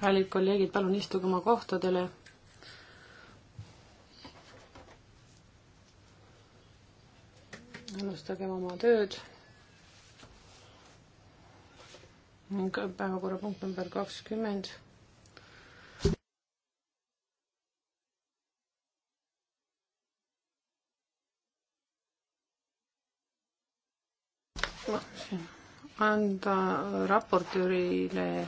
kallid kolleegid, palun istuge oma kohtadele. alustagem oma tööd. päevakorrapunkt number kakskümmend anda raportöörile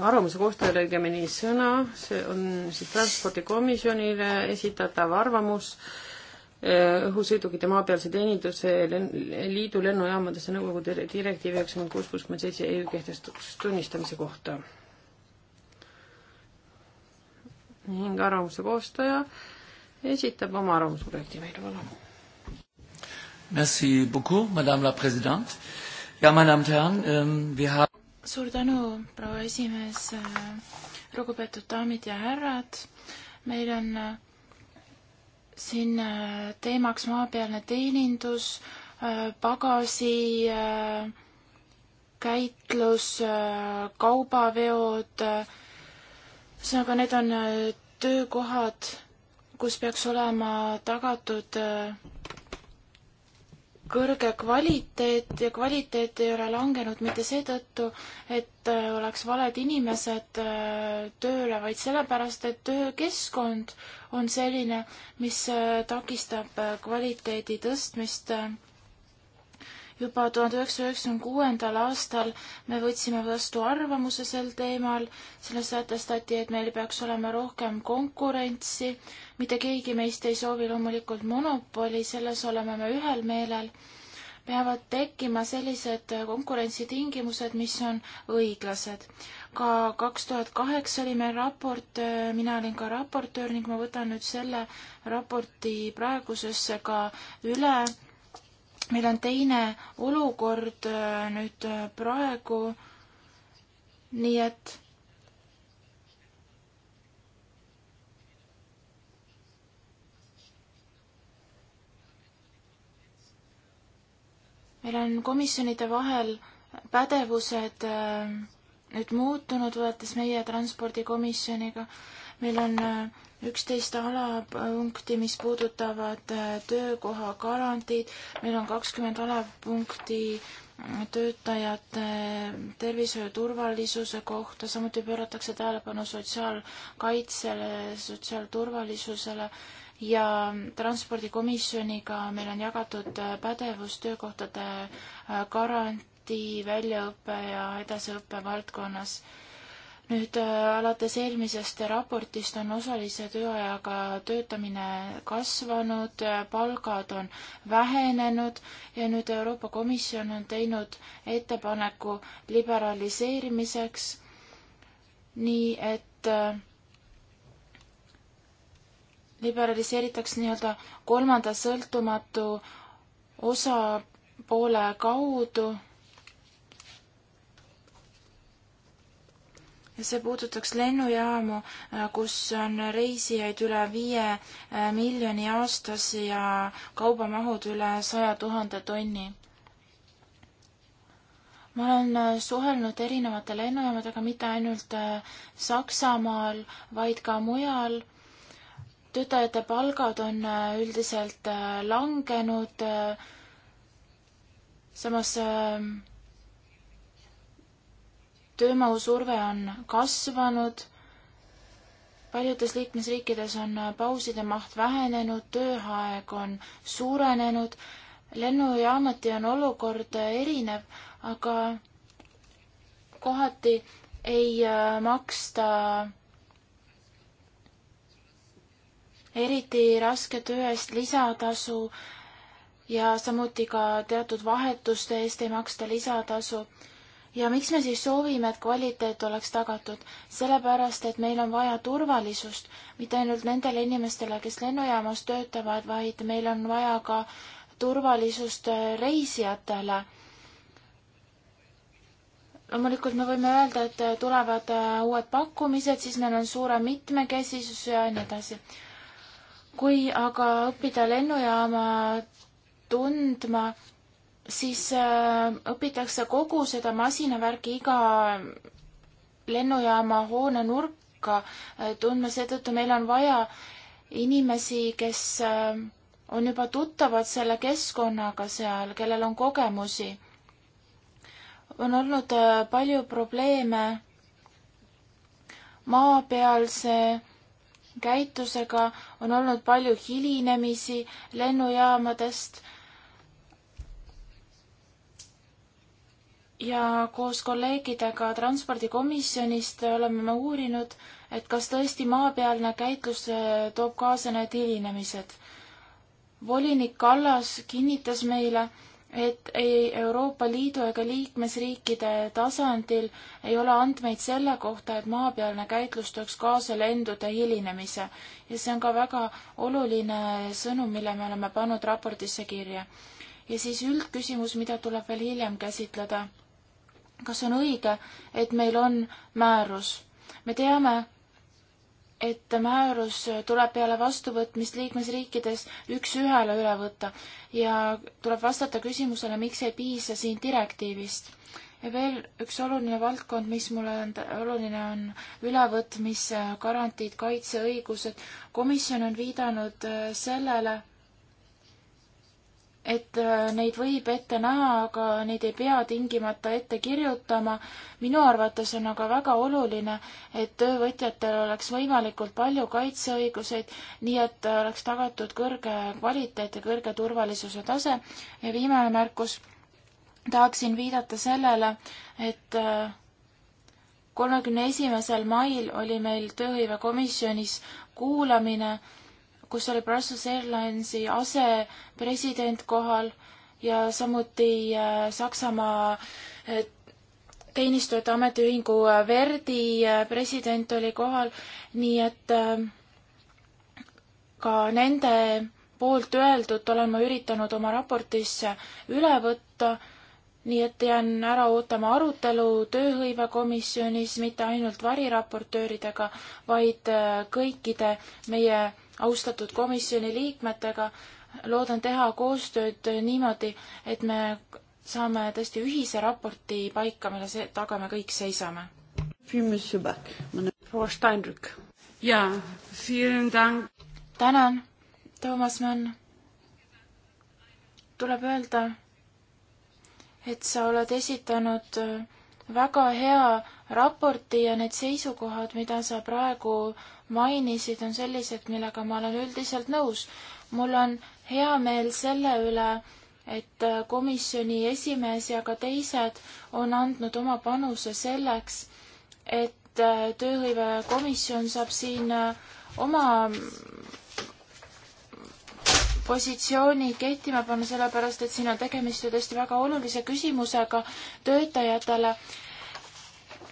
arvamuse koostajale õigemini sõna, see on siis transpordikomisjonile esitatav arvamus eh, õhusõidukite maapealse teeninduse liidu lennujaamadesse nõukogu direktiivi üheksakümmend kuus kuuskümmend seitse EU kehtestuks tunnistamise kohta. ning arvamuse koostaja esitab oma arvamusprojekti meile, palun. Merci beaucoup, madame la president ja meine Damen und Herren ähm,, wir haben. suur tänu, proua esimees, lugupeetud daamid ja härrad. meil on äh, siin äh, teemaks maapealne teenindus, äh, pagasi käitlus, kaubaveod. ühesõnaga, need on töökohad, kus peaks olema tagatud kõrge kvaliteet ja kvaliteet ei ole langenud mitte seetõttu, et äh, oleks valed inimesed äh, tööle, vaid sellepärast, et töökeskkond on selline, mis äh, takistab kvaliteedi tõstmist. juba tuhande üheksasaja üheksakümne kuuendal aastal me võtsime vastu arvamuse sel teemal, selles sätestati, et meil peaks olema rohkem konkurentsi mitte keegi meist ei soovi loomulikult monopoli, selles oleme me ühel meelel, peavad tekkima sellised konkurentsitingimused, mis on õiglased. ka kaks tuhat kaheksa oli meil raport, mina olin ka raportöör ning ma võtan nüüd selle raporti praegusesse ka üle. meil on teine olukord äh, nüüd äh, praegu, nii et meil on komisjonide vahel pädevused äh, nüüd muutunud võrreldes meie transpordikomisjoniga. meil on äh, üksteist alapunkti, mis puudutavad äh, töökoha garantiid, meil on kakskümmend alapunkti töötajate tervishoiu turvalisuse kohta, samuti pööratakse tähelepanu sotsiaalkaitsele, sotsiaalturvalisusele ja transpordikomisjoniga meil on jagatud äh, pädevus töökohtade äh, garantii, väljaõppe ja edasiõppe valdkonnas. nüüd äh, alates eelmisest raportist on osalise tööajaga töötamine kasvanud, palgad on vähenenud ja nüüd Euroopa Komisjon on teinud ettepaneku liberaliseerimiseks, nii et liberaliseeritakse nii-öelda kolmanda sõltumatu osapoole kaudu. ja see puudutaks lennujaamu, kus on reisijaid üle viie eh, miljoni aastas ja kaubamahud üle saja tuhande tonni ma olen eh, suhelnud erinevate lennujaamadega mitte ainult eh, Saksamaal, vaid ka mujal töötajate palgad on äh, üldiselt äh, langenud, äh, samas töömõusurve on kasvanud, paljudes liikmesriikides on pauside maht vähenenud, tööaeg on suurenenud, lennujaamati on olukord erinev, aga kohati ei maksta eriti raske töö eest lisatasu ja samuti ka teatud vahetuste eest ei maksta lisatasu. ja miks me siis soovime, et kvaliteet oleks tagatud? sellepärast, et meil on vaja turvalisust, mitte ainult nendele inimestele, kes lennujaamas töötavad, vaid meil on vaja ka turvalisust äh, reisijatele loomulikult me võime öelda, et äh, tulevad äh, uued pakkumised, siis meil on suurem mitmekesisus ja nii edasi kui aga õppida lennujaama tundma, siis äh, õpitakse kogu seda masinavärki iga lennujaama hoone nurka äh, tundma, seetõttu meil on vaja inimesi, kes äh, on juba tuttavad selle keskkonnaga seal, kellel on kogemusi. on olnud palju probleeme maapealse käitusega, on olnud palju hilinemisi lennujaamadest ja koos kolleegidega Transpordikomisjonist oleme me uurinud, et kas tõesti maapealne käitlus äh, toob kaasa need hilinemised. volinik Kallas kinnitas meile, et ei Euroopa Liidu ega liikmesriikide tasandil ei ole andmeid selle kohta, et maapealne käitlus tooks kaasa lendude hilinemise ja see on ka väga oluline sõnum, mille me oleme pannud raportisse kirja. ja siis üldküsimus, mida tuleb veel hiljem käsitleda. kas on õige, et meil on määrus? me teame, et määrus tuleb peale vastuvõtmist liikmesriikides üks-ühele üle võtta ja tuleb vastata küsimusele, miks ei piisa siin direktiivist. ja veel üks oluline valdkond, mis mulle on oluline, on ülevõtmise garantiid, kaitseõigused. komisjon on viidanud äh, sellele, et äh, neid võib ette näha, aga neid ei pea tingimata ette kirjutama. minu arvates on aga väga oluline, et töövõtjatel oleks võimalikult palju kaitseõiguseid, nii et oleks tagatud kõrge kvaliteet ja kõrge turvalisuse tase. ja viimane märkus, tahaksin viidata sellele, et äh, kolmekümne esimesel mail oli meil tööhõivekomisjonis kuulamine kus oli Brussels Airlinesi asepresident kohal ja samuti äh, Saksamaa äh, teenistujate ametiühingu äh, Verdi president oli kohal, nii et ka nende poolt öeldut olen ma üritanud oma raportisse üle võtta, nii et jään ära ootama arutelu tööhõivekomisjonis mitte ainult variraportööridega, vaid kõikide meie austatud komisjoni liikmetega. loodan teha koostööd niimoodi, et me saame tõesti ühise raporti paika, mille see, taga me kõik seisame. proua Steinrück. jaa, tänan, Toomas Mann. tuleb öelda, et sa oled esitanud väga hea raporti ja need seisukohad, mida sa praegu mainisid, on sellised, millega ma olen üldiselt nõus. mul on hea meel selle üle, et äh, komisjoni esimees ja ka teised on andnud oma panuse selleks, et äh, tööhõivekomisjon saab siin äh, oma mm, positsiooni kehtima panna, sellepärast et siin on tegemist ju tõesti väga olulise küsimusega töötajatele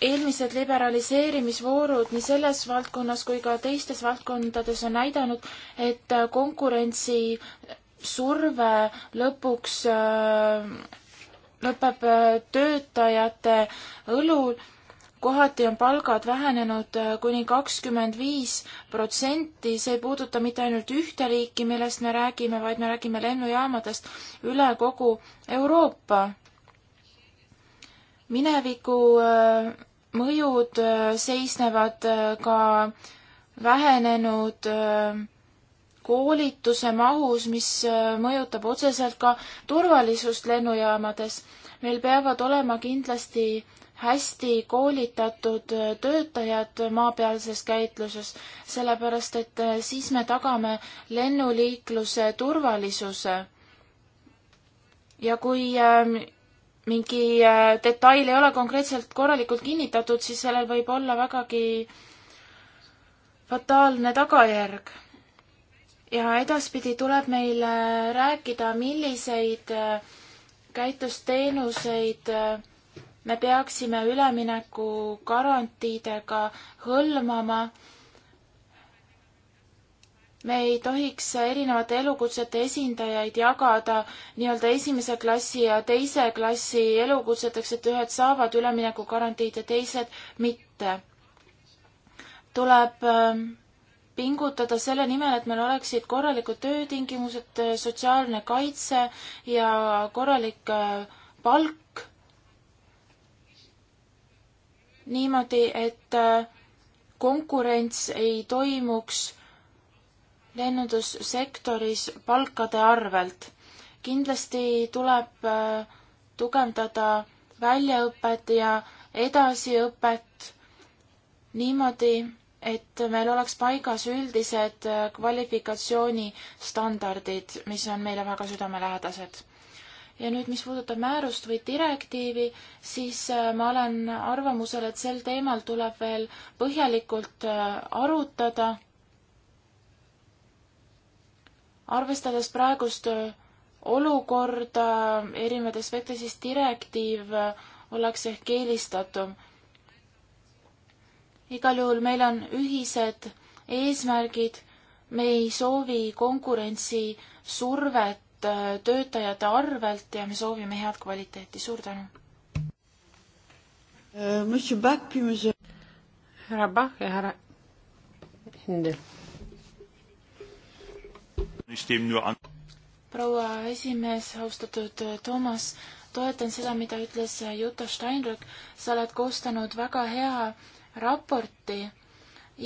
eelmised liberaliseerimisvoorud nii selles valdkonnas kui ka teistes valdkondades on näidanud, et konkurentsi surve lõpuks äh, lõpeb äh, töötajate õlul. kohati on palgad vähenenud äh, kuni kakskümmend viis protsenti, see ei puuduta mitte ainult ühte riiki, millest me räägime, vaid me räägime lennujaamadest üle kogu Euroopa mineviku mõjud äh, seisnevad äh, ka vähenenud äh, koolituse mahus, mis mõjutab otseselt ka turvalisust lennujaamades. meil peavad olema kindlasti hästi koolitatud töötajad maapealses käitluses, sellepärast et siis me tagame lennuliikluse turvalisuse. ja kui ähm, mingi äh, detail ei ole konkreetselt korralikult kinnitatud, siis sellel võib olla vägagi fataalne tagajärg. ja edaspidi tuleb meil äh, rääkida, milliseid äh, käitusteenuseid me peaksime ülemineku garantiidega hõlmama me ei tohiks erinevate elukutsete esindajaid jagada nii-öelda esimese klassi ja teise klassi elukutseteks, et ühed saavad üleminekugarantiid ja teised mitte. tuleb ähm, pingutada selle nimel, et meil oleksid korralikud töötingimused, äh, sotsiaalne kaitse ja korralik äh, palk. niimoodi, et äh, konkurents ei toimuks lennundussektoris palkade arvelt. kindlasti tuleb äh, tugevdada väljaõpet ja edasiõpet niimoodi, et meil oleks paigas üldised äh, kvalifikatsioonistandardid, mis on meile väga südamelähedased. ja nüüd, mis puudutab määrust või direktiivi, siis äh, ma olen arvamusel, et sel teemal tuleb veel põhjalikult arutada arvestades praegust äh, olukorda erinevaid aspekte, siis direktiiv äh, oleks ehk eelistatum. igal juhul meil on ühised eesmärgid, me ei soovi konkurentsi survet äh, töötajate arvelt ja me soovime head kvaliteeti, suur tänu. härra Bach ja härra Hindel proua esimees, austatud Toomas, toetan seda, mida ütles Juta Steinrück. sa oled koostanud väga hea raporti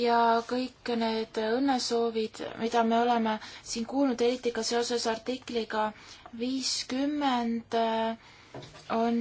ja kõik need õnnesoovid, mida me oleme siin kuulnud, eriti ka seoses artikliga viiskümmend, on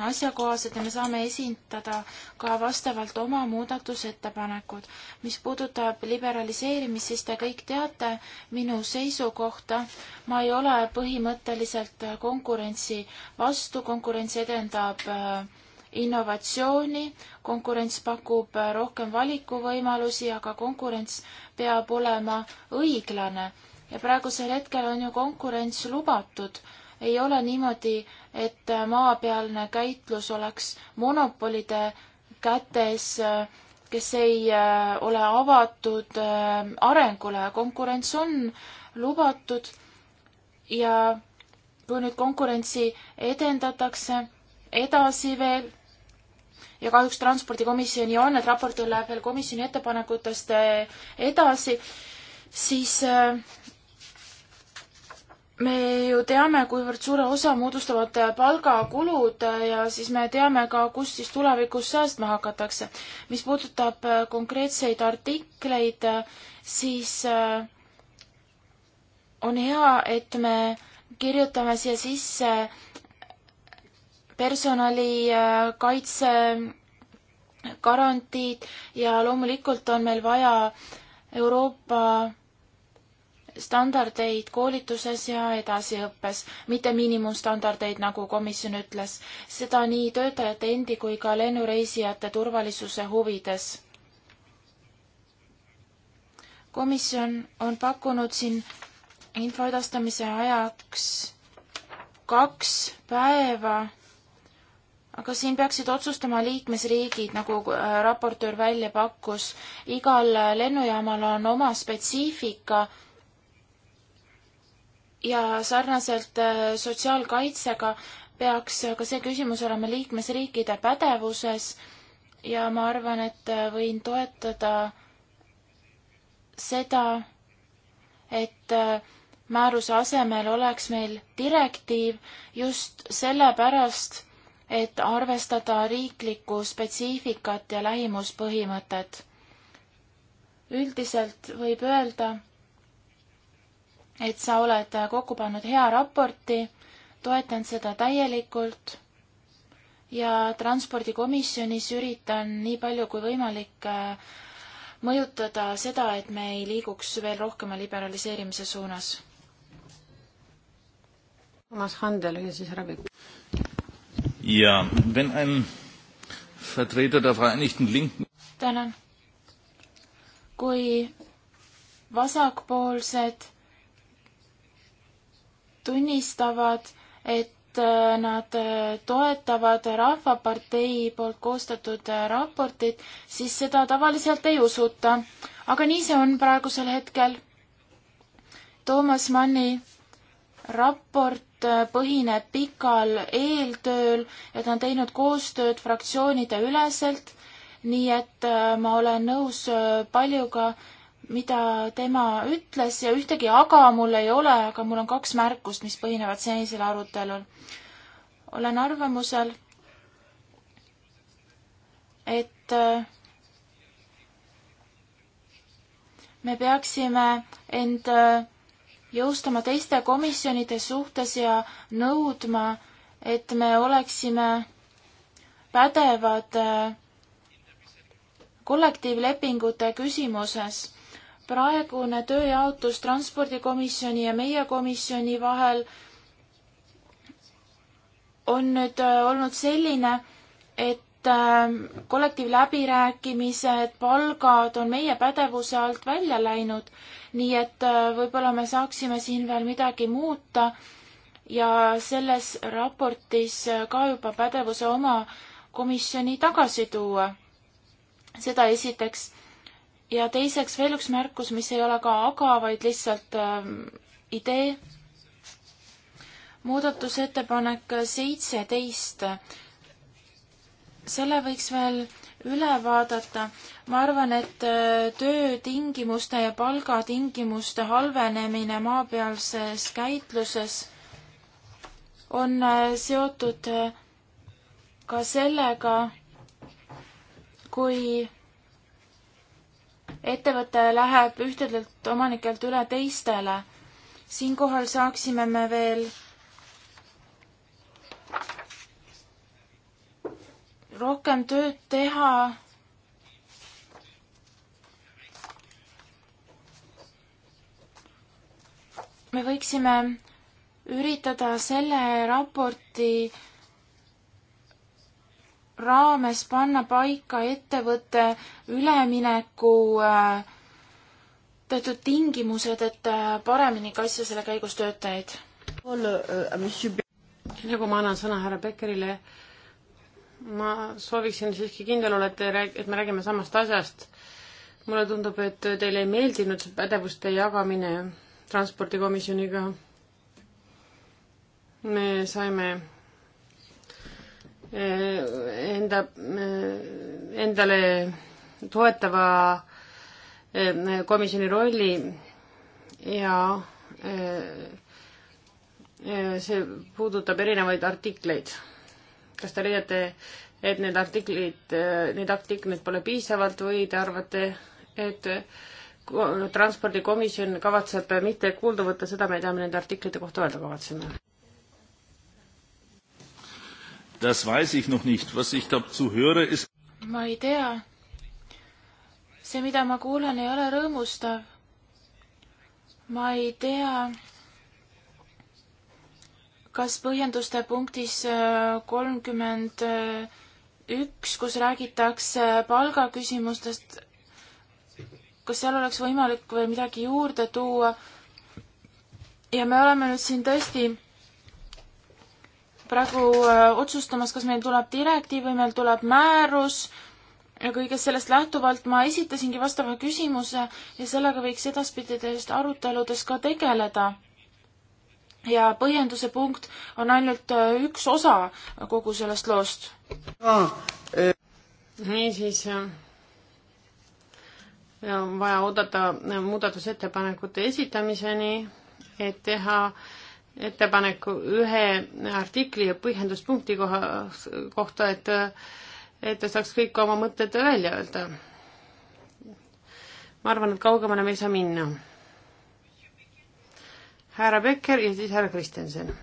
asjakohased ja me saame esitada ka vastavalt oma muudatusettepanekud. mis puudutab liberaliseerimist, siis te kõik teate minu seisukohta. ma ei ole põhimõtteliselt konkurentsi vastu, konkurents edendab äh, innovatsiooni, konkurents pakub äh, rohkem valikuvõimalusi, aga konkurents peab olema õiglane ja praegusel hetkel on ju konkurents lubatud ei ole niimoodi, et maapealne käitlus oleks monopolide kätes, kes ei äh, ole avatud äh, arengule, konkurents on lubatud ja kui nüüd konkurentsi edendatakse edasi veel ja kahjuks transpordikomisjoni on, et raportil läheb veel komisjoni ettepanekutest äh, edasi, siis äh, me ju teame, kuivõrd suure osa moodustavad palgakulud ja siis me teame ka, kust siis tulevikus säästma hakatakse. mis puudutab konkreetseid artikleid, siis äh, on hea, et me kirjutame siia sisse personalikaitse äh, äh, garantiid ja loomulikult on meil vaja Euroopa standardeid koolituses ja edasiõppes, mitte miinimumstandardeid, nagu komisjon ütles. seda nii töötajate endi kui ka lennureisijate turvalisuse huvides. komisjon on pakkunud siin info edastamise ajaks kaks päeva, aga siin peaksid otsustama liikmesriigid, nagu äh, raportöör välja pakkus. igal lennujaamal on oma spetsiifika ja sarnaselt äh, sotsiaalkaitsega peaks ka see küsimus olema liikmesriikide pädevuses ja ma arvan, et äh, võin toetada seda, et äh, määruse asemel oleks meil direktiiv just sellepärast, et arvestada riiklikku spetsiifikat ja lähimuspõhimõtet. üldiselt võib öelda, et sa oled kokku pannud hea raporti, toetan seda täielikult ja transpordikomisjonis üritan nii palju kui võimalik äh, mõjutada seda, et me ei liiguks veel rohkema liberaliseerimise suunas. Thomas Handel ja siis Ravik. ja, wenn ein Vertreter der Vereinigten Linken tänan. kui vasakpoolsed tunnistavad, et äh, nad äh, toetavad Rahvapartei poolt koostatud äh, raportit, siis seda tavaliselt ei usuta. aga nii see on praegusel hetkel. Toomas Manni raport põhineb pikal eeltööl ja ta on teinud koostööd fraktsioonide üleselt, nii et ma olen nõus paljuga, mida tema ütles ja ühtegi aga mul ei ole, aga mul on kaks märkust, mis põhinevad senisel arutelul. olen arvamusel, et äh, me peaksime end äh, jõustama teiste komisjonide suhtes ja nõudma, et me oleksime pädevad äh, kollektiivlepingute küsimuses praegune tööjaotus Transpordikomisjoni ja meie komisjoni vahel on nüüd äh, olnud selline, et äh, kollektiivläbirääkimised, palgad on meie pädevuse alt välja läinud, nii et äh, võib-olla me saaksime siin veel midagi muuta ja selles raportis ka juba pädevuse oma komisjoni tagasi tuua. seda esiteks ja teiseks veel üks märkus, mis ei ole ka aga, vaid lihtsalt äh, idee. muudatusettepanek seitseteist. selle võiks veel üle vaadata. ma arvan, et äh, töötingimuste ja palgatingimuste halvenemine maapealses käitluses on äh, seotud äh, ka sellega, kui ettevõte läheb ühtedelt omanikelt üle teistele. siinkohal saaksime me veel rohkem tööd teha. me võiksime üritada selle raporti raames panna paika ettevõtte ülemineku äh, teatud tingimused, et äh, paremini kaitsta selle käigus töötajaid. Äh, enne kui ma annan sõna härra Beckerile, ma sooviksin siiski kindel olla, et te rääg-, et me räägime samast asjast. mulle tundub, et teile ei meeldinud see pädevuste jagamine transpordikomisjoniga. me saime Eh, enda, eh, endale toetava eh, komisjoni rolli ja see puudutab erinevaid artikleid. kas te leiate, et need artiklid, neid artikleid pole piisavalt või te arvate, et transpordikomisjon kavatseb mitte kuulda võtta seda, mida me nende artiklite kohta öelda kavatseme? Das weiß ich noch nicht. Was ich dazu höre, ist... Ma ei tea. See, mida ma kuulen, ei ole rõõmustav. Ma ei tea, kas põhjenduste punktis äh, kolmkümmend üks, kus räägitakse palgaküsimustest, kas seal oleks võimalik veel midagi juurde tuua? ja me oleme nüüd siin tõesti praegu äh, otsustamas, kas meil tuleb direktiiv või meil tuleb määrus ja kõigest sellest lähtuvalt ma esitasingi vastava küsimuse ja sellega võiks edaspidides aruteludes ka tegeleda. ja põhjenduse punkt on ainult äh, üks osa kogu sellest loost ah,. Eh. Äh. niisiis on vaja oodata muudatusettepanekute esitamiseni, et teha äh, ettepaneku ühe artikli ja põhjenduspunkti koha, kohta, et, et ta saaks kõik oma mõtted välja öelda. ma arvan, et kaugemale me ei saa minna. härra Becker ja siis härra Kristjanson.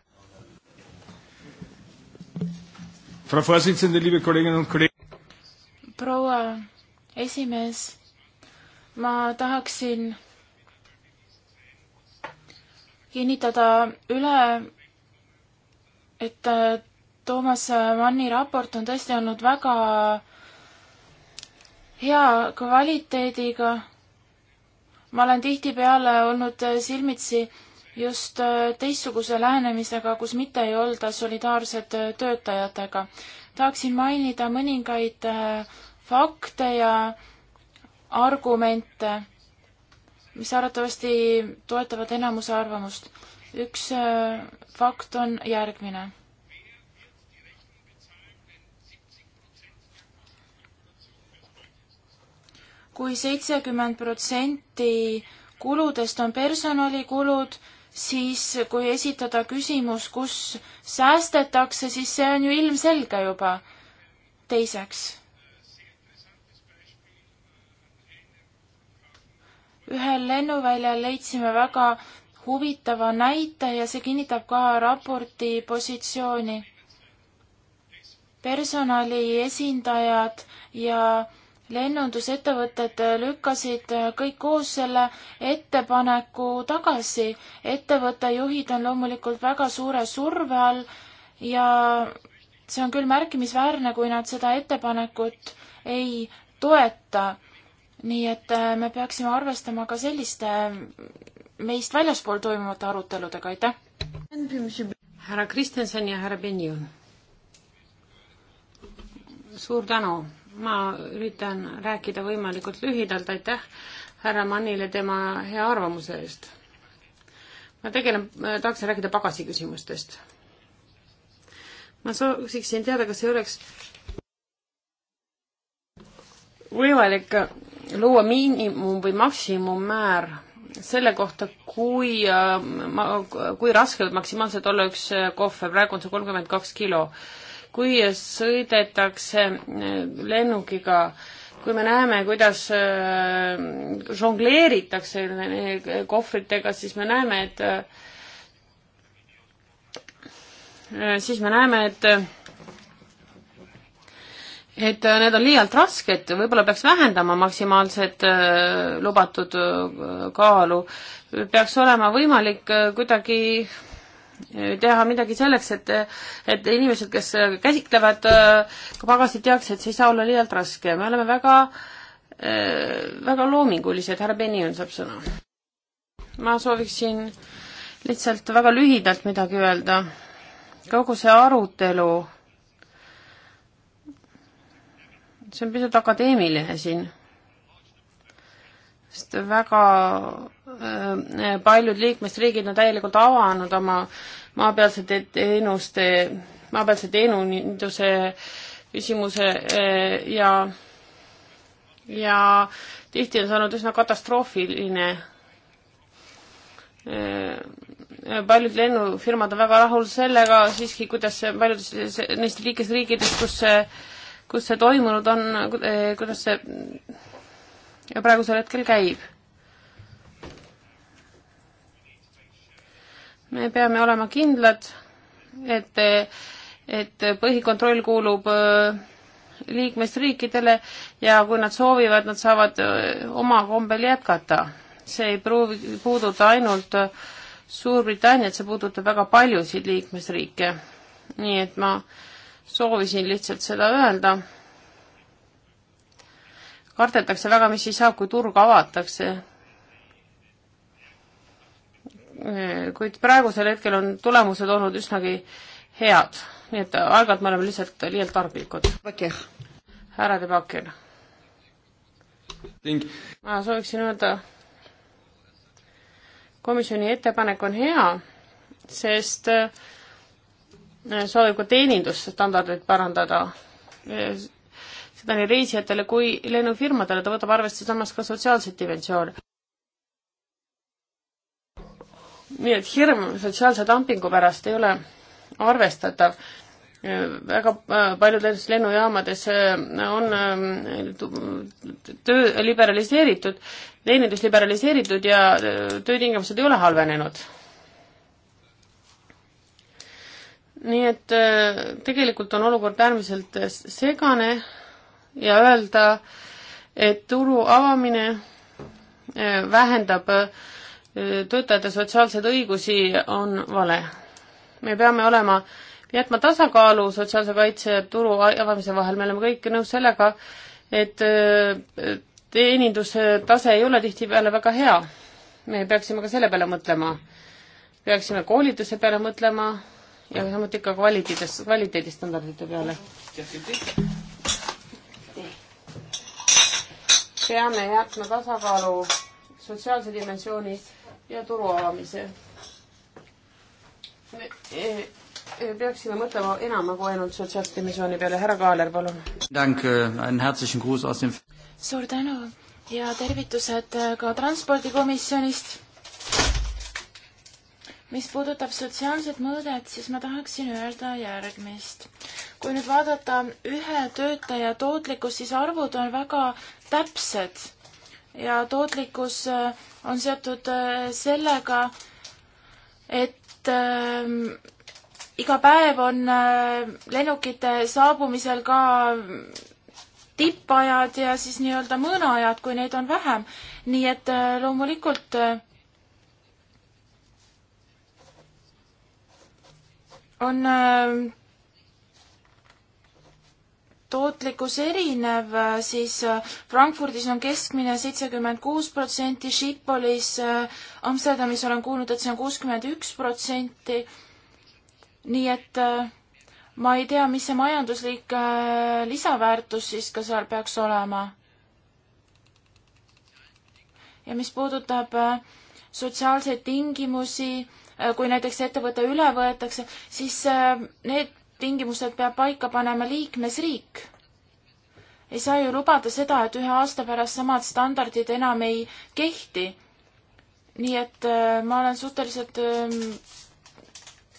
proua esimees, ma tahaksin kinnitada üle, et äh, Toomas Manni raport on tõesti olnud väga hea kvaliteediga. ma olen tihtipeale olnud äh, silmitsi just äh, teistsuguse lähenemisega, kus mitte ei olda solidaarsed töötajatega. tahaksin mainida mõningaid fakte ja argumente mis arvatavasti toetavad enamuse arvamust. üks äh, fakt on järgmine. kui seitsekümmend protsenti kuludest on personalikulud, siis kui esitada küsimus, kus säästetakse, siis see on ju ilmselge juba. teiseks ühel lennuväljal leidsime väga huvitava näite ja see kinnitab ka raporti positsiooni. personali esindajad ja lennundusettevõtted lükkasid kõik koos selle ettepaneku tagasi. ettevõtte juhid on loomulikult väga suure surve all ja see on küll märkimisväärne, kui nad seda ettepanekut ei toeta nii et äh, me peaksime arvestama ka selliste äh, meist väljaspool toimuvate aruteludega, aitäh! härra Kristjanson ja härra Benjon. suur tänu, ma üritan rääkida võimalikult lühidalt, aitäh härra Mannile tema hea arvamuse eest. ma tegelen, äh, tahaksin rääkida pagasi küsimustest. ma sooviksin teada, kas ei oleks võimalik luua miinimum või maksimummäär selle kohta, kui äh,, kui raske võib maksimaalselt olla üks äh, kohver, praegu on see kolmkümmend kaks kilo. kui sõidetakse äh, lennukiga, kui me näeme, kuidas äh, žongleeritakse kohvritega, siis me näeme, et äh, siis me näeme, et äh, et äh, need on liialt rasked, võib-olla peaks vähendama maksimaalset äh, lubatud äh, kaalu. peaks olema võimalik kuidagi teha midagi selleks, et, et inimesed, kes käsitlevad pagasit, teaksid, et see ei saa olla liialt raske. me oleme väga, väga loomingulised, härra Benion saab sõna. ma sooviksin lihtsalt väga lühidalt midagi öelda. kogu see arutelu see on pisut akadeemiline siin, sest väga äh, paljud liikmesriigid on täielikult avanud oma maapealsete teenuste, maapealse teenunduse küsimuse äh, ja, ja tihti on saanud üsna katastroofiline äh, paljud lennufirmad on väga rahul sellega siiski, kuidas paljudes neist riikidest, riikidest, kus see kus see toimunud on, eh, kuidas see praegusel hetkel käib? me peame olema kindlad, et, et põhikontroll kuulub eh, liikmesriikidele ja kui nad soovivad, nad saavad eh, oma kombel jätkata. see ei pruugi puuduta ainult Suurbritanniat, see puudutab väga paljusid liikmesriike. nii et ma äh, soovisin lihtsalt seda öelda. kardetakse väga, mis siis saab, kui turg avatakse. kuid praegusel hetkel on tulemused olnud üsnagi head, nii et aeg-ajalt me oleme lihtsalt liialt tarblikud. härra De Backer. ma sooviksin öelda, komisjoni ettepanek on hea, sest äh, soovib ka teenindusstandardit parandada, seda nii reisijatele kui lennufirmadele, ta võtab arvesse samas ka sotsiaalseid dimensioone. nii et hirm sotsiaalse dumpingu pärast ei ole arvestatav väga äh, paljudes lennujaamades äh, on äh, töö liberaliseeritud, teenindus liberaliseeritud ja töötingimused ei ole halvenenud. nii et äh, tegelikult on olukord äärmiselt äh, segane ja öelda, et turu avamine äh, vähendab töötajate sotsiaalseid õigusi, on vale. me peame olema, jätma tasakaalu sotsiaalse kaitse ja turu avamise vahel, me oleme kõik nõus sellega, et teenindustase ei ole tihtipeale väga hea. me peaksime ka selle peale mõtlema. peaksime koolituse peale mõtlema ja samuti ka kvaliteedist, kvaliteedistandardite peale. peame jätma tasakaalu sotsiaalse dimensiooni ja turu avamise. me e, e, peaksime mõtlema enam kui ainult sotsiaalse dimensiooni peale. härra Kaaler, palun. Äh, suur tänu ja tervitused äh, ka transpordikomisjonist mis puudutab sotsiaalset mõõdet, siis ma tahaksin öelda järgmist. kui nüüd vaadata ühe töötaja tootlikkust, siis arvud on väga täpsed ja tootlikkus äh, on seotud äh, sellega, et äh, iga päev on äh, lennukite saabumisel ka tippajad ja siis nii-öelda mõõnaajad, kui neid on vähem. nii et äh, loomulikult äh, on äh, tootlikkus erinev, äh, siis äh, Frankfurdis on keskmine seitsekümmend kuus protsenti, Schipolis, Amsterdamis olen kuulnud, et see on kuuskümmend üks protsenti. nii et ma ei tea, mis see majanduslik lisaväärtus siis ka seal peaks olema. ja mis puudutab sotsiaalseid tingimusi Äh, kui näiteks ettevõte üle võetakse, siis äh, need tingimused peab paika panema liikmesriik. ei saa ju lubada seda, et ühe aasta pärast samad standardid enam ei kehti. nii et äh, ma olen suhteliselt ähm,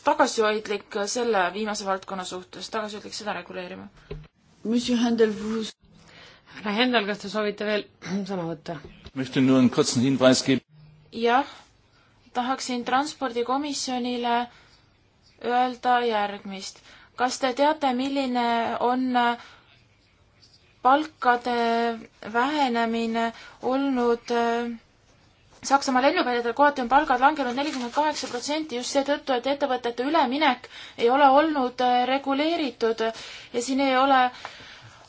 tagasihoidlik selle viimase valdkonna suhtes, tagasihoidlik seda reguleerima. härra Hendel, kas te soovite veel sõna võtta? jah, tahaksin transpordikomisjonile öelda järgmist. kas te teate, milline on palkade vähenemine olnud äh, Saksamaa lennuperedel kohati on palgad langenud nelikümmend kaheksa protsenti just seetõttu, et ettevõtete üleminek ei ole olnud äh, reguleeritud ja siin ei ole äh,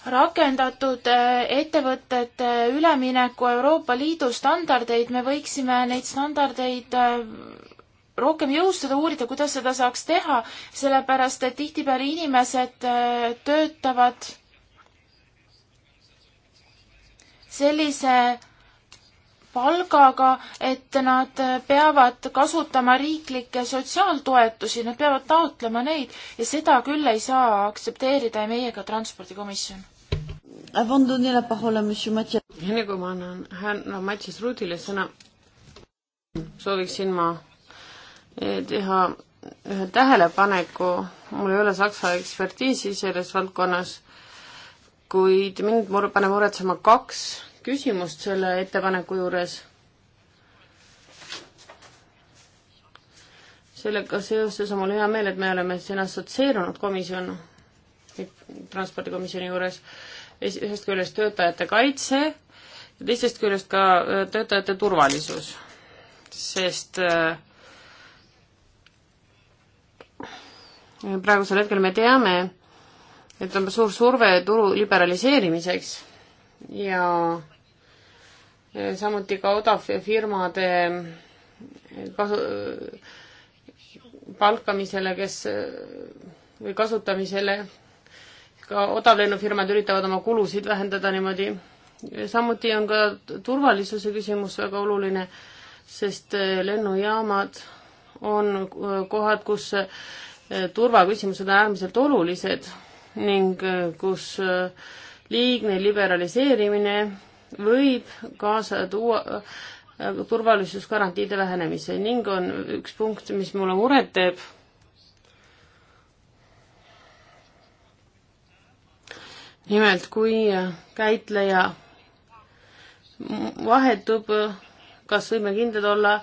rakendatud eh, ettevõtete ülemineku Euroopa Liidu standardeid, me võiksime neid standardeid eh, rohkem jõustada, uurida, kuidas seda saaks teha, sellepärast et tihtipeale inimesed eh, töötavad sellise palgaga, et nad peavad kasutama riiklikke sotsiaaltoetusi, nad peavad taotlema neid ja seda küll ei saa aktsepteerida ei meie ega Transpordikomisjon. Avant de donner la parole à monsieur Mathias. enne kui ma annan härra no, Mattias Rudile sõna, sooviksin ma eh, teha ühe tähelepaneku, mul ei ole saksa ekspertiisi selles valdkonnas, kuid mind mure, paneb muretsema kaks küsimust selle ettepaneku juures sellega seoses on mul hea meel, et me oleme siin assotsieerunud komisjon, transpordikomisjoni juures ühest küljest töötajate kaitse, teisest küljest ka äh, töötajate turvalisus, sest äh, praegusel hetkel me teame, et on suur surve turu liberaliseerimiseks ja äh, samuti ka odavfirmade kasu, palkamisele, kes või kasutamisele, ka odavlennufirmad üritavad oma kulusid vähendada niimoodi. samuti on ka turvalisuse küsimus väga oluline, sest eh, lennujaamad on eh, kohad, kus eh, turvaküsimused on äärmiselt olulised ning kus liigne liberaliseerimine võib kaasa tuua turvalisusgarantiide vähenemise ning on üks punkt, mis mulle muret teeb nimelt, kui äh, käitleja vahetub, äh, kas võime kindlad olla,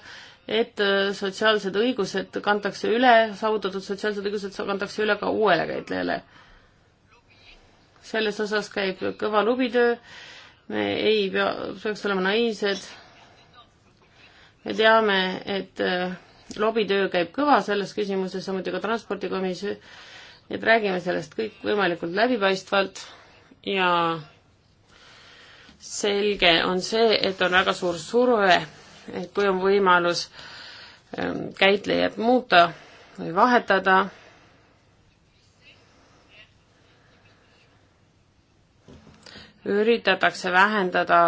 et äh, sotsiaalsed õigused kantakse üle, saavutatud sotsiaalsed õigused kantakse üle ka uuele käitlejale. selles osas käib kõva lubitöö, me ei pea, peaks olema naiivsed, me teame, et lobitöö käib kõva selles küsimuses, samuti ka transpordikomisjon, et räägime sellest kõik võimalikult läbipaistvalt ja selge on see, et on väga suur surve, et kui on võimalus ähm, käitlejat muuta või vahetada, üritatakse vähendada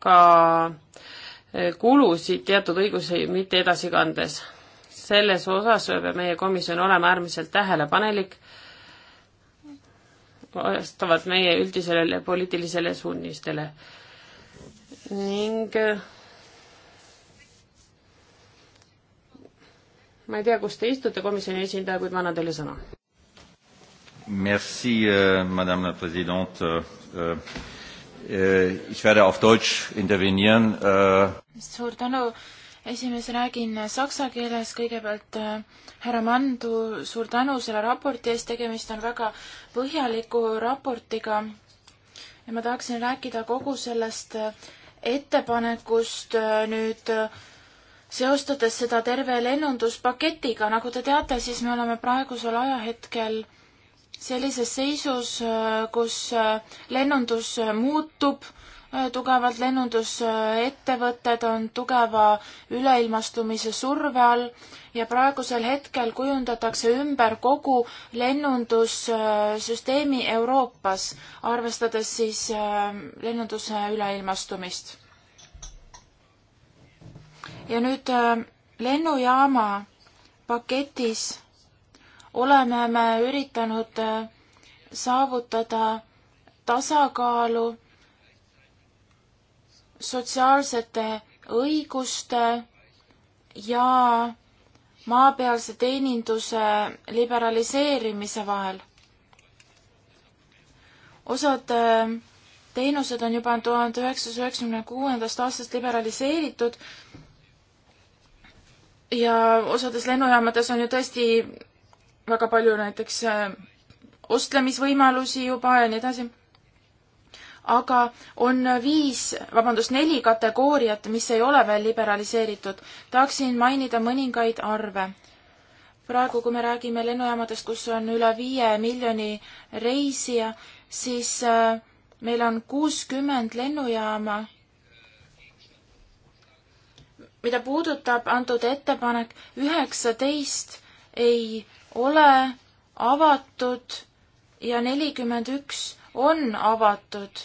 ka äh, kulusid teatud õigusi mitte edasi kandes. selles osas peab meie komisjon olema äärmiselt tähelepanelik vastavad meie üldisele poliitilisele suunistele. ning äh, ma ei tea, kus te istute, komisjoni esindaja, kuid ma annan teile sõna. Merci euh,, madame la présidente euh,. Euh, ich werde auf deutsch intervenieren euh.. suur tänu esimees, räägin saksa keeles, kõigepealt äh, härra Mandu, suur tänu selle raporti eest, tegemist on väga põhjaliku raportiga ja ma tahaksin rääkida kogu sellest äh, ettepanekust äh, nüüd seostades seda terve lennunduspaketiga, nagu te teate, siis me oleme praegusel ajahetkel sellises seisus, kus lennundus muutub tugevad lennundusettevõtted on tugeva üleilmastumise surve all ja praegusel hetkel kujundatakse ümber kogu lennundussüsteemi Euroopas, arvestades siis äh, lennunduse üleilmastumist. ja nüüd äh, lennujaama paketis oleme me üritanud äh, saavutada tasakaalu sotsiaalsete õiguste ja maapealse teeninduse liberaliseerimise vahel. osad äh, teenused on juba tuhande üheksasaja üheksakümne kuuendast aastast liberaliseeritud ja osades lennujaamades on ju tõesti väga palju näiteks äh, ostlemisvõimalusi juba ja nii edasi aga on viis, vabandust, neli kategooriat, mis ei ole veel liberaliseeritud. tahaksin mainida mõningaid arve. praegu, kui me räägime lennujaamadest, kus on üle viie miljoni reisija, siis äh, meil on kuuskümmend lennujaama, mida puudutab antud ettepanek, üheksateist ei ole avatud ja nelikümmend üks on avatud.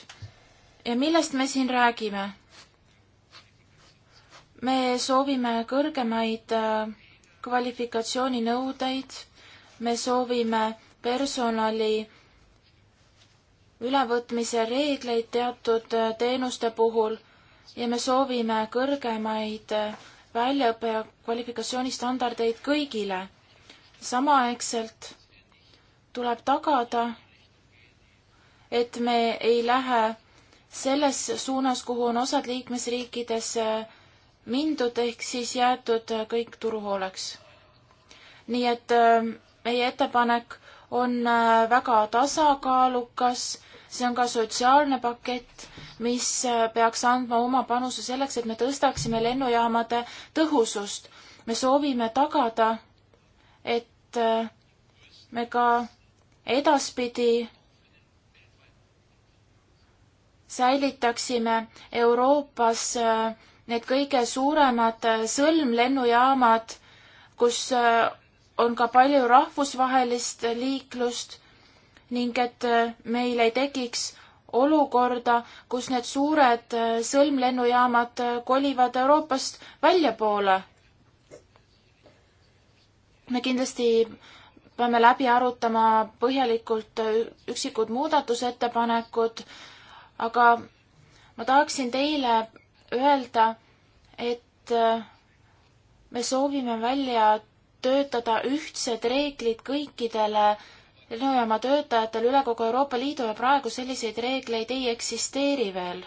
ja millest me siin räägime? me soovime kõrgemaid äh, kvalifikatsiooninõudeid, me soovime personali ülevõtmise reegleid teatud äh, teenuste puhul ja me soovime kõrgemaid äh, väljaõppe ja kvalifikatsioonistandardeid kõigile. samaaegselt tuleb tagada, et me ei lähe selles suunas, kuhu on osad liikmesriikides äh, mindud, ehk siis jäetud äh, kõik turuhooleks. nii et äh, meie ettepanek on väga tasakaalukas, see on ka sotsiaalne pakett, mis peaks andma oma panuse selleks, et me tõstaksime lennujaamade tõhusust. me soovime tagada, et me ka edaspidi säilitaksime Euroopas äh, need kõige suuremad äh, sõlmlennujaamad, kus äh, on ka palju rahvusvahelist liiklust ning et meil ei tekiks olukorda, kus need suured sõlmlennujaamad kolivad Euroopast väljapoole. me kindlasti peame läbi arutama põhjalikult üksikud muudatusettepanekud aga ma tahaksin teile öelda, et äh, me soovime välja töötada ühtsed reeglid kõikidele lennujaama töötajatele üle kogu Euroopa Liidu ja praegu selliseid reegleid ei eksisteeri veel.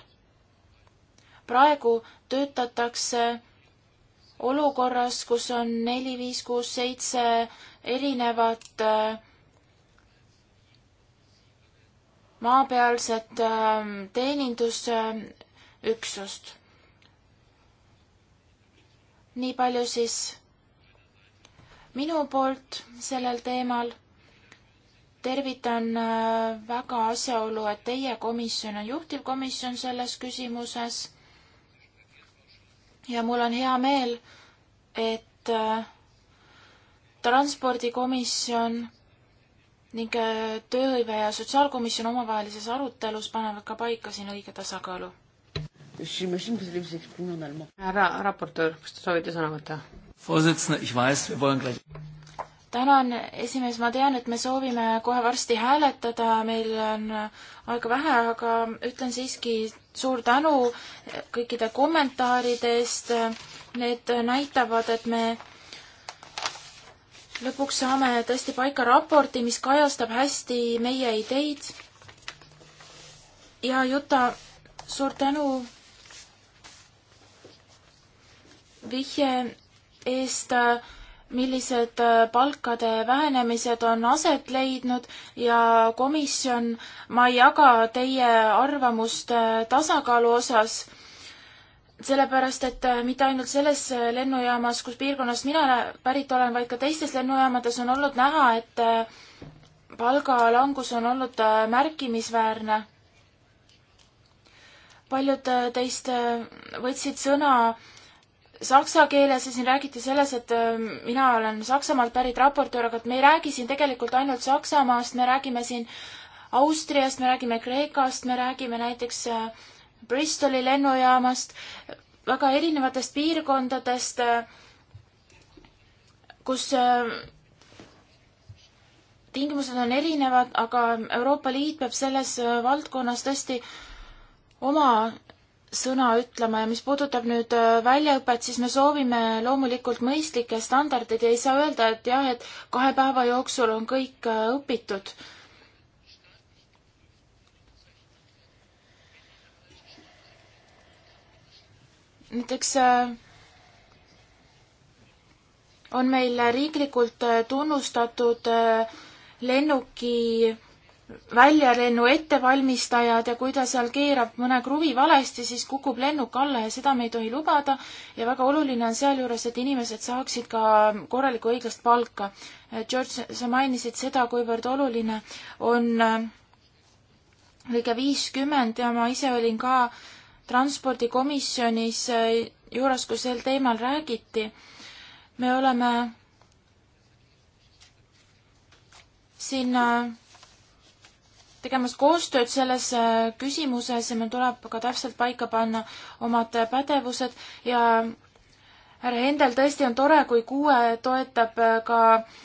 praegu töötatakse olukorras, kus on neli, viis, kuus, seitse erinevat äh, maapealset ähm, teenindusüksust. nii palju siis minu poolt sellel teemal. tervitan äh, väga asjaolu, et teie komisjon on juhtivkomisjon selles küsimuses. ja mul on hea meel, et äh, transpordikomisjon ning äh, tööhõive ja sotsiaalkomisjon omavahelises arutelus panevad ka paika siin õige tasakaalu. härra raportöör, kas te soovite sõna võtta? tänan, esimees, ma tean, et me soovime kohe varsti hääletada, meil on aega vähe, aga ütlen siiski suur tänu kõikide kommentaaride eest. Need näitavad, et me lõpuks saame tõesti paika raporti, mis kajastab hästi meie ideid. ja Juta, suur tänu vihje eest, millised palkade vähenemised on aset leidnud ja komisjon, ma ei jaga teie arvamust tasakaalu osas sellepärast, et äh, mitte ainult selles äh, lennujaamas, kus piirkonnas mina pärit olen, vaid ka teistes lennujaamades on olnud näha, et äh, palgalangus on olnud märkimisväärne. paljud teist võtsid sõna saksa keeles ja siin räägiti selles, et mina olen Saksamaalt pärit raportöör, aga et me ei räägi siin tegelikult ainult Saksamaast, me räägime siin Austriast, me räägime Kreekast, me räägime näiteks äh, Bristoli lennujaamast, väga erinevatest piirkondadest, kus äh, tingimused on erinevad, aga Euroopa Liit peab selles äh, valdkonnas tõesti oma sõna ütlema ja mis puudutab nüüd äh, väljaõpet, siis me soovime loomulikult mõistlikke standardeid ja ei saa öelda, et jah, et kahe päeva jooksul on kõik õpitud näiteks äh, on meil riiklikult äh, tunnustatud äh, lennuki väljalennu ettevalmistajad ja kui ta seal keerab mõne kruvi valesti, siis kukub lennuk alla ja seda me ei tohi lubada. ja väga oluline on sealjuures, et inimesed saaksid ka korralikku õiglast palka. George, sa mainisid seda, kuivõrd oluline on lõige viiskümmend ja ma ise olin ka äh, transpordikomisjonis eh, juures, kui sel teemal räägiti, me oleme siin eh, tegemas koostööd selles eh, küsimuses ja meil tuleb ka täpselt paika panna omad pädevused ja härra Hendel, tõesti on tore, kui kuue toetab ka äh,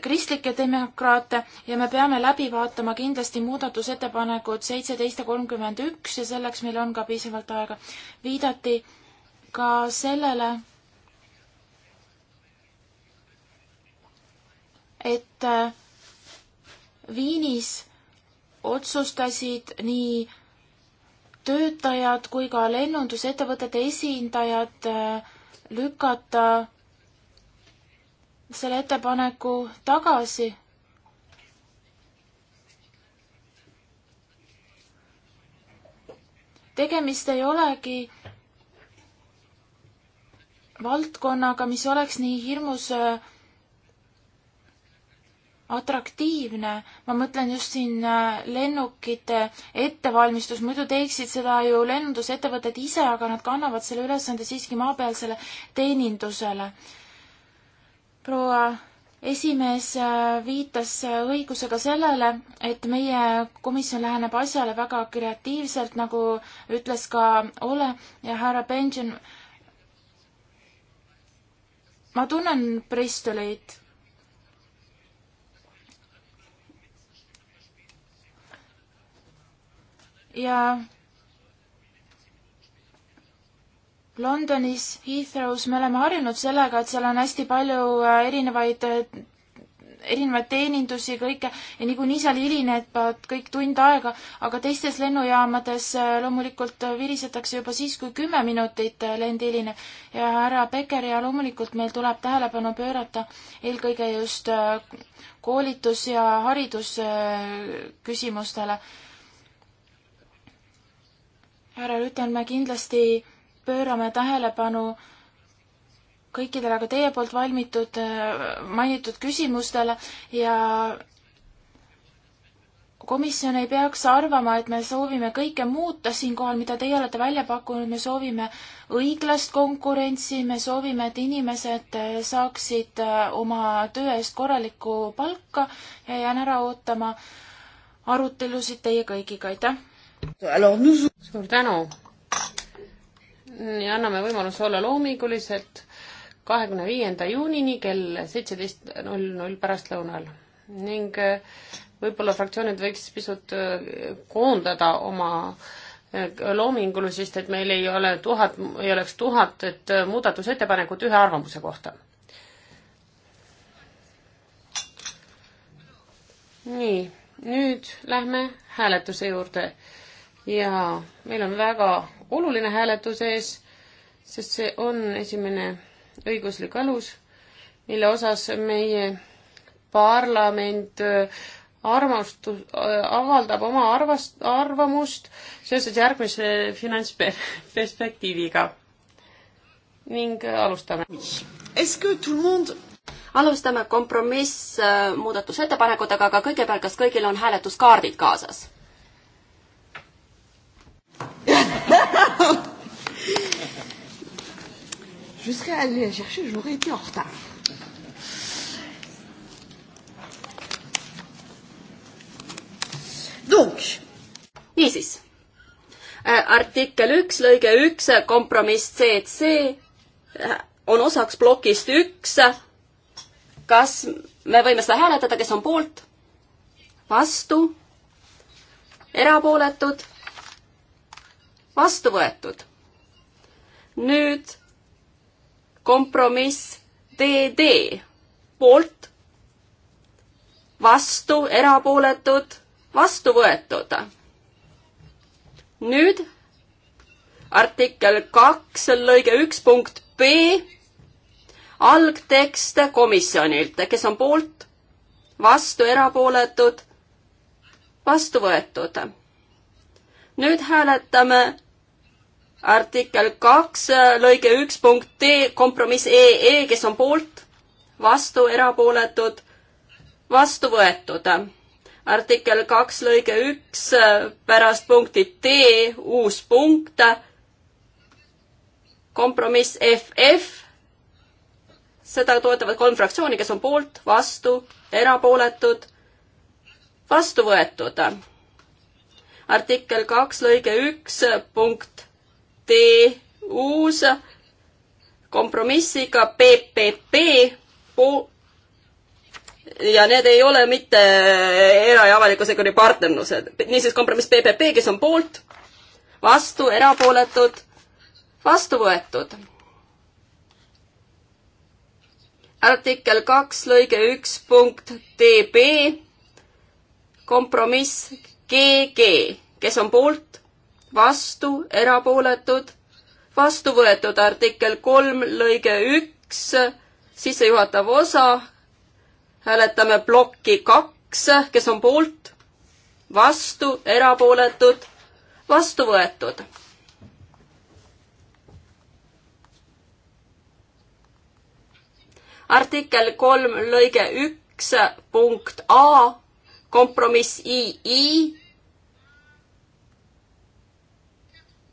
kristlikke demokraate ja me peame läbi vaatama kindlasti muudatusettepanekud seitseteist ja kolmkümmend üks ja selleks meil on ka piisavalt aega. viidati ka sellele, et äh, Viinis otsustasid nii töötajad kui ka lennundusettevõtete esindajad äh, lükata selle ettepaneku tagasi. tegemist ei olegi valdkonnaga, mis oleks nii hirmus äh, atraktiivne, ma mõtlen just siin äh, lennukite ettevalmistus, muidu teeksid seda ju lennundusettevõtted ise, aga nad kannavad selle ülesande siiski maapealsele teenindusele proua esimees äh, viitas äh, õigusega sellele, et meie komisjon läheneb asjale väga kreatiivselt, nagu ütles ka Ole ja härra Benjamin. ma tunnen Bristolit. ja Londonis, Heathrow's me oleme harjunud sellega, et seal on hästi palju äh, erinevaid, äh, erinevaid teenindusi, kõike ja niikuinii seal hilinevad kõik tund aega, aga teistes lennujaamades äh, loomulikult virisetakse juba siis, kui kümme minutit lend hilineb. ja härra Becker ja loomulikult meil tuleb tähelepanu pöörata eelkõige just koolitus- ja haridusküsimustele. härra Rüütel, me kindlasti pöörame tähelepanu kõikidele ka teie poolt valmitud, äh, mainitud küsimustele ja komisjon ei peaks arvama, et me soovime kõike muuta siinkohal, mida teie olete välja pakkunud, me soovime õiglast konkurentsi, me soovime, et inimesed äh, saaksid äh, oma töö eest korralikku palka ja jään ära ootama arutelusid teie kõigiga, aitäh! suur tänu, nii anname võimaluse olla loominguliselt kahekümne viienda juunini kell seitseteist null null pärastlõunal ning äh, võib-olla fraktsioonid võiks pisut äh, koondada oma äh, loomingulisust, et meil ei ole tuhat, ei oleks tuhat, et muudatusettepanekut ühe arvamuse kohta. nii, nüüd lähme hääletuse juurde ja meil on väga oluline hääletuse ees, sest see on esimene õiguslik alus, mille osas meie parlament äh, armastus, äh, avaldab oma arvast, arvamust seoses järgmise finantsperspektiiviga. ning äh, alustame. alustame kompromiss muudatusettepanekutega, aga kõigepealt, kas kõigil on hääletuskaardid kaasas? Je serais allée la chercher, j'aurais été en retard. Donc. niisiis. Äh, artikkel üks, lõige üks, kompromiss CC äh, on osaks plokist üks. kas me võime seda hääletada, kes on poolt? vastu? erapooletud? vastu võetud. nüüd kompromiss DD poolt, vastu, erapooletud, vastu võetud. nüüd artikkel kaks, lõige üks punkt B, algtekst komisjonilt, kes on poolt, vastu, erapooletud, vastu võetud. nüüd hääletame artikkel kaks, lõige üks punkt D, kompromiss EE, e, kes on poolt, vastu, erapooletud, vastu võetud. artikkel kaks, lõige üks, pärast punkti D uus punkt, kompromiss FF, seda toetavad kolm fraktsiooni, kes on poolt, vastu, erapooletud, vastu võetud. artikkel kaks, lõige üks, punkt tee uus kompromissiga PPP ja need ei ole mitte era- ja avaliku sektori partnerlused. niisiis kompromiss PPP, kes on poolt, vastu, erapooletud, vastu võetud. artikkel kaks lõige üks punkt DB, kompromiss GG, kes on poolt, vastu, erapooletud, vastu võetud artikkel kolm, lõige üks, sissejuhatav osa, hääletame plokki kaks, kes on poolt, vastu, erapooletud, vastu võetud. artikkel kolm, lõige üks, punkt A, kompromiss II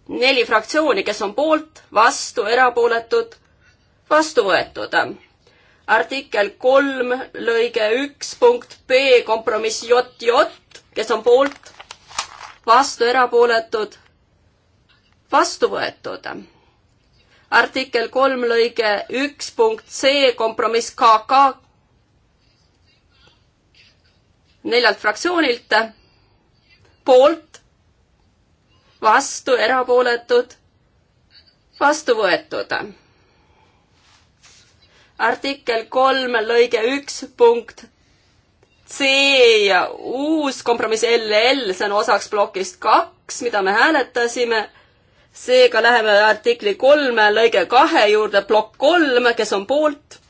neli fraktsiooni, kes on poolt, vastu, erapooletud, vastu võetud. artikkel kolm lõige üks punkt B kompromiss JJ, kes on poolt, vastu, erapooletud, vastu võetud. artikkel kolm lõige üks punkt C kompromiss KK neljalt fraktsioonilt poolt vastu, erapooletud, vastu võetud. artikkel kolm lõige üks punkt C ja uus kompromiss LL, see on osaks plokist kaks, mida me hääletasime. seega läheme artikli kolme lõige kahe juurde, plokk kolm, kes on poolt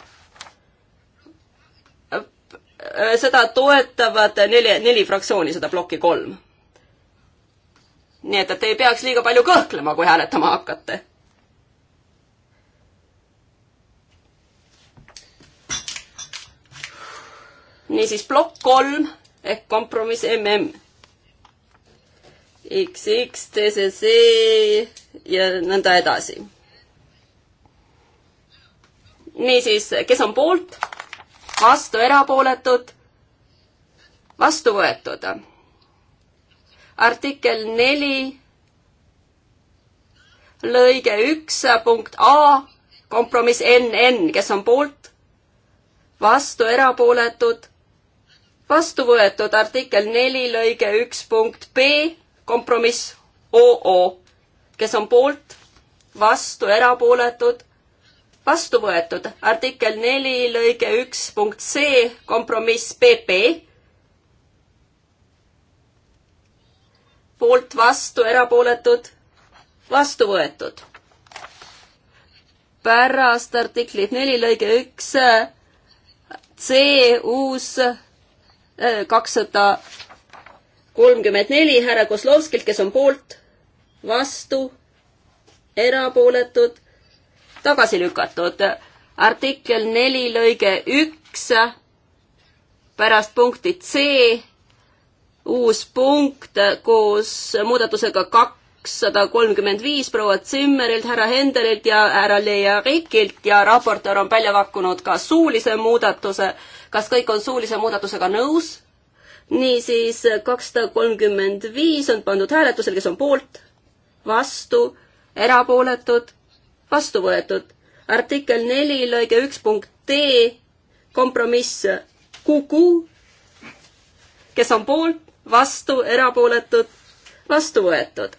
seda toetavad neli, neli fraktsiooni, seda plokki kolm nii et, et ei peaks liiga palju kõhklema, kui hääletama hakkate. niisiis plokk kolm ehk kompromiss mm. XX, TCC ja nõnda edasi. niisiis, kes on poolt, vastu erapooletud, vastu võetud artikkel neli lõige üks punkt A, kompromiss NN, kes on poolt, vastu erapooletud, vastu võetud artikkel neli lõige üks punkt B, kompromiss OO, kes on poolt, vastu erapooletud, vastu võetud artikkel neli lõige üks punkt C, kompromiss PP, poolt, vastu, erapooletud, vastu võetud. pärast artiklit neli lõige üks C uus äh, kakssada kolmkümmend neli härra Kozlovskilt, kes on poolt, vastu, erapooletud, tagasi lükatud. artikkel neli lõige üks pärast punkti C uus punkt äh, koos muudatusega kakssada kolmkümmend viis proua Zimmerilt, härra Hendelilt ja härra Leia Rikilt ja raportöör on välja pakkunud ka suulise muudatuse. kas kõik on suulise muudatusega nõus? niisiis kakssada kolmkümmend viis on pandud hääletusele, kes on poolt, vastu, erapooletud, vastu võetud. artikkel neli lõige üks punkt D, kompromiss QQ, kes on poolt, vastu, erapooletud, vastu võetud.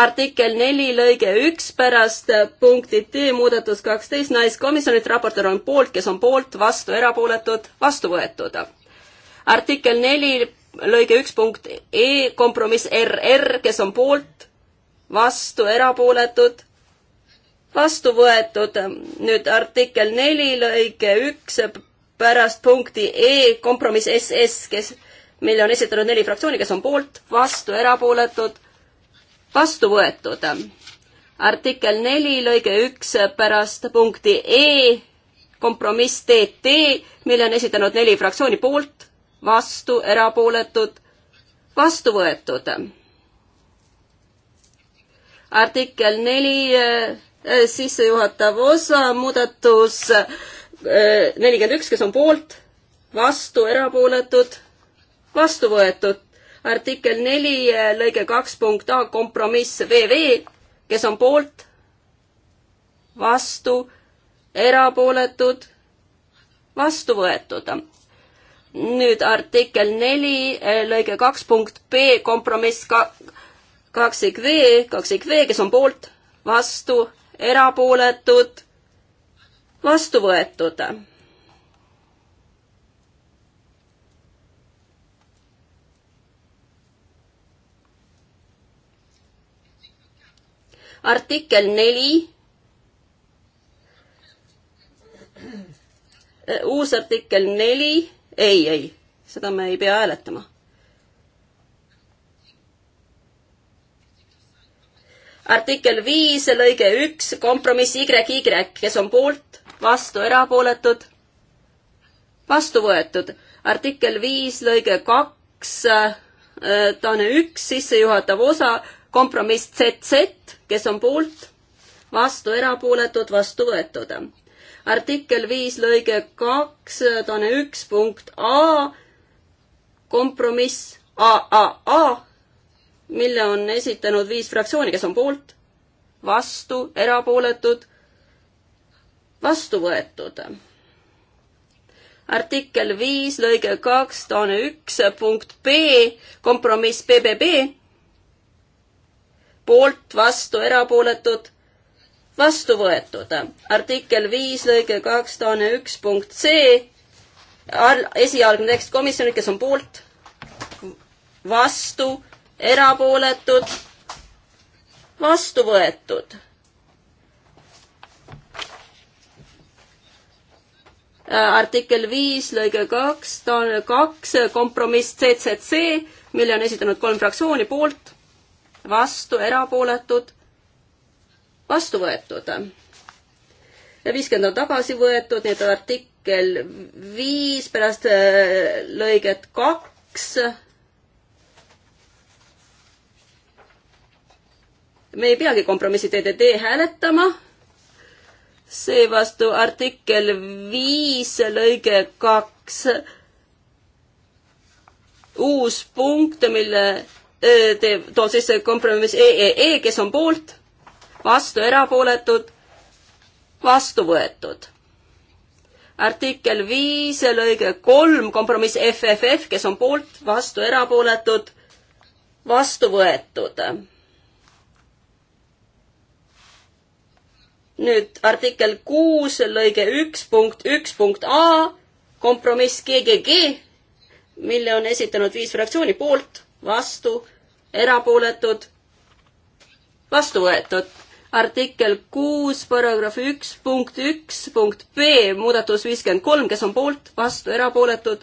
artikkel neli lõige üks pärast punkti D muudatus kaksteist naiskomisjonilt raportöör on poolt, kes on poolt, vastu, erapooletud, vastu võetud. artikkel neli lõige üks punkt E kompromiss RR, kes on poolt, vastu, erapooletud, vastu võetud. nüüd artikkel neli lõige üks pärast punkti E kompromiss SS, kes, mille on esitanud neli fraktsiooni, kes on poolt, vastu, erapooletud, vastu võetud. artikkel neli lõige üks pärast punkti E kompromiss DT, mille on esitanud neli fraktsiooni poolt, vastu, erapooletud, vastu võetud. artikkel neli eh, sissejuhatav osa, muudatus nelikümmend üks, kes on poolt, vastu, erapooletud, vastu võetud. artikkel neli lõige kaks punkt A kompromiss VV, kes on poolt, vastu, erapooletud, vastu võetud. nüüd artikkel neli lõige kaks punkt B kompromiss ka-, kaksik V, kaksik V, kes on poolt, vastu, erapooletud vastu võetud. artikkel neli. uus artikkel neli, ei, ei, seda me ei pea hääletama. artikkel viis, lõige üks, kompromiss YY, kes on poolt, vastu erapooletud, vastu võetud. artikkel viis lõige kaks, äh, taane üks, sissejuhatav osa, kompromiss ZZ, kes on poolt, vastu erapooletud, vastu võetud. artikkel viis lõige kaks, taane üks punkt A, kompromiss AAA, mille on esitanud viis fraktsiooni, kes on poolt, vastu, erapooletud vastu võetud. artikkel viis lõige kaks toone üks punkt B, kompromiss BBB. poolt, vastu, erapooletud, vastu võetud. artikkel viis lõige kaks toone üks punkt C, esialgne tekst komisjonilt, kes on poolt, vastu, erapooletud, vastu võetud Äh, artikkel viis lõige kaks, ta on kaks, äh, kompromiss CCC, mille on esitanud kolm fraktsiooni poolt, vastu, erapooletud, vastu võetud. ja viiskümmend on tagasi võetud, nii et artikkel viis pärast äh, lõiget kaks me ei peagi kompromissi DDD hääletama seevastu artikkel viis lõige kaks uus punkt, mille teeb, toob sisse kompromiss EEE, e e, kes on poolt, vastu erapooletud, vastu võetud. artikkel viis lõige kolm kompromiss FFF, kes on poolt, vastu erapooletud, vastu võetud nüüd artikkel kuus, lõige üks punkt üks punkt A, kompromiss GGG, mille on esitanud viis fraktsiooni poolt, vastu, erapooletud, vastu võetud. artikkel kuus, paragrahv üks punkt üks punkt B, muudatus viiskümmend kolm, kes on poolt, vastu, erapooletud,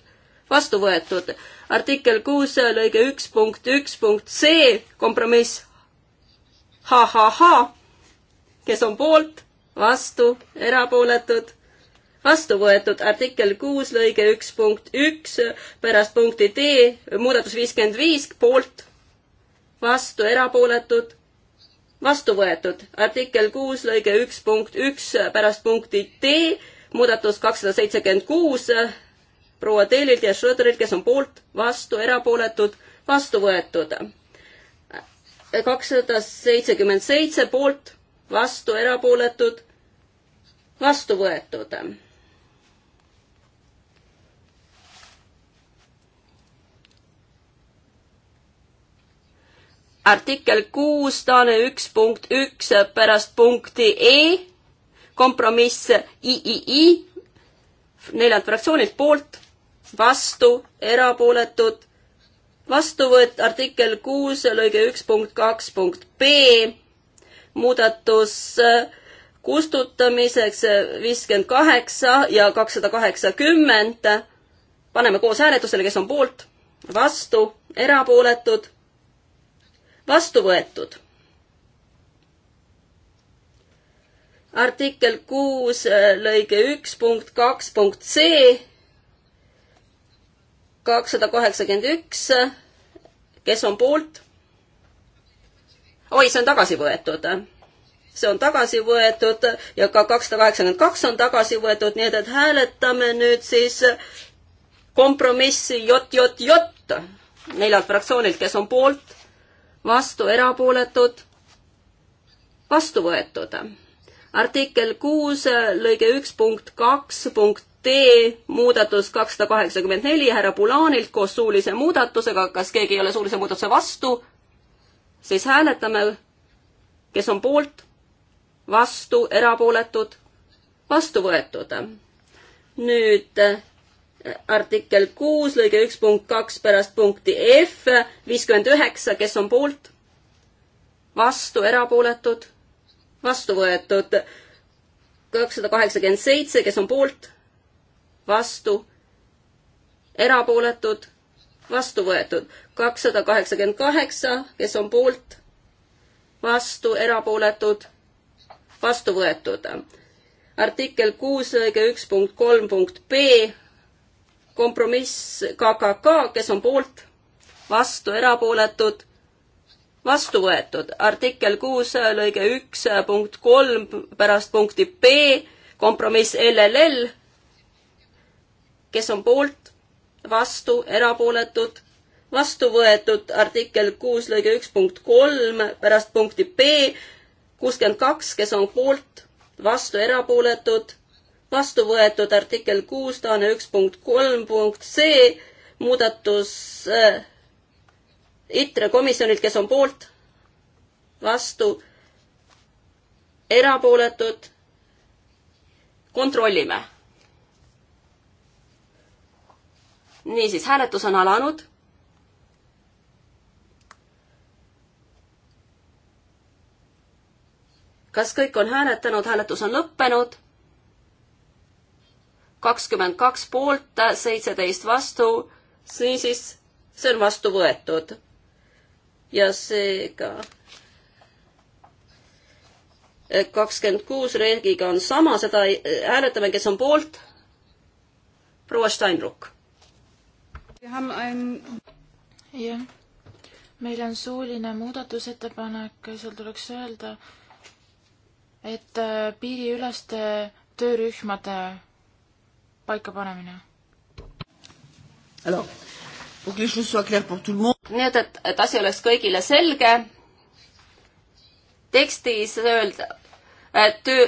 vastu võetud. artikkel kuus, lõige üks punkt üks punkt C, kompromiss HHH kes on poolt, vastu, erapooletud, vastu võetud artikkel kuus lõige üks punkt üks pärast punkti D muudatus viiskümmend viis poolt, vastu, erapooletud, vastu võetud artikkel kuus lõige üks punkt üks pärast punkti D muudatus kakssada seitsekümmend kuus proua Teelilt ja Schröderilt, kes on poolt, vastu, erapooletud, vastu võetud. kakssada seitsekümmend seitse poolt, vastu erapooletud, vastu võetud. artikkel kuus, taane üks punkt üks pärast punkti E, kompromiss III, neljalt fraktsioonilt poolt, vastu, erapooletud, vastu võet-, artikkel kuus, lõige üks punkt kaks punkt B muudatus äh, kustutamiseks äh, viiskümmend kaheksa ja kakssada kaheksakümmend. paneme koos hääletusele, kes on poolt, vastu, erapooletud, vastu võetud. artikkel kuus äh, lõige üks punkt kaks punkt C kakssada kaheksakümmend üks, kes on poolt oi, see on tagasi võetud. see on tagasi võetud ja ka kakssada kaheksakümmend kaks on tagasi võetud, nii et, et hääletame nüüd siis kompromissi JJJ neljalt fraktsioonilt, kes on poolt, vastu, erapooletud, vastu võetud. artikkel kuus lõige üks punkt kaks punkt D muudatus kakssada kaheksakümmend neli härra Pulaanilt koos suulise muudatusega, kas keegi ei ole suulise muudatuse vastu? siis hääletame, kes on poolt, vastu, erapooletud, vastu võetud. nüüd äh, artikkel kuus, lõige üks punkt kaks pärast punkti F, viiskümmend üheksa, kes on poolt, vastu, erapooletud, vastu võetud. kakssada kaheksakümmend seitse, kes on poolt, vastu, erapooletud vastu võetud. kakssada kaheksakümmend kaheksa, kes on poolt, vastu, erapooletud, vastu võetud. artikkel kuus lõige üks punkt kolm punkt B, kompromiss KKK, kes on poolt, vastu, erapooletud, vastu võetud. artikkel kuus lõige üks punkt kolm pärast punkti B, kompromiss LLL, kes on poolt, vastu, erapooletud, vastu võetud artikkel kuus lõige üks punkt kolm pärast punkti B kuuskümmend kaks, kes on poolt, vastu, erapooletud, vastu võetud artikkel kuus, taane üks punkt kolm punkt C muudatus äh, ITRE komisjonilt, kes on poolt, vastu, erapooletud, kontrollime niisiis, hääletus on alanud. kas kõik on hääletanud, hääletus on lõppenud? kakskümmend kaks poolt, seitseteist vastu, niisiis see on vastu võetud. ja seega kakskümmend kuus reegliga on sama, seda hääletame, kes on poolt. proua Steinruck jah, meil on suuline muudatusettepanek, seal tuleks öelda, et äh, piiriüleste töörühmade paikapanemine. nii et, et, et asi oleks kõigile selge. tekstis öelda, et töö,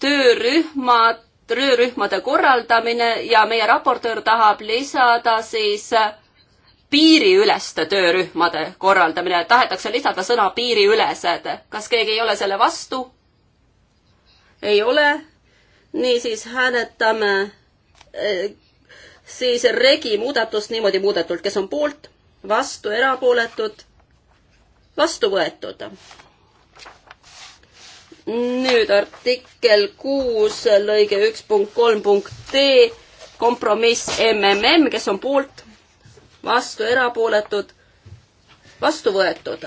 töörühmad töörühmade korraldamine ja meie raportöör tahab lisada siis äh, piiriüleste töörühmade korraldamine, tahetakse lisada sõna piiriülesed. kas keegi ei ole selle vastu? ei ole. niisiis hääletame äh, siis regi muudatust niimoodi muudetult, kes on poolt, vastu, erapooletud, vastu võetud nüüd artikkel kuus lõige üks punkt kolm punkt D, kompromiss MMM, kes on poolt, vastu erapooletud, vastu võetud.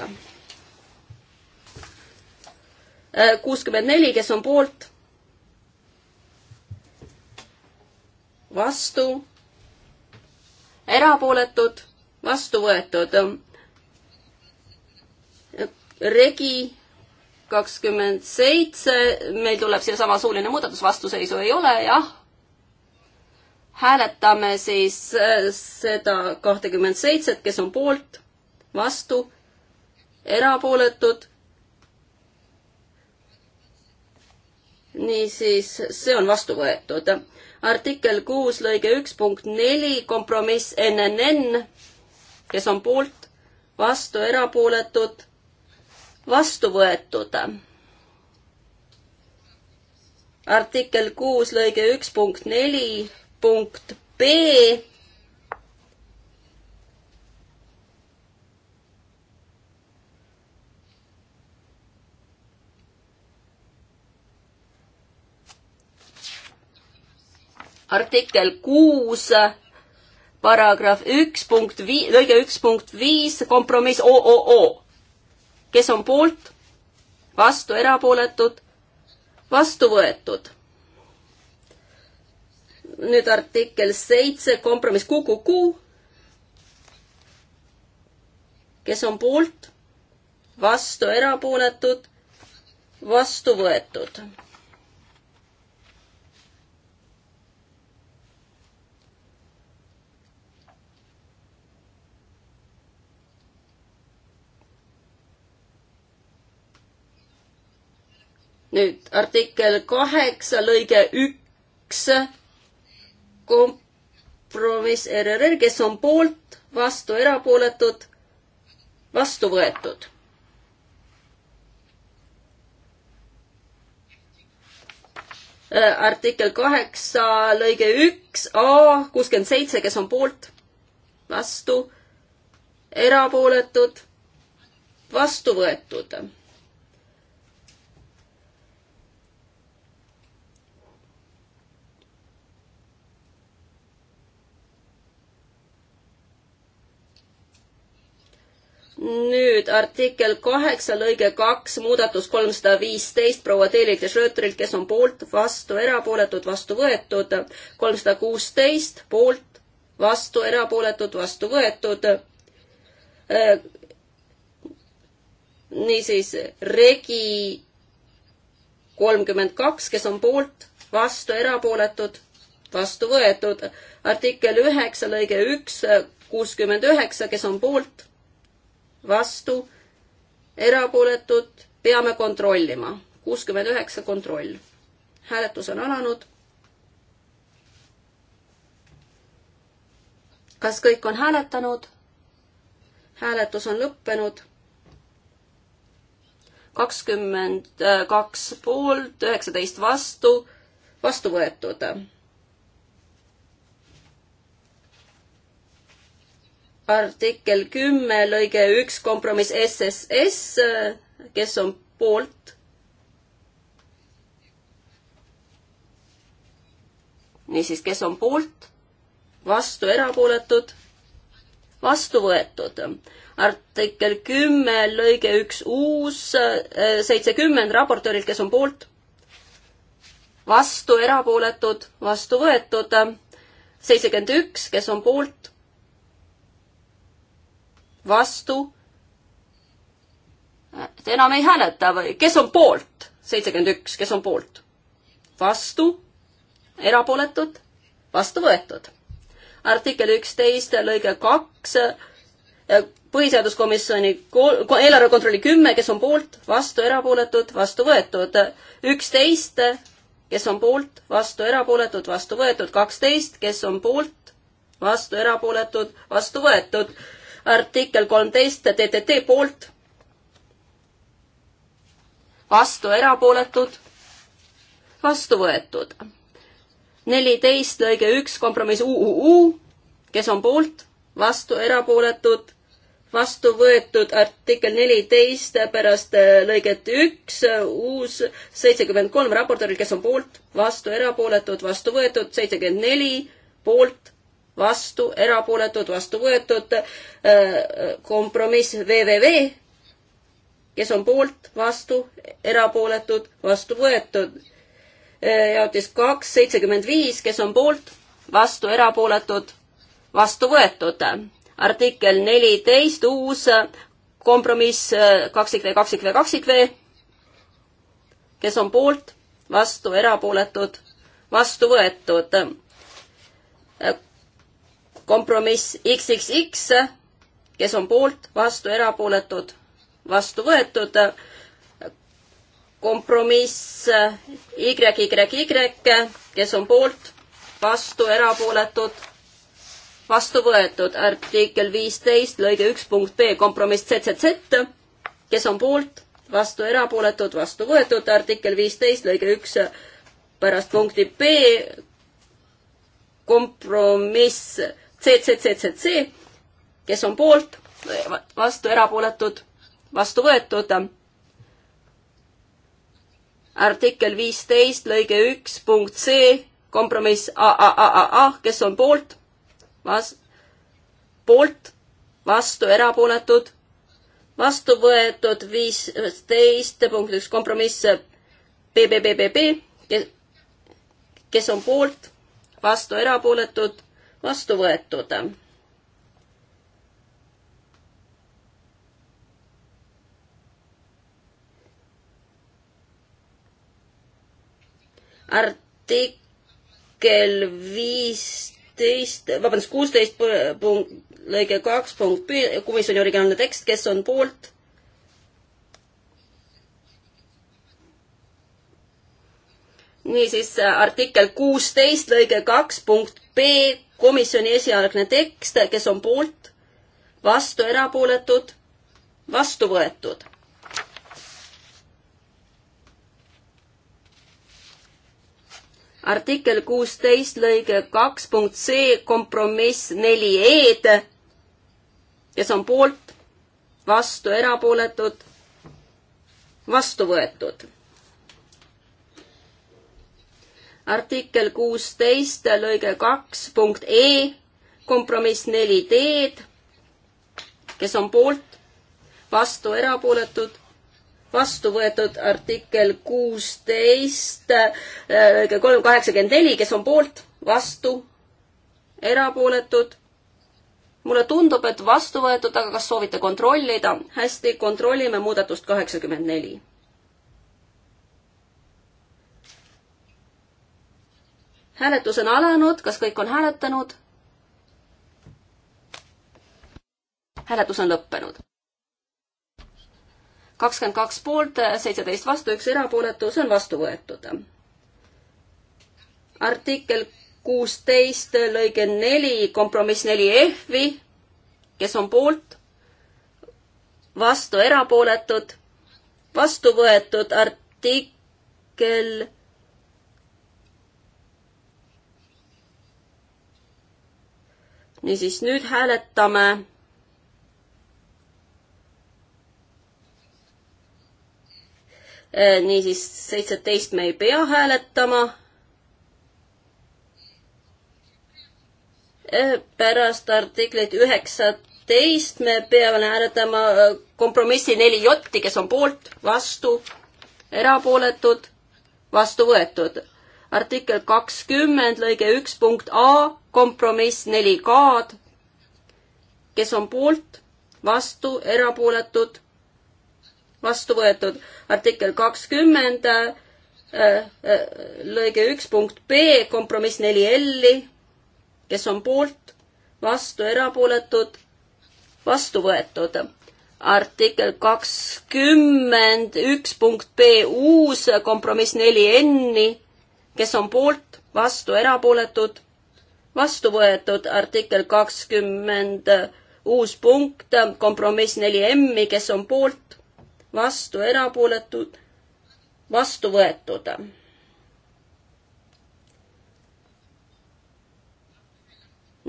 Äh, kuuskümmend neli, kes on poolt, vastu, erapooletud, vastu võetud. Äh, regi kakskümmend seitse, meil tuleb siiasama suuline muudatus, vastuseisu ei ole, jah. hääletame siis äh, seda kahtekümmend seitset, kes on poolt, vastu, erapooletud. niisiis, see on vastu võetud. artikkel kuus lõige üks punkt neli, kompromiss NNN, kes on poolt, vastu, erapooletud vastu võetud. artikkel kuus lõige üks punkt neli punkt B. artikkel kuus paragrahv üks punkt vii-, lõige üks punkt viis, kompromiss OOO kes on poolt, vastu, erapooletud, vastu võetud. nüüd artikkel seitse, kompromiss QQQ. kes on poolt, vastu, erapooletud, vastu võetud nüüd artikkel kaheksa lõige üks, kompromiss ERR, kes on poolt, vastu, erapooletud, vastu võetud. Äh, artikkel kaheksa lõige üks A kuuskümmend seitse, kes on poolt, vastu, erapooletud, vastu võetud nüüd artikkel kaheksa lõige kaks, muudatus kolmsada viisteist proua Teelilt ja Schröterilt, kes on poolt, vastu, erapooletud, vastu võetud. kolmsada kuusteist poolt, vastu, erapooletud, vastu võetud. Äh, niisiis, regi kolmkümmend kaks, kes on poolt, vastu, erapooletud, vastu võetud. artikkel üheksa lõige üks, kuuskümmend üheksa, kes on poolt vastu, erapooletud, peame kontrollima. kuuskümmend üheksa, kontroll. hääletus on alanud. kas kõik on hääletanud? hääletus on lõppenud. kakskümmend kaks poolt, üheksateist vastu, vastu võetud artikkel kümme lõige üks kompromiss SSS, kes on poolt? niisiis, kes on poolt, vastu erapooletud, vastu võetud. artikkel kümme lõige üks uus eh, seitsekümmend raportööril, kes on poolt, vastu erapooletud, vastu võetud, seitsekümmend üks, kes on poolt vastu. enam ei hääleta või, kes on poolt? seitsekümmend üks, kes on poolt? vastu, erapooletud, vastu võetud. artikkel üksteist lõige kaks, põhiseaduskomisjoni eelarvekontrolli kümme, kes on poolt, vastu, erapooletud, vastu võetud. üksteist, kes on poolt, vastu, erapooletud, vastu võetud. kaksteist, kes on poolt, vastu, erapooletud, vastu võetud artikkel kolmteist DDT poolt, vastu erapooletud, vastu võetud. neliteist lõige üks kompromiss UUU, kes on poolt, vastu erapooletud, vastu võetud artikkel neliteist pärast äh, lõiget üks, uus seitsekümmend kolm raportööril, kes on poolt, vastu erapooletud, vastu võetud, seitsekümmend neli, poolt vastu, erapooletud, vastu võetud, äh, äh, kompromiss www, kes on poolt, vastu, erapooletud, vastu võetud. Äh, jaotis kaks, seitsekümmend viis, kes on poolt, vastu, erapooletud, vastu võetud. artikkel neliteist, uus kompromiss kaksik V, kaksik V, kaksik V, kes on poolt, vastu, erapooletud, vastu võetud kompromiss XXX, kes on poolt, vastu, erapooletud, vastu võetud. kompromiss YYY, kes on poolt, vastu, erapooletud, vastu võetud. artikkel viisteist, lõige üks punkt B, kompromiss ZZZ, kes on poolt, vastu, erapooletud, vastu võetud. artikkel viisteist, lõige üks pärast punkti B, kompromiss CCCCC, kes on poolt, vastu erapooletud, vastu võetud. artikkel viisteist lõige üks punkt C, kompromiss AAAA, kes on poolt, vas-, poolt, vastu erapooletud, vastu võetud viisteist punkt üks kompromiss BBBBB, kes on poolt, vastu erapooletud vastu võetud. artikkel viisteist, vabandust, kuusteist lõige kaks punkt, komisjoni originaalne tekst, kes on poolt niisiis äh, artikkel kuusteist lõige kaks punkt B, komisjoni esialgne tekst, kes on poolt, vastu erapooletud, vastu võetud. artikkel kuusteist lõige kaks punkt C kompromiss neli E-d, kes on poolt, vastu erapooletud, vastu võetud artikkel kuusteist lõige kaks punkt E, kompromiss neli D-d, kes on poolt, vastu erapooletud, vastu võetud artikkel kuusteist äh, lõige kolm kaheksakümmend neli, kes on poolt, vastu, erapooletud. mulle tundub, et vastu võetud, aga kas soovite kontrollida? hästi, kontrollime muudatust kaheksakümmend neli hääletus on alanud, kas kõik on hääletanud? hääletus on lõppenud. kakskümmend kaks poolt, seitseteist vastu, üks erapooletu, see on vastu võetud. artikkel kuusteist lõige neli, kompromiss neli F-i, kes on poolt, vastu erapooletud, vastu võetud artikkel niisiis, nüüd hääletame. Äh, niisiis, seitseteist me ei pea hääletama äh, pärast artiklit üheksateist me peame hääletama äh, kompromissi neli jotti, kes on poolt, vastu, erapooletud, vastu võetud. artikkel kakskümmend lõige üks punkt A, kompromiss neli K-d, kes on poolt, vastu, erapooletud, vastu võetud. artikkel kakskümmend äh, äh, lõige üks punkt B, kompromiss neli L-i, kes on poolt, vastu, erapooletud, vastu võetud. artikkel kakskümmend üks punkt B uus kompromiss neli N-i, kes on poolt, vastu, erapooletud vastu võetud, artikkel kakskümmend uus punkt, kompromiss neli M-i, kes on poolt, vastu, erapooletud, vastu võetud.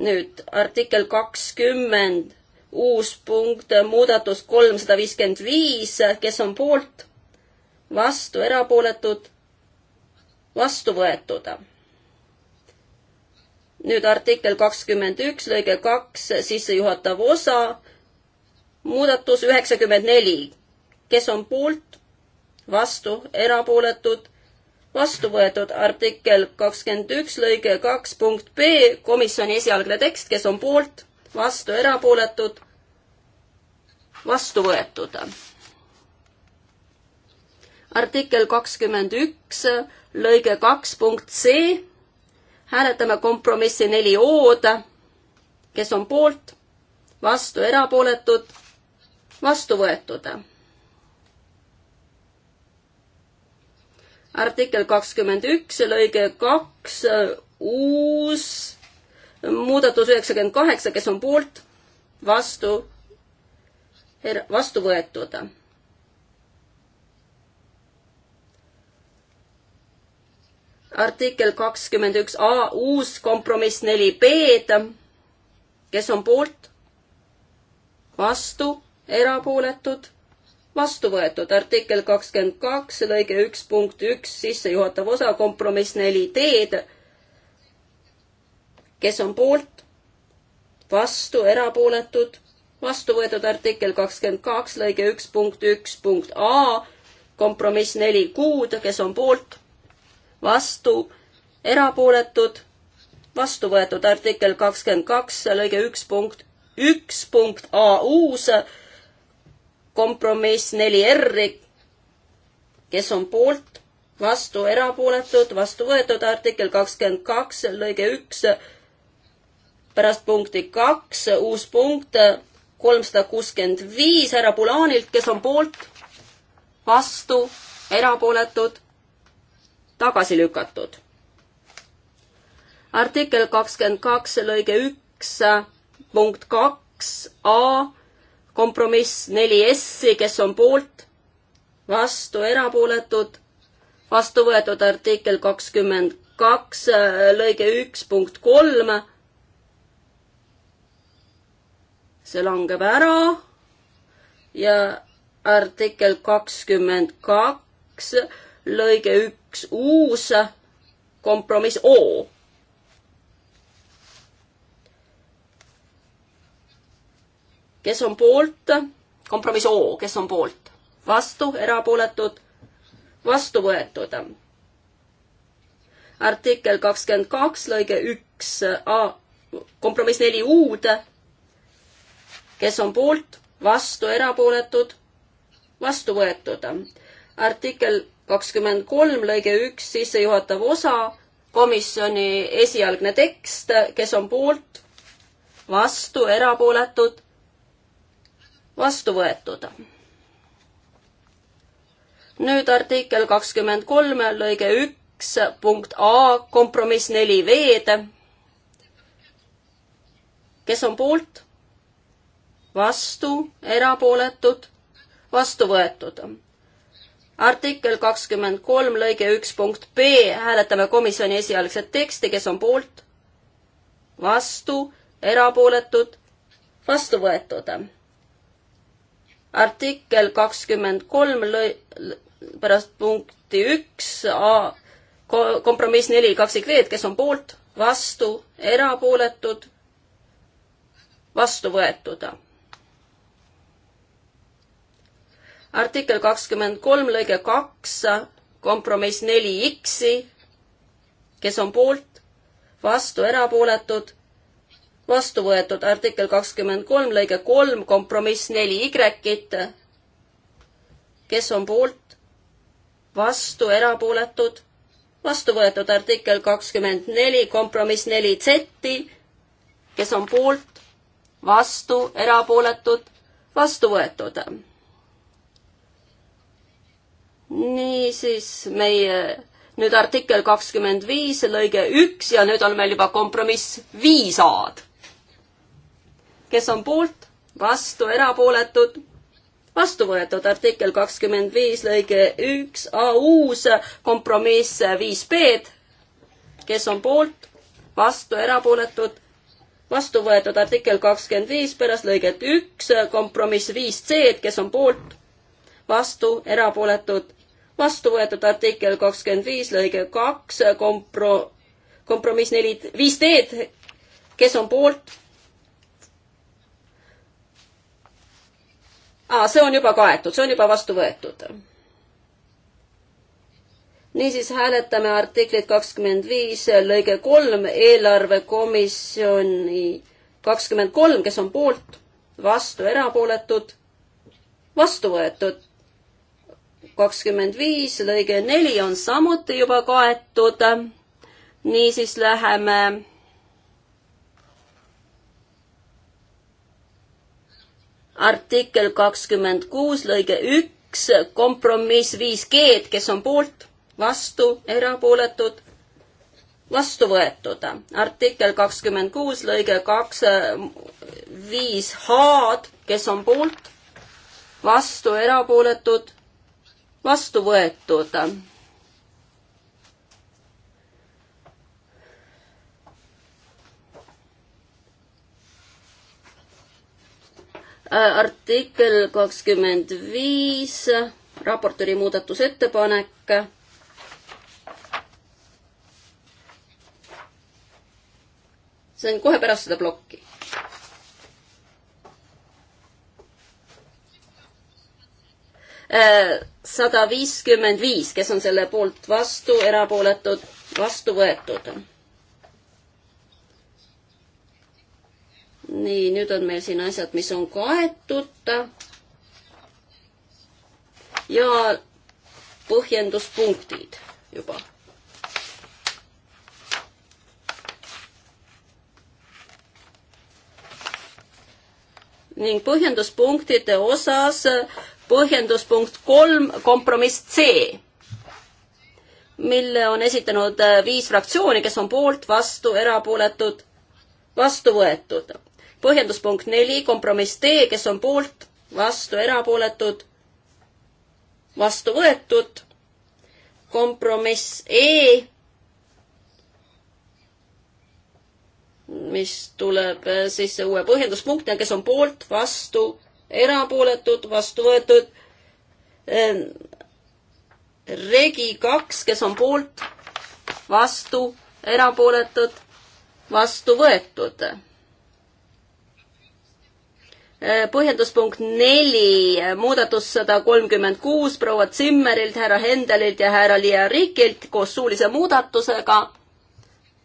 nüüd artikkel kakskümmend, uus punkt, muudatus kolmsada viiskümmend viis, kes on poolt, vastu, erapooletud, vastu võetud nüüd artikkel kakskümmend üks, lõige kaks, sissejuhatav osa, muudatus üheksakümmend neli. kes on poolt, vastu, erapooletud, vastu võetud artikkel kakskümmend üks, lõige kaks punkt B, komisjoni esialgne tekst, kes on poolt, vastu, erapooletud, vastu võetud. artikkel kakskümmend üks, lõige kaks punkt C hääletame kompromissi neli O-d, kes on poolt, vastu erapooletud, vastu võetud. artikkel kakskümmend üks, lõige kaks, uus muudatus üheksakümmend kaheksa, kes on poolt, vastu, er-, vastu võetud artikkel kakskümmend üks A, uus kompromiss neli B-d. kes on poolt? vastu, erapooletud, vastu võetud. artikkel kakskümmend kaks, lõige üks punkt üks, sissejuhatav osa, kompromiss neli D-d. kes on poolt? vastu, erapooletud, vastu võetud. artikkel kakskümmend kaks, lõige üks punkt üks punkt A, kompromiss neli Q-d, kes on poolt? vastu, erapooletud, vastu võetud artikkel kakskümmend kaks, lõige üks punkt, üks punkt A uus, kompromiss neli R-i, kes on poolt, vastu, erapooletud, vastu võetud artikkel kakskümmend kaks, lõige üks, pärast punkti kaks, uus punkt kolmsada kuuskümmend viis härra Pulaanilt, kes on poolt, vastu, erapooletud, tagasi lükatud. artikkel kakskümmend kaks lõige üks punkt kaks A kompromiss neli S-i, kes on poolt, vastu erapooletud, vastu võetud artikkel kakskümmend kaks lõige üks punkt kolm. see langeb ära ja artikkel kakskümmend kaks lõige üks üks uus kompromiss O. kes on poolt, kompromiss O, kes on poolt, vastu, erapooletud, vastu võetud. artikkel kakskümmend kaks lõige üks A, kompromiss neli U-d, kes on poolt, vastu, erapooletud, vastu võetud. artikkel kakskümmend kolm lõige üks sissejuhatav osa, komisjoni esialgne tekst, kes on poolt, vastu, erapooletud, vastu võetud. nüüd artikkel kakskümmend kolm lõige üks punkt A kompromiss neli V-d. kes on poolt, vastu, erapooletud, vastu võetud artikkel kakskümmend kolm lõige üks punkt B, hääletame komisjoni esialgset teksti, kes on poolt, vastu, erapooletud, vastu võetud. artikkel kakskümmend kolm lõi-, pärast punkti üks A kompromiss neli kaksik V-d, kes on poolt, vastu, erapooletud, vastu võetud artikkel kakskümmend kolm lõige kaks, kompromiss neli X-i, kes on poolt, vastu, erapooletud, vastu võetud artikkel kakskümmend kolm lõige kolm, kompromiss neli Y-it, kes on poolt, vastu, erapooletud, vastu võetud artikkel kakskümmend neli, kompromiss neli Z-i, kes on poolt, vastu, erapooletud, vastu võetud niisiis meie nüüd artikkel kakskümmend viis, lõige üks ja nüüd on meil juba kompromiss viis A-d. kes on poolt, vastu, erapooletud? vastu võetud artikkel kakskümmend viis lõige üks A uus kompromiss viis B-d. kes on poolt, vastu, erapooletud? vastu võetud artikkel kakskümmend viis pärast lõiget üks kompromiss viis C-d, kes on poolt, vastu, erapooletud vastu võetud artikkel kakskümmend viis, lõige kaks, kompro-, kompromiss neli, viis D-d, kes on poolt? aa, see on juba kaetud, see on juba vastu võetud. niisiis hääletame artiklit kakskümmend viis, lõige kolm, eelarvekomisjoni kakskümmend kolm, kes on poolt, vastu, erapooletud, vastu võetud kakskümmend viis, lõige neli on samuti juba kaetud. niisiis läheme artikkel kakskümmend kuus, lõige üks, kompromiss viis G-d, kes on poolt, vastu, erapooletud, vastu võetud. artikkel kakskümmend kuus, lõige kaks, viis H-d, kes on poolt, vastu, erapooletud vastu võetud. artikkel kakskümmend viis, raportööri muudatusettepanek see on kohe pärast seda plokki. Äh, sada viiskümmend viis, kes on selle poolt vastu, erapooletud, vastu võetud. nii, nüüd on meil siin asjad, mis on kaetud. ja põhjenduspunktid juba ning põhjenduspunktide osas põhjendus punkt kolm, kompromiss C, mille on esitanud äh, viis fraktsiooni, kes on poolt, vastu, erapooletud, vastu võetud. põhjendus punkt neli, kompromiss D, kes on poolt, vastu, erapooletud, vastu võetud. kompromiss E, mis tuleb äh, sisse uue põhjenduspunktina, kes on poolt, vastu erapooletud, vastu võetud. Äh, regi kaks, kes on poolt, vastu, erapooletud, vastu võetud. Äh, põhjenduspunkt neli, muudatus sada kolmkümmend kuus proua Zimmerilt, härra Hendelilt ja härra Liia Rikilt koos suulise muudatusega.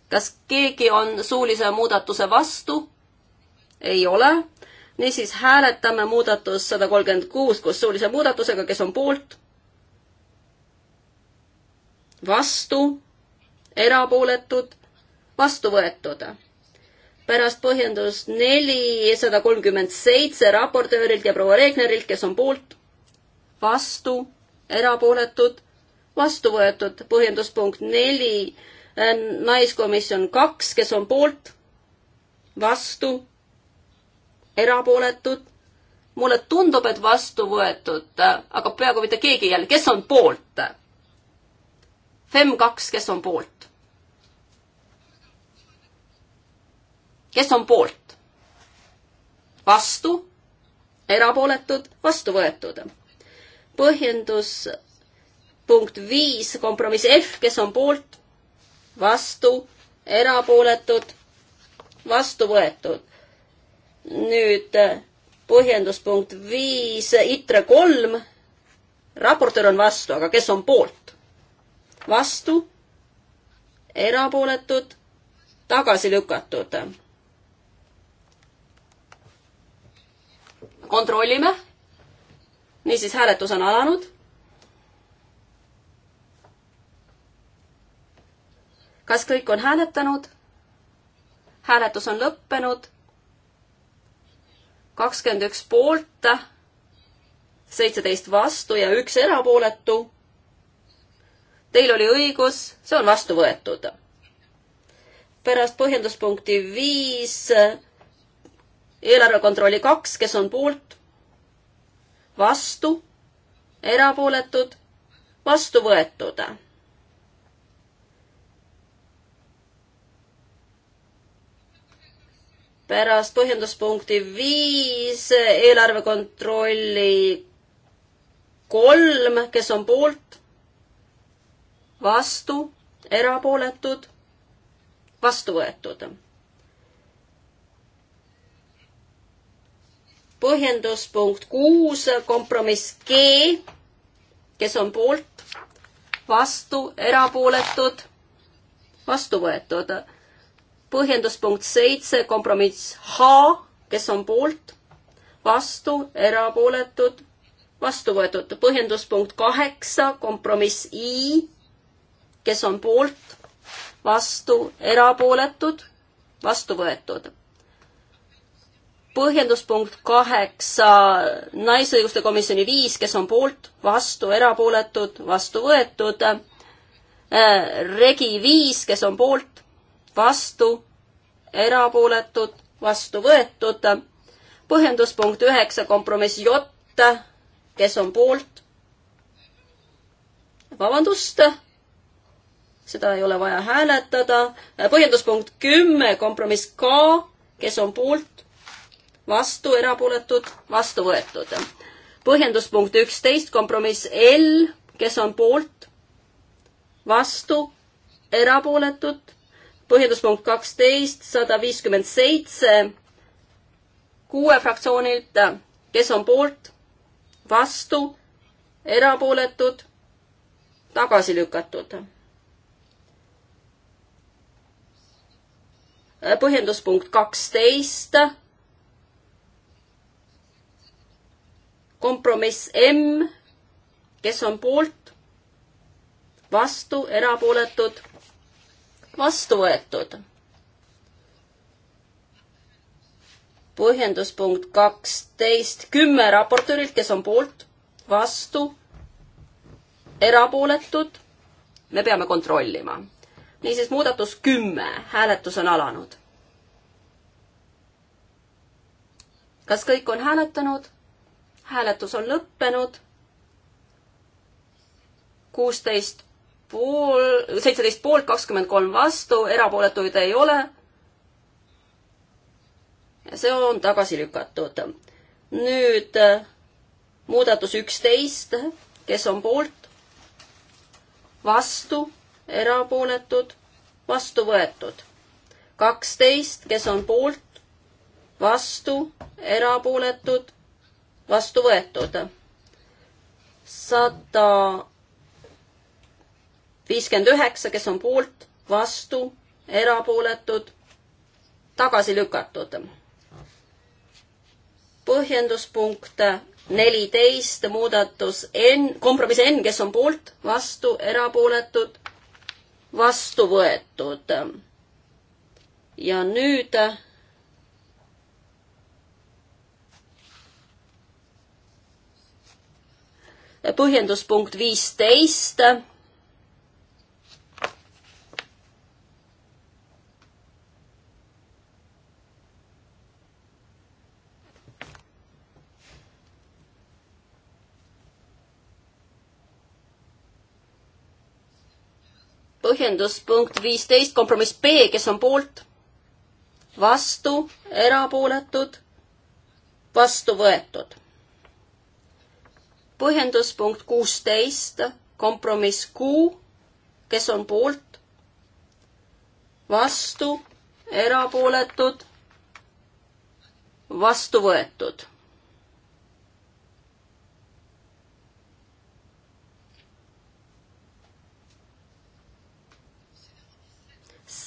kas keegi on suulise muudatuse vastu? ei ole niisiis hääletame muudatus sada kolmkümmend kuus koos suulise muudatusega, kes on poolt, vastu, erapooletud, vastu võetud. pärast põhjendust neli sada kolmkümmend seitse raportöörilt ja proua Regnerilt, kes on poolt, vastu, erapooletud, vastu võetud. põhjenduspunkt neli, naiskomisjon kaks, kes on poolt, vastu erapooletud. mulle tundub, et vastu võetud, aga peaaegu mitte keegi jälle, kes on poolt? FEM kaks, kes on poolt? kes on poolt? vastu, erapooletud, vastu võetud. põhjendus punkt viis, kompromiss F, kes on poolt, vastu, erapooletud, vastu võetud nüüd äh, põhjenduspunkt viis, äh, ITRE kolm. raportöör on vastu, aga kes on poolt? vastu, erapooletud, tagasi lükatud. kontrollime. niisiis, hääletus on alanud kas kõik on hääletanud? hääletus on lõppenud kakskümmend üks poolt, seitseteist vastu ja üks erapooletu. Teil oli õigus, see on vastu võetud. pärast põhjenduspunkti viis eelarvekontrolli kaks, kes on poolt, vastu, erapooletud, vastu võetud pärast põhjenduspunkti viis eelarvekontrolli kolm, kes on poolt, vastu, erapooletud, vastu võetud. põhjenduspunkt kuus, kompromiss G, kes on poolt, vastu, erapooletud, vastu võetud põhjendus punkt seitse, kompromiss H, kes on poolt, vastu, erapooletud, vastu võetud. põhjendus punkt kaheksa, kompromiss I, kes on poolt, vastu, erapooletud, vastu võetud põhjenduspunkt kaheksa, Naisõiguste komisjoni viis, kes on poolt, vastu, erapooletud, vastu võetud. Äh, regi viis, kes on poolt, vastu, erapooletud, vastu võetud. põhjendus punkt üheksa, kompromiss J, kes on poolt? vabandust, seda ei ole vaja hääletada. põhjenduspunkt kümme, kompromiss K, kes on poolt? vastu, erapooletud, vastu võetud. põhjenduspunkt üksteist, kompromiss L, kes on poolt? vastu, erapooletud, põhjenduspunkt kaksteist, sada viiskümmend seitse, kuue fraktsioonilt, kes on poolt, vastu, erapooletud, tagasi lükatud. põhjenduspunkt kaksteist, kompromiss M, kes on poolt, vastu, erapooletud vastu võetud. põhjenduspunkt kaksteist, kümme raportöörilt, kes on poolt, vastu, erapooletud, me peame kontrollima. niisiis, muudatus kümme, hääletus on alanud. kas kõik on hääletanud? hääletus on lõppenud. kuusteist pool, seitseteist poolt, kakskümmend kolm vastu, erapooletuid ei ole. see on tagasi lükatud. nüüd muudatus üksteist, kes on poolt, vastu, erapooletud, vastu võetud. kaksteist, kes on poolt, vastu, erapooletud, vastu võetud. sada viiskümmend üheksa, kes on poolt, vastu, erapooletud, tagasi lükatud. põhjenduspunkt neliteist, muudatus N, kompromiss N, kes on poolt, vastu, erapooletud, vastu võetud. ja nüüd põhjenduspunkt viisteist põhjenduspunkt viisteist, kompromiss B, kes on poolt, vastu, erapooletud, vastu võetud. põhjenduspunkt kuusteist, kompromiss Q, kes on poolt, vastu, erapooletud, vastu võetud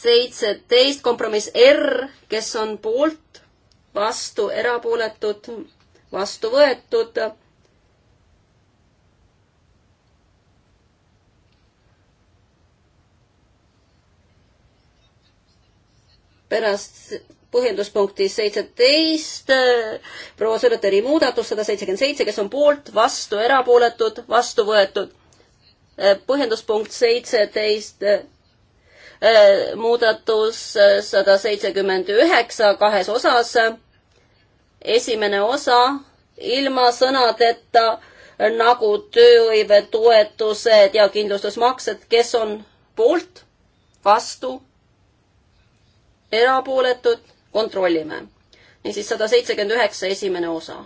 seitseteist, kompromiss R, kes on poolt, vastu, erapooletud, vastu võetud. pärast põhjenduspunkti seitseteist, proua Sõrteri muudatus sada seitsekümmend seitse, kes on poolt, vastu, erapooletud, vastu võetud. põhjenduspunkt seitseteist Äh, muudatus äh, sada seitsekümmend üheksa kahes osas. esimene osa ilma sõnadeta nagu tööhõive, toetused ja kindlustusmaksed, kes on poolt, vastu, erapooletud, kontrollime. niisiis sada seitsekümmend üheksa, esimene osa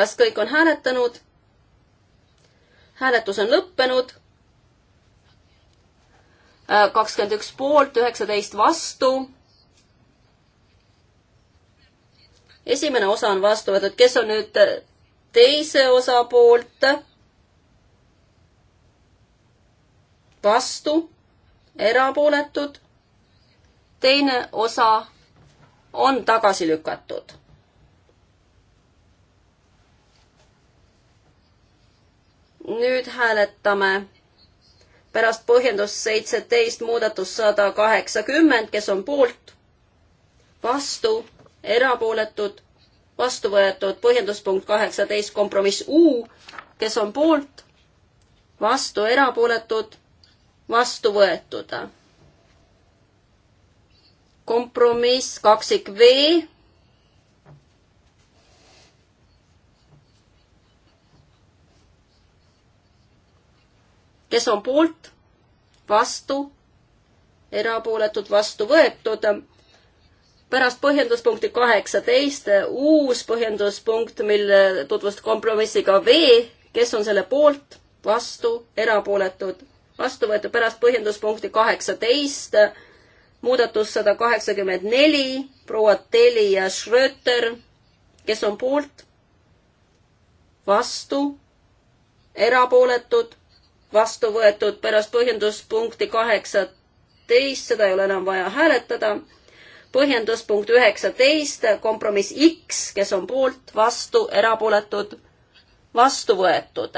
kas kõik on hääletanud? hääletus on lõppenud. Äh, kakskümmend üks poolt, üheksateist vastu. esimene osa on vastu võetud, kes on nüüd teise osa poolt? vastu, erapooletud. teine osa on tagasi lükatud nüüd hääletame pärast põhjendust seitseteist muudatus sada kaheksakümmend, kes on poolt, vastu, erapooletud, vastu võetud, põhjenduspunkt kaheksateist, kompromiss U, kes on poolt, vastu, erapooletud, vastu võetud. kompromiss kaksik V, kes on poolt, vastu, erapooletud, vastu võetud. pärast põhjenduspunkti kaheksateist uus põhjenduspunkt, mille tutvust kompromissiga V, kes on selle poolt, vastu, erapooletud, vastu võetud pärast põhjenduspunkti kaheksateist, muudatus sada kaheksakümmend neli, proua Teli ja Schröter, kes on poolt, vastu, erapooletud vastu võetud pärast põhjenduspunkti kaheksateist, seda ei ole enam vaja hääletada. põhjenduspunkt üheksateist, kompromiss X, kes on poolt, vastu, erapooletud, vastu võetud.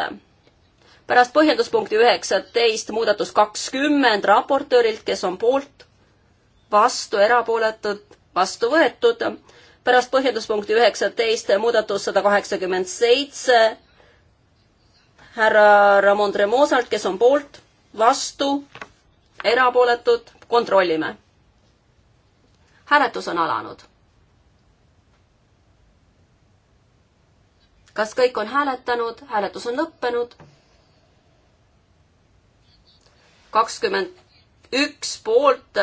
pärast põhjenduspunkti üheksateist muudatus kakskümmend raportöörilt, kes on poolt, vastu, erapooletud, vastu võetud. pärast põhjenduspunkti üheksateist muudatus sada kaheksakümmend seitse härra Ramon Tremosalt, kes on poolt, vastu, erapooletud, kontrollime. hääletus on alanud. kas kõik on hääletanud, hääletus on lõppenud? kakskümmend üks poolt,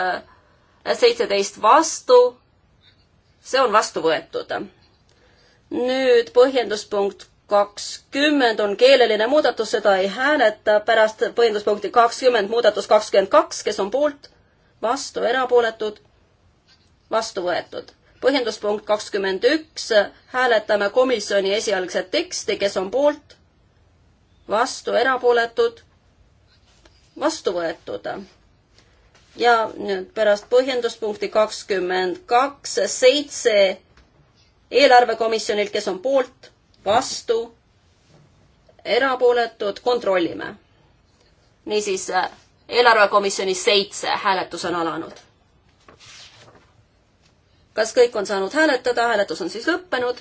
seitseteist vastu. see on vastu võetud. nüüd põhjenduspunkt kakskümmend on keeleline muudatus, seda ei hääleta, pärast põhjenduspunkti kakskümmend muudatus kakskümmend kaks, kes on poolt, vastu, erapooletud, vastu võetud. põhjenduspunkt kakskümmend üks, hääletame komisjoni esialgset teksti, kes on poolt, vastu, erapooletud, vastu võetud. ja nüüd pärast põhjenduspunkti kakskümmend kaks, seitse eelarvekomisjonilt, kes on poolt vastu, erapooletud, kontrollime. niisiis, äh, eelarvekomisjonis seitse, hääletus on alanud. kas kõik on saanud hääletada, hääletus on siis lõppenud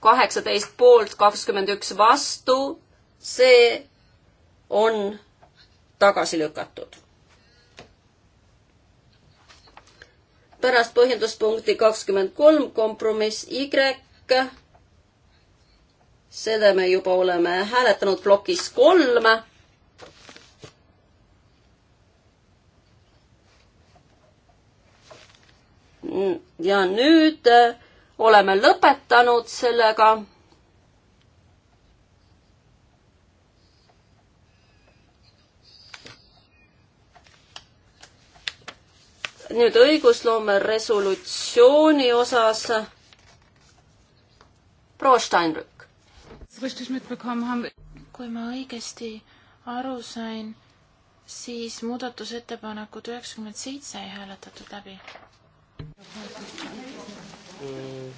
kaheksateist poolt, kakskümmend üks vastu, see on tagasi lükatud. pärast põhjenduspunkti kakskümmend kolm kompromiss Y. selle me juba oleme hääletanud plokis kolm. ja nüüd äh, oleme lõpetanud sellega nüüd õigusloome resolutsiooni osas proua Steinrück. kui ma õigesti aru sain, siis muudatusettepanekud üheksakümmend seitse ei hääletatud läbi mm..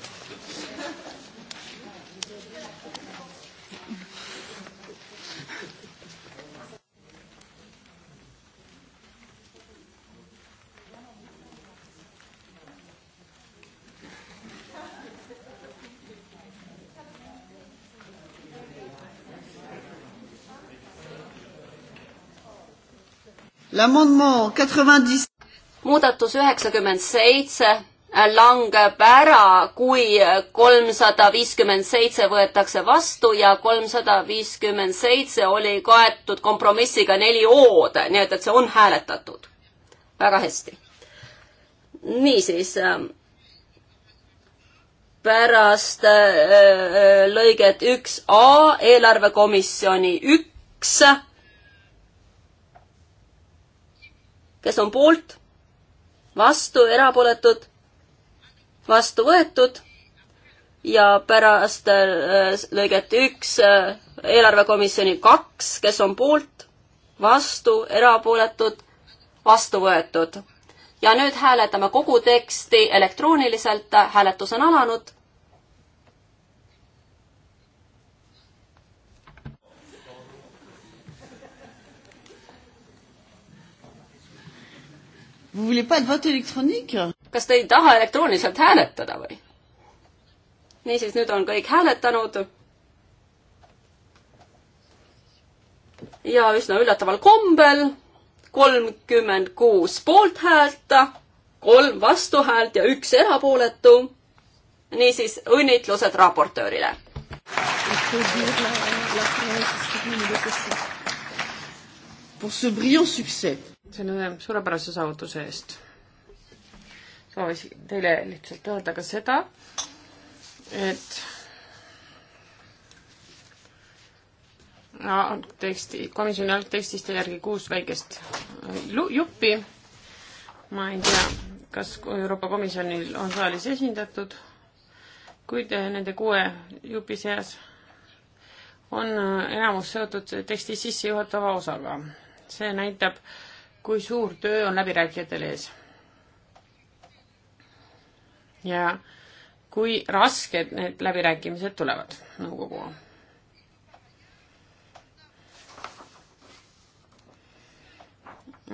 muudatus üheksakümmend seitse langeb ära, kui kolmsada viiskümmend seitse võetakse vastu ja kolmsada viiskümmend seitse oli kaetud kompromissiga neli O-d, nii et, et see on hääletatud. väga hästi. niisiis, pärast äh, äh, lõiget üks A eelarvekomisjoni üks kes on poolt, vastu, erapooletud, vastu võetud ja pärast äh, lõiget üks äh, eelarvekomisjoni kaks, kes on poolt, vastu, erapooletud, vastu võetud. ja nüüd hääletame kogu teksti elektrooniliselt, hääletus on alanud. kas te ei taha elektrooniliselt hääletada või? niisiis, nüüd on kõik hääletanud. ja üsna üllataval kombel kolmkümmend kuus poolthäält, kolm vastuhäält ja üks erapooletu. niisiis õnnitlused raportöörile. Pour ce brillant succès selle suurepärase saavutuse eest. soovisin teile lihtsalt öelda ka seda, et algteksti, komisjoni algtekstist jäi järgi kuus väikest äh, juppi. ma ei tea, kas Euroopa Komisjonil on saalis esindatud, kuid äh, nende kuue jupi seas on äh, enamus seotud teksti sissejuhatava osaga. see näitab äh, kui suur töö on läbirääkijatel ees. ja kui rasked need läbirääkimised tulevad nõukoguga no,.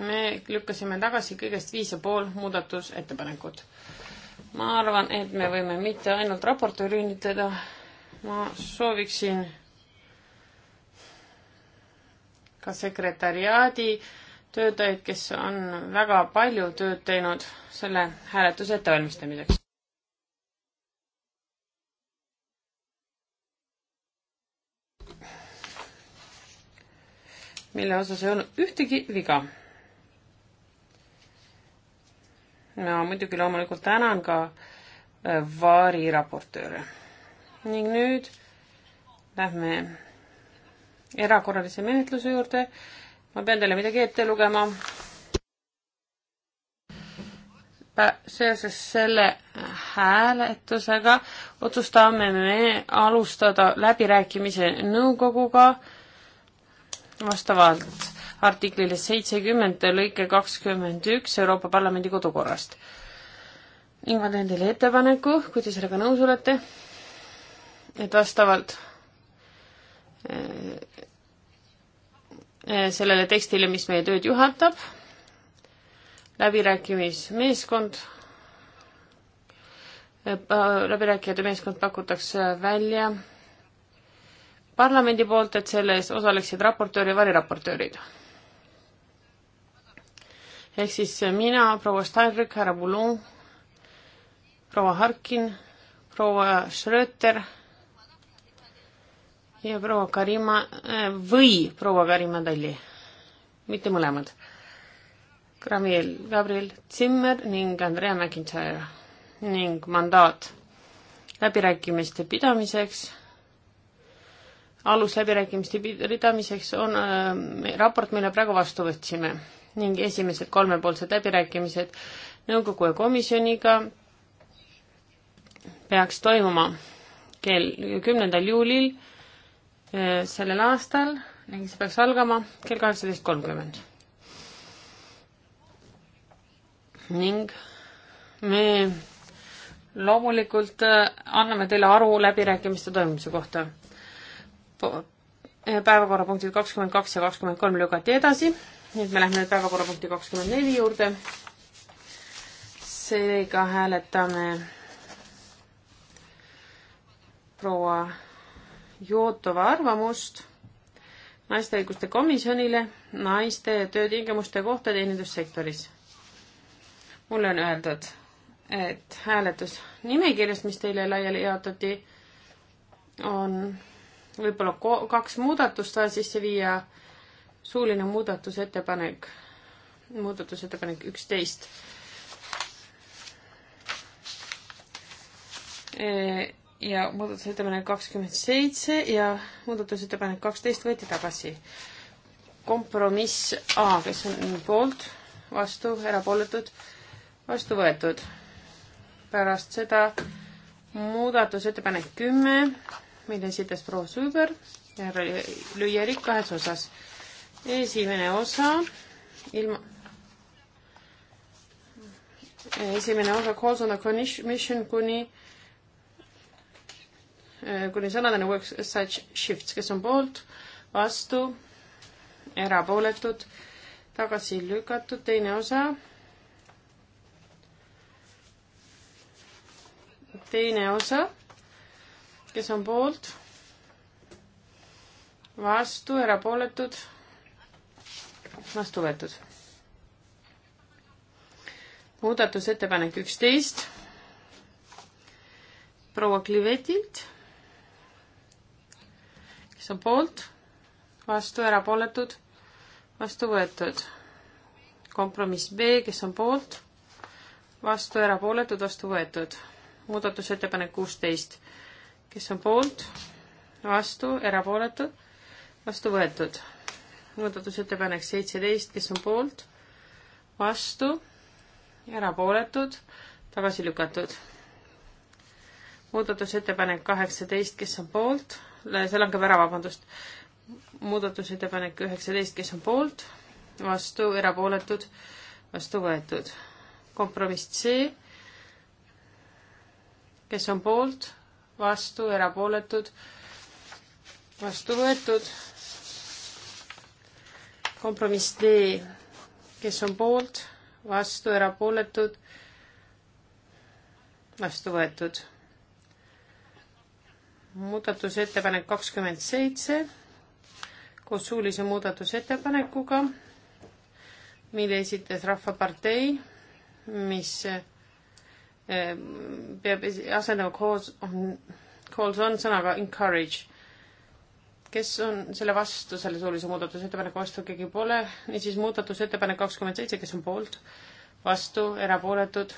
me lükkasime tagasi kõigest viis ja pool muudatusettepanekut. ma arvan, et me võime mitte ainult raportööri õnnitleda, ma sooviksin ka sekretäriaadi äh, töötajaid, kes on väga palju tööd teinud selle hääletuse ettevalmistamiseks. mille osas ei olnud ühtegi viga. ma muidugi loomulikult tänan ka äh, Vaari raportööre. ning nüüd lähme erakorralise menetluse juurde ma pean teile midagi ette lugema. seoses selle hääletusega otsustame me alustada läbirääkimise nõukoguga vastavalt artiklile seitsekümmend lõike kakskümmend üks Euroopa Parlamendi kodukorrast. ning ma teen teile ettepaneku, kui te sellega nõus olete, et vastavalt Eh, sellele tekstile, mis meie tööd juhatab, läbirääkimismeeskond, eh, läbirääkijate meeskond pakutakse välja parlamendi poolt, et selles osaleksid raportöör ja variraportöörid. ehk siis mina, proua Steinrück, härra Boulon, proua Harkin, proua Schröter ja proua Karima äh, või proua Karima Talli, mitte mõlemad. Gabriel, Gabriel Zimmer ning Andrea McIntyre ning mandaat läbirääkimiste pidamiseks, alusläbirääkimiste pidamiseks on äh, raport, mille praegu vastu võtsime ning esimesed kolmepoolsed läbirääkimised nõukogu ja komisjoniga peaks toimuma kell kümnendal juulil Äh, sellel aastal ning see peaks algama kell kaheksateist kolmkümmend. ning me loomulikult äh, anname teile aru läbirääkimiste toimumise kohta. Äh, päevakorrapunktid kakskümmend kaks ja kakskümmend kolm lükati edasi, nüüd me lähme päevakorrapunkti kakskümmend neli juurde. seega hääletame proua Jootova arvamust naiste õiguste komisjonile naiste töötingimuste kohta teenindussektoris. mulle on öeldud, et hääletusnimekirjas, mis teile laiali jaotati, on võib-olla kaks muudatust vaja sisse viia. suuline muudatusettepanek, muudatusettepanek üksteist e, ja muudatusettepanek kakskümmend seitse ja muudatusettepanek kaksteist võeti tagasi. kompromiss A, kes on poolt, vastu, erapooletud, vastu võetud. pärast seda muudatusettepanek kümme, mille esitas proua Suiber, härra Lüüerik kahes osas. esimene osa ilma esimene osa Calls on the Commission kuni Äh, kuni sõnadeni works such shifts, kes on poolt, vastu, erapooletud, tagasi lükatud, teine osa. teine osa, kes on poolt, vastu, erapooletud, vastu võetud. muudatusettepanek üksteist proua Klivetilt kes on poolt, vastu, erapooletud, vastu võetud. kompromiss B, kes on poolt, vastu, erapooletud, vastu võetud. muudatusettepanek kuusteist, kes on poolt, vastu, erapooletud, vastu võetud. muudatusettepanek seitseteist, kes on poolt, vastu, erapooletud, tagasi lükatud muudatusettepanek kaheksateist, kes on poolt, see langeb ära, vabandust. muudatusettepanek üheksateist, kes on poolt, vastu, erapooletud, vastu võetud. kompromiss C, kes on poolt, vastu, erapooletud, vastu võetud. kompromiss D, kes on poolt, vastu, erapooletud, vastu võetud muudatusettepanek kakskümmend seitse koos suulise muudatusettepanekuga, mille esitas Rahvapartei, mis eh, peab asendama calls on, calls on sõnaga encourage. kes on selle vastu, selle suulise muudatusettepaneku vastu, keegi pole, niisiis muudatusettepanek kakskümmend seitse, kes on poolt, vastu, erapooletud,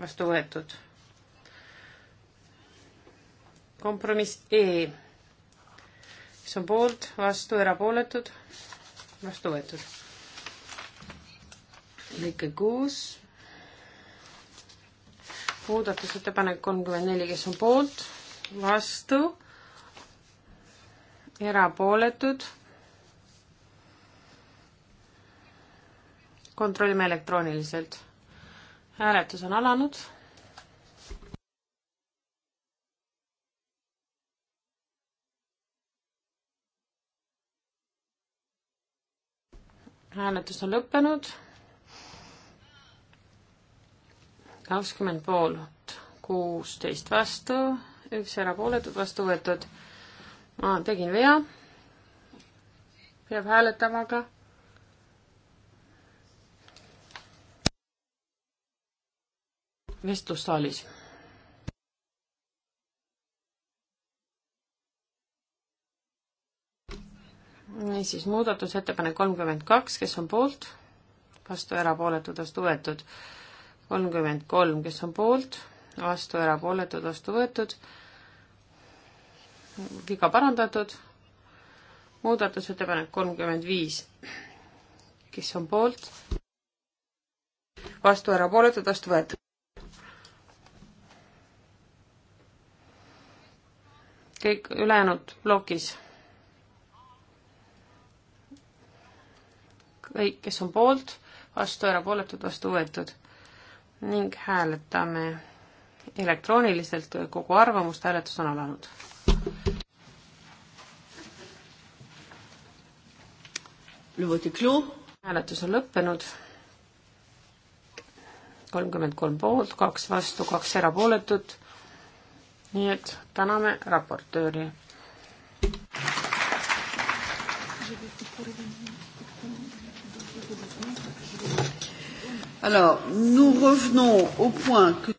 vastu võetud kompromiss E, kes on poolt, vastu, erapooletud, vastu võetud. lõike kuus, muudatusettepanek kolmkümmend neli, kes on poolt, vastu, erapooletud. kontrollime elektrooniliselt. hääletus on alanud hääletus on lõppenud. kakskümmend poolt, kuusteist vastu, üks erapooletud, vastu võetud. ma tegin vea. peab hääletama ka vestlussaalis niisiis, muudatusettepanek kolmkümmend kaks, kes on poolt, vastu erapooletud, vastu võetud. kolmkümmend kolm, kes on poolt, vastu erapooletud, vastu võetud. viga parandatud. muudatusettepanek kolmkümmend viis, kes on poolt, vastu erapooletud, vastu võetud. kõik ülejäänud plokis kõik, kes on poolt, vastu, erapooletud, vastu võetud. ning hääletame elektrooniliselt kogu arvamust, hääletus on alanud. hääletus on lõppenud. kolmkümmend kolm poolt, kaks vastu, kaks erapooletut. nii et täname raportööri Alors, nous revenons au point que...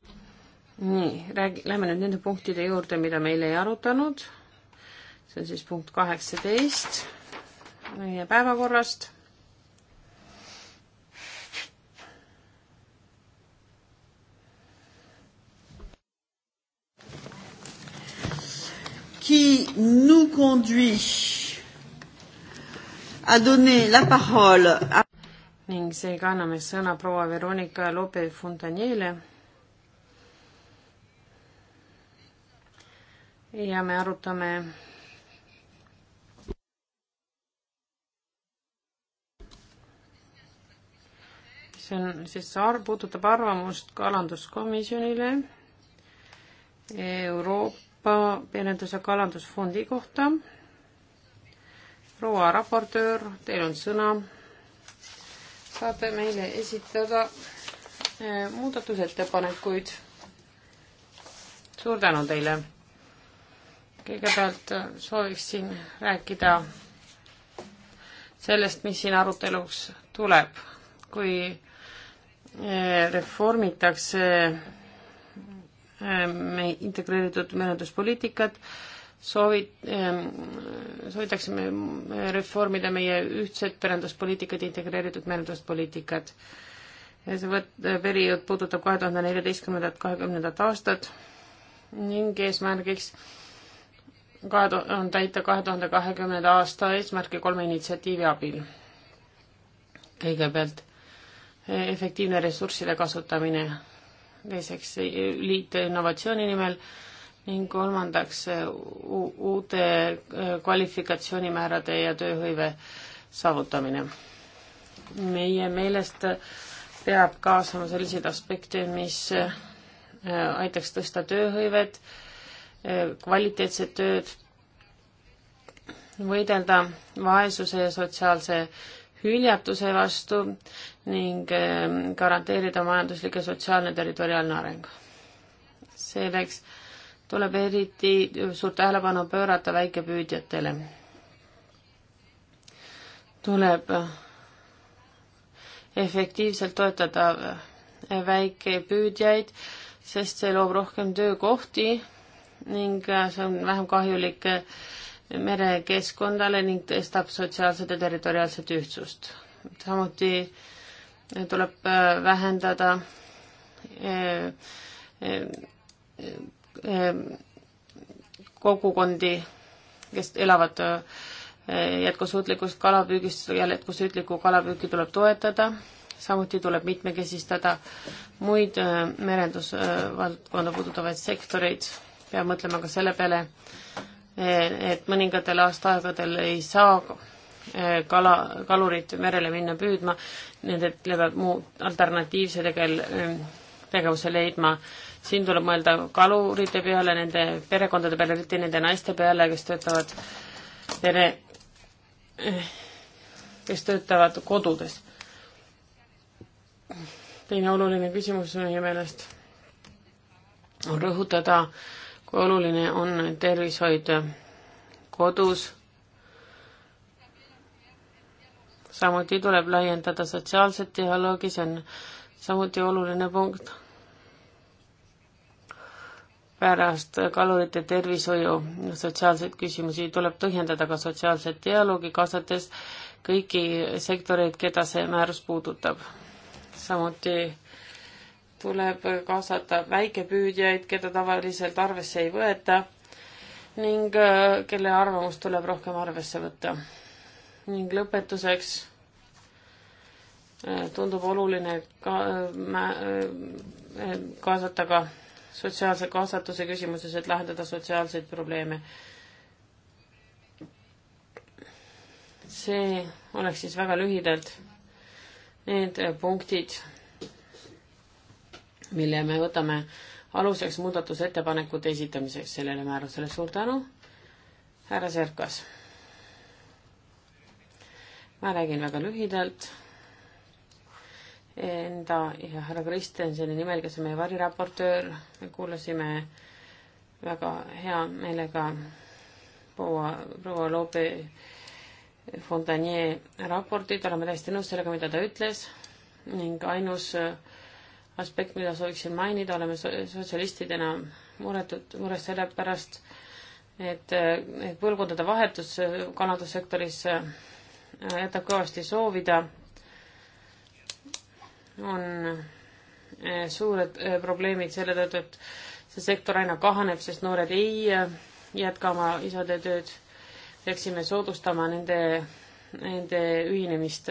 nii, räägi, lähme nüüd nende punktide juurde, mida meil ei arutanud. see on siis punkt kaheksateist meie päevakorrast. qui nous conduit à donner la parole à ning seega anname sõna proua Veronika Lope Fontanile. ja me arutame see on siis arv, puudutab arvamust kalanduskomisjonile Euroopa Merenduse Kalandusfondi kohta. proua raportöör, teil on sõna saate meile esitada eh, muudatusettepanekuid. suur tänu teile. kõigepealt eh, sooviksin rääkida sellest, mis siin aruteluks tuleb, kui eh, reformitakse integreeritud merenduspoliitikat soovid, ehm, soovitaksime reformida meie ühtset merenduspoliitikat, integreeritud merenduspoliitikat. see võt-, periood puudutab kahe tuhande neljateistkümnendat, kahekümnendat aastat ning eesmärgiks kahe tu-, on täita kahe tuhande kahekümnenda aasta eesmärke kolme initsiatiivi abil. kõigepealt e-, efektiivne ressursside kasutamine, teiseks e-, liit innovatsiooni nimel, ning kolmandaks uute äh, kvalifikatsioonimäärade ja tööhõive saavutamine. meie meelest peab kaasama selliseid aspekte, mis äh, aitaks tõsta tööhõivet, äh, kvaliteetset tööd, võidelda vaesuse ja sotsiaalse hüljatuse vastu ning garanteerida majanduslik ja sotsiaalne territoriaalne areng. selleks tuleb eriti suurt tähelepanu pöörata väikepüüdjatele. tuleb efektiivselt toetada väikepüüdjaid, sest see loob rohkem töökohti ning see on vähem kahjulik merekeskkondale ning tõstab sotsiaalset ja territoriaalset ühtsust. samuti tuleb vähendada eh, eh, Ähm, kogukondi, kes elavad äh, jätkusuutlikust kalapüügist ja jätkusuutlikku kalapüüki tuleb toetada, samuti tuleb mitmekesistada muid äh, merendusvaldkonda puudutavaid sektoreid, peab mõtlema ka selle peale, äh, et mõningatel aastaaegadel ei saa kala, kalurid merele minna püüdma, nendele peab muu alternatiivse tegel-, tegevuse leidma äh, siin tuleb mõelda kalurite peale, nende perekondade peale, eriti nende naiste peale, kes töötavad pere, kes töötavad kodudes. teine oluline küsimus meie meelest on rõhutada, kui oluline on tervishoid kodus. samuti tuleb laiendada sotsiaalset dialoogi, see on samuti oluline punkt pärast kalurite tervishoiu sotsiaalseid küsimusi tuleb põhjendada ka sotsiaalset dialoogi, kaasates kõiki sektoreid, keda see määrus puudutab. samuti tuleb kaasata väikepüüdjaid, keda tavaliselt arvesse ei võeta ning äh, kelle arvamust tuleb rohkem arvesse võtta. ning lõpetuseks äh, tundub oluline ka, äh, kaasata ka sotsiaalse kaasatuse küsimuses, et lahendada sotsiaalseid probleeme. see oleks siis väga lühidalt need äh, punktid, mille me võtame aluseks muudatusettepanekute esitamiseks sellele määrusele. suur tänu, härra Serkas. ma räägin väga lühidalt enda ja härra Kristjanseni nimel, kes on meie variraportöör, kuulasime väga hea meelega proua, proua Loobe Fontanier raportit, oleme täiesti nõus sellega, mida ta ütles ning ainus äh, aspekt, mida sooviksin mainida, oleme sotsialistidena muretud, mures selle pärast, et, äh, et põlvkondade vahetus äh, kalandussektoris jätab kõvasti soovida on eh, suured eh, probleemid selle tõttu, et see sektor aina kahaneb, sest noored ei eh, jätka oma isade tööd. peaksime soodustama nende, nende ühinemist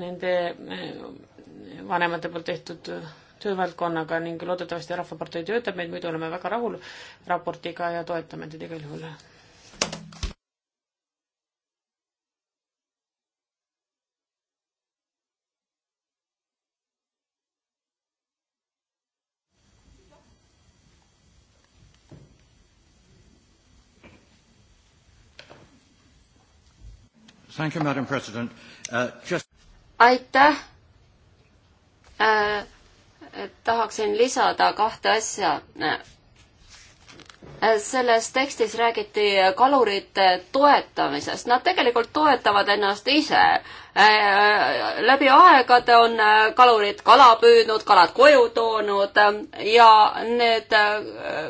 nende vanemate poolt tehtud töövaldkonnaga ning loodetavasti Rahvapartei töötab meid, muidu oleme väga rahul raportiga ja toetame teid igal juhul. Thank you, madam president uh,. Just... aitäh äh,. tahaksin lisada kahte asja uh, selles tekstis räägiti kalurite toetamisest, nad tegelikult toetavad ennast ise. Äh, äh, läbi aegade on äh, kalurid kala püüdnud, kalad koju toonud ja need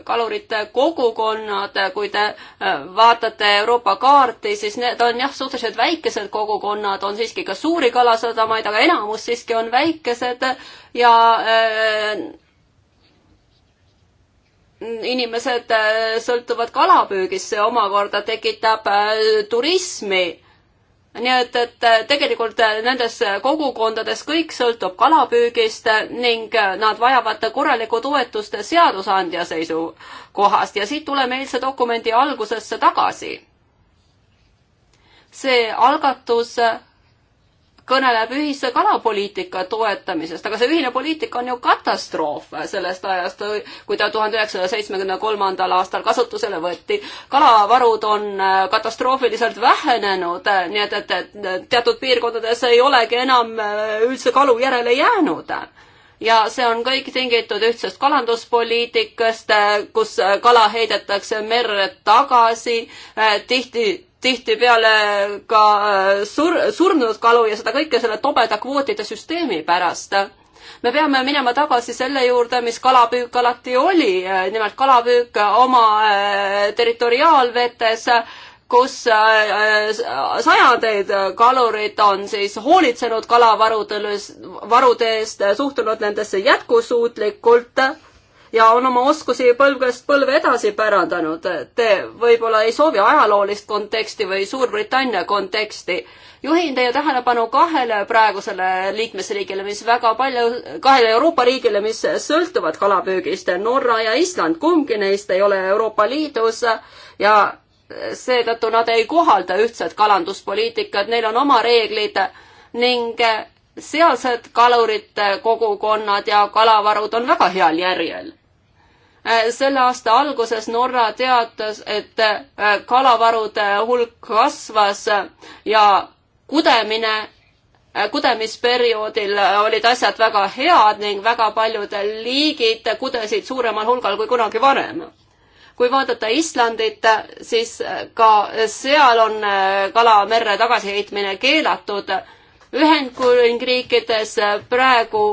kalurite kogukonnad, kui te vaatate Euroopa kaarti, siis need on jah, suhteliselt väikesed kogukonnad, on siiski ka suuri kalasadamaid, aga enamus siiski on väikesed ja inimesed äh, sõltuvad kalapüügist, see omakorda tekitab äh, turismi. nii et, et äh, tegelikult nendes kogukondades kõik sõltub kalapüügist ning nad vajavad korralikku toetust seadusandja seisukohast ja siit tuleme eilse dokumendi algusesse tagasi. see algatus kõneleb ühise kalapoliitika toetamisest, aga see ühine poliitika on ju katastroof sellest ajast, kui ta tuhande üheksasaja seitsmekümne kolmandal aastal kasutusele võeti. kalavarud on äh, katastroofiliselt vähenenud, äh, nii et, et, et teatud piirkondades ei olegi enam äh, üldse kalu järele jäänud ja see on kõik tingitud ühtsest kalanduspoliitikast, kus kala heidetakse merre tagasi, tihti tihtipeale ka äh, sur-, surnud kalu ja seda kõike selle tobeda kvootide süsteemi pärast me peame minema tagasi selle juurde, mis kalapüük alati oli, äh, nimelt kalapüük oma äh, territoriaalvetes, kus sajandeid kalurid on siis hoolitsenud kalavarude, varude eest, suhtunud nendesse jätkusuutlikult ja on oma oskusi põlvest põlve edasi pärandanud. Te võib-olla ei soovi ajaloolist konteksti või Suurbritannia konteksti. juhin teie tähelepanu kahele praegusele liikmesriigile, mis väga palju, kahele Euroopa riigile, mis sõltuvad kalapüügist, Norra ja Island, kumbki neist ei ole Euroopa Liidus ja seetõttu nad ei kohalda ühtset kalanduspoliitikat, neil on oma reeglid ning sealsed kalurite kogukonnad ja kalavarud on väga heal järjel. Äh, selle aasta alguses Norra teatas, et äh, kalavarude hulk kasvas ja kudemine, äh, kudemisperioodil olid asjad väga head ning väga paljud liigid kudesid suuremal hulgal kui kunagi varem. kui vaadata Islandit, siis ka seal on kala merre tagasiheitmine keelatud Ühendkuningriikides praegu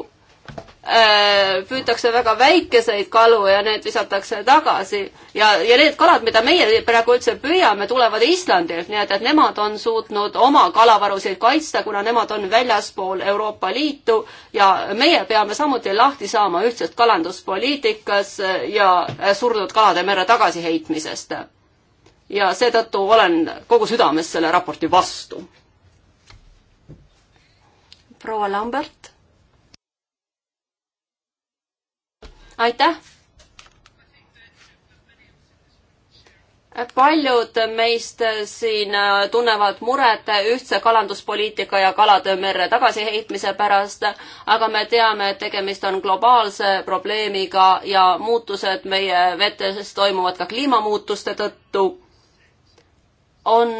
Äh, püütakse väga väikeseid kalu ja need visatakse tagasi ja, ja need kalad, mida meie praegu üldse püüame, tulevad Islandilt, nii et, et nemad on suutnud oma kalavarusid kaitsta, kuna nemad on väljaspool Euroopa Liitu ja meie peame samuti lahti saama ühtsest kalanduspoliitikas ja surnud kalade merre tagasiheitmisest. ja seetõttu olen kogu südames selle raporti vastu. proua Lambert aitäh! paljud meist siin äh, tunnevad muret ühtse kalanduspoliitika ja kalade merre tagasiheitmise pärast, aga me teame, et tegemist on globaalse probleemiga ja muutused meie vetes toimuvad ka kliimamuutuste tõttu. on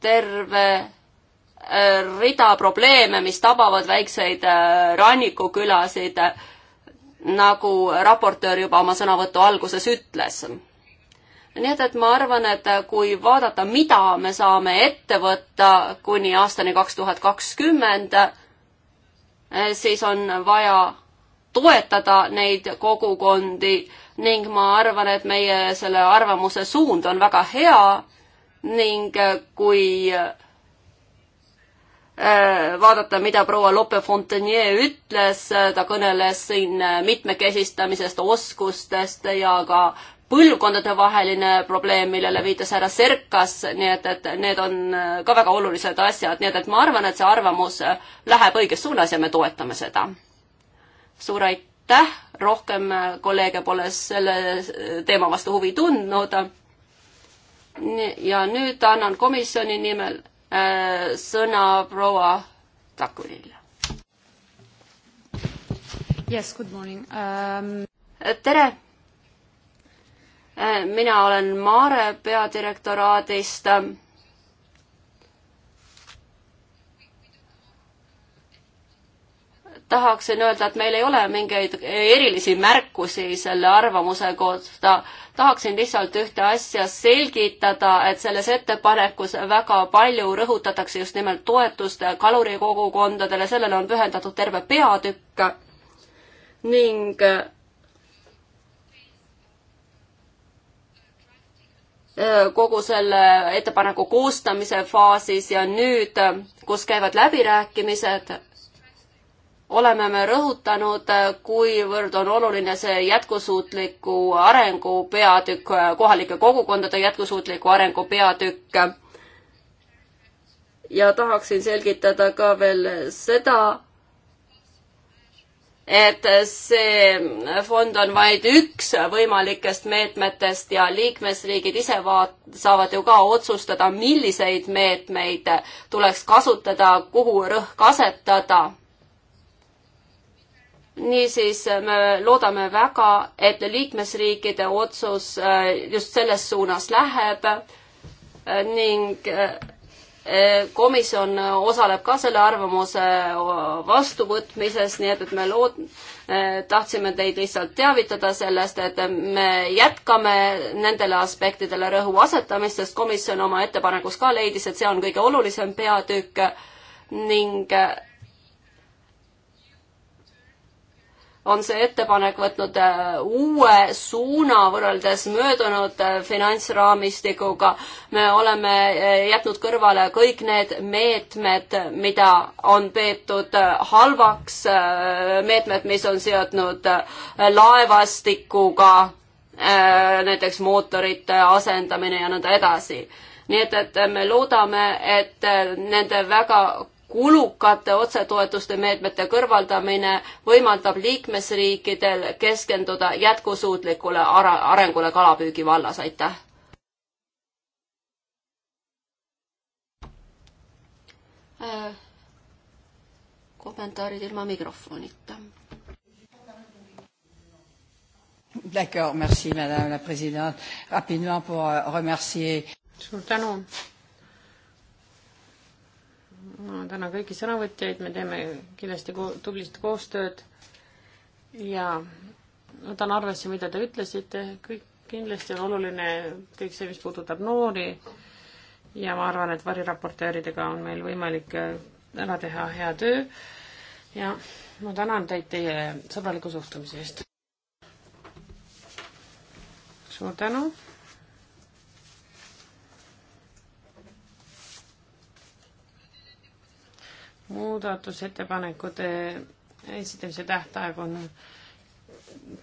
terve äh, rida probleeme, mis tabavad väikseid äh, rannikukülasid nagu raportöör juba oma sõnavõtu alguses ütles. nii et, et ma arvan, et kui vaadata, mida me saame ette võtta kuni aastani kaks tuhat kakskümmend, siis on vaja toetada neid kogukondi ning ma arvan, et meie selle arvamuse suund on väga hea ning kui Äh, vaadata, mida proua Lope Fontanier ütles, ta kõneles siin mitmekesistamisest, oskustest ja ka põlvkondadevaheline probleem, millele viitas härra Serkas, nii et, et need on äh, ka väga olulised asjad, nii et, et ma arvan, et see arvamus äh, läheb õiges suunas ja me toetame seda. suur aitäh, rohkem kolleege pole selle teema vastu huvi tundnud. ja nüüd annan komisjoni nimel Äh, sõna proua Takunile. Yes, good morning um.... tere. Äh, mina olen Maare peadirektoraadist tahaksin öelda, et meil ei ole mingeid erilisi märkusi selle arvamuse kohta. tahaksin lihtsalt ühte asja selgitada, et selles ettepanekus väga palju rõhutatakse just nimelt toetust kalurikogukondadele, sellele on pühendatud terve peatükk ning kogu selle ettepaneku koostamise faasis ja nüüd, kus käivad läbirääkimised oleme me rõhutanud, kuivõrd on oluline see jätkusuutliku arengu peatükk, kohalike kogukondade jätkusuutliku arengu peatükk. ja tahaksin selgitada ka veel seda, et see fond on vaid üks võimalikest meetmetest ja liikmesriigid ise vaat-, saavad ju ka otsustada, milliseid meetmeid tuleks kasutada, kuhu rõhk asetada niisiis me loodame väga, et liikmesriikide otsus äh, just selles suunas läheb äh, ning äh, komisjon osaleb ka selle arvamuse vastuvõtmises, nii et, et me lood-, tahtsime teid lihtsalt teavitada sellest, et me jätkame nendele aspektidele rõhu asetamist, sest komisjon oma ettepanekus ka leidis, et see on kõige olulisem peatükk ning on see ettepanek võtnud äh, uue suuna võrreldes möödunud äh, finantsraamistikuga. me oleme äh, jätnud kõrvale kõik need meetmed, mida on peetud halvaks, meetmed, mis on seotud laevastikuga, näiteks mootorite asendamine ja nõnda edasi nii et, et me loodame, et nende väga kulukate otsetoetuste meetmete kõrvaldamine võimaldab liikmesriikidel keskenduda jätkusuutlikule arengule kalapüügi vallas, aitäh! Äh, kommentaarid ilma mikrofonita. D'accord, merci madame la présidente. Rapidement pour euh, remercier. suur tänu ma tänan kõiki sõnavõtjaid, me teeme kindlasti ko-, tublist koostööd ja võtan arvesse, mida te ütlesite, kõik kindlasti on oluline kõik see, mis puudutab noori ja ma arvan, et variraportööridega on meil võimalik äh, ära teha hea töö ja ma tänan teid teie sõbraliku suhtumise eest. suur tänu muudatusettepanekute esitamise tähtaeg on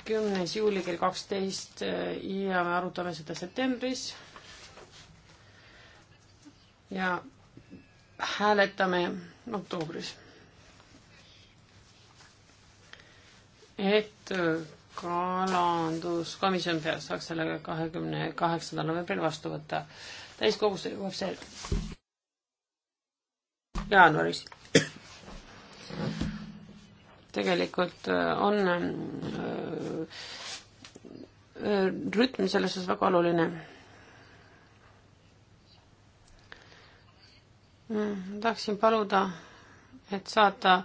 kümnes juuli kell kaksteist ja me arutame seda septembris. ja hääletame oktoobris. et äh, kalanduskomisjon peaks, saaks selle kahekümne kaheksandal novembril vastu võtta. täiskogusse jõuab see jaanuaris tegelikult äh, on äh, äh, rütm selles osas väga oluline. Mm, tahaksin paluda, et saata,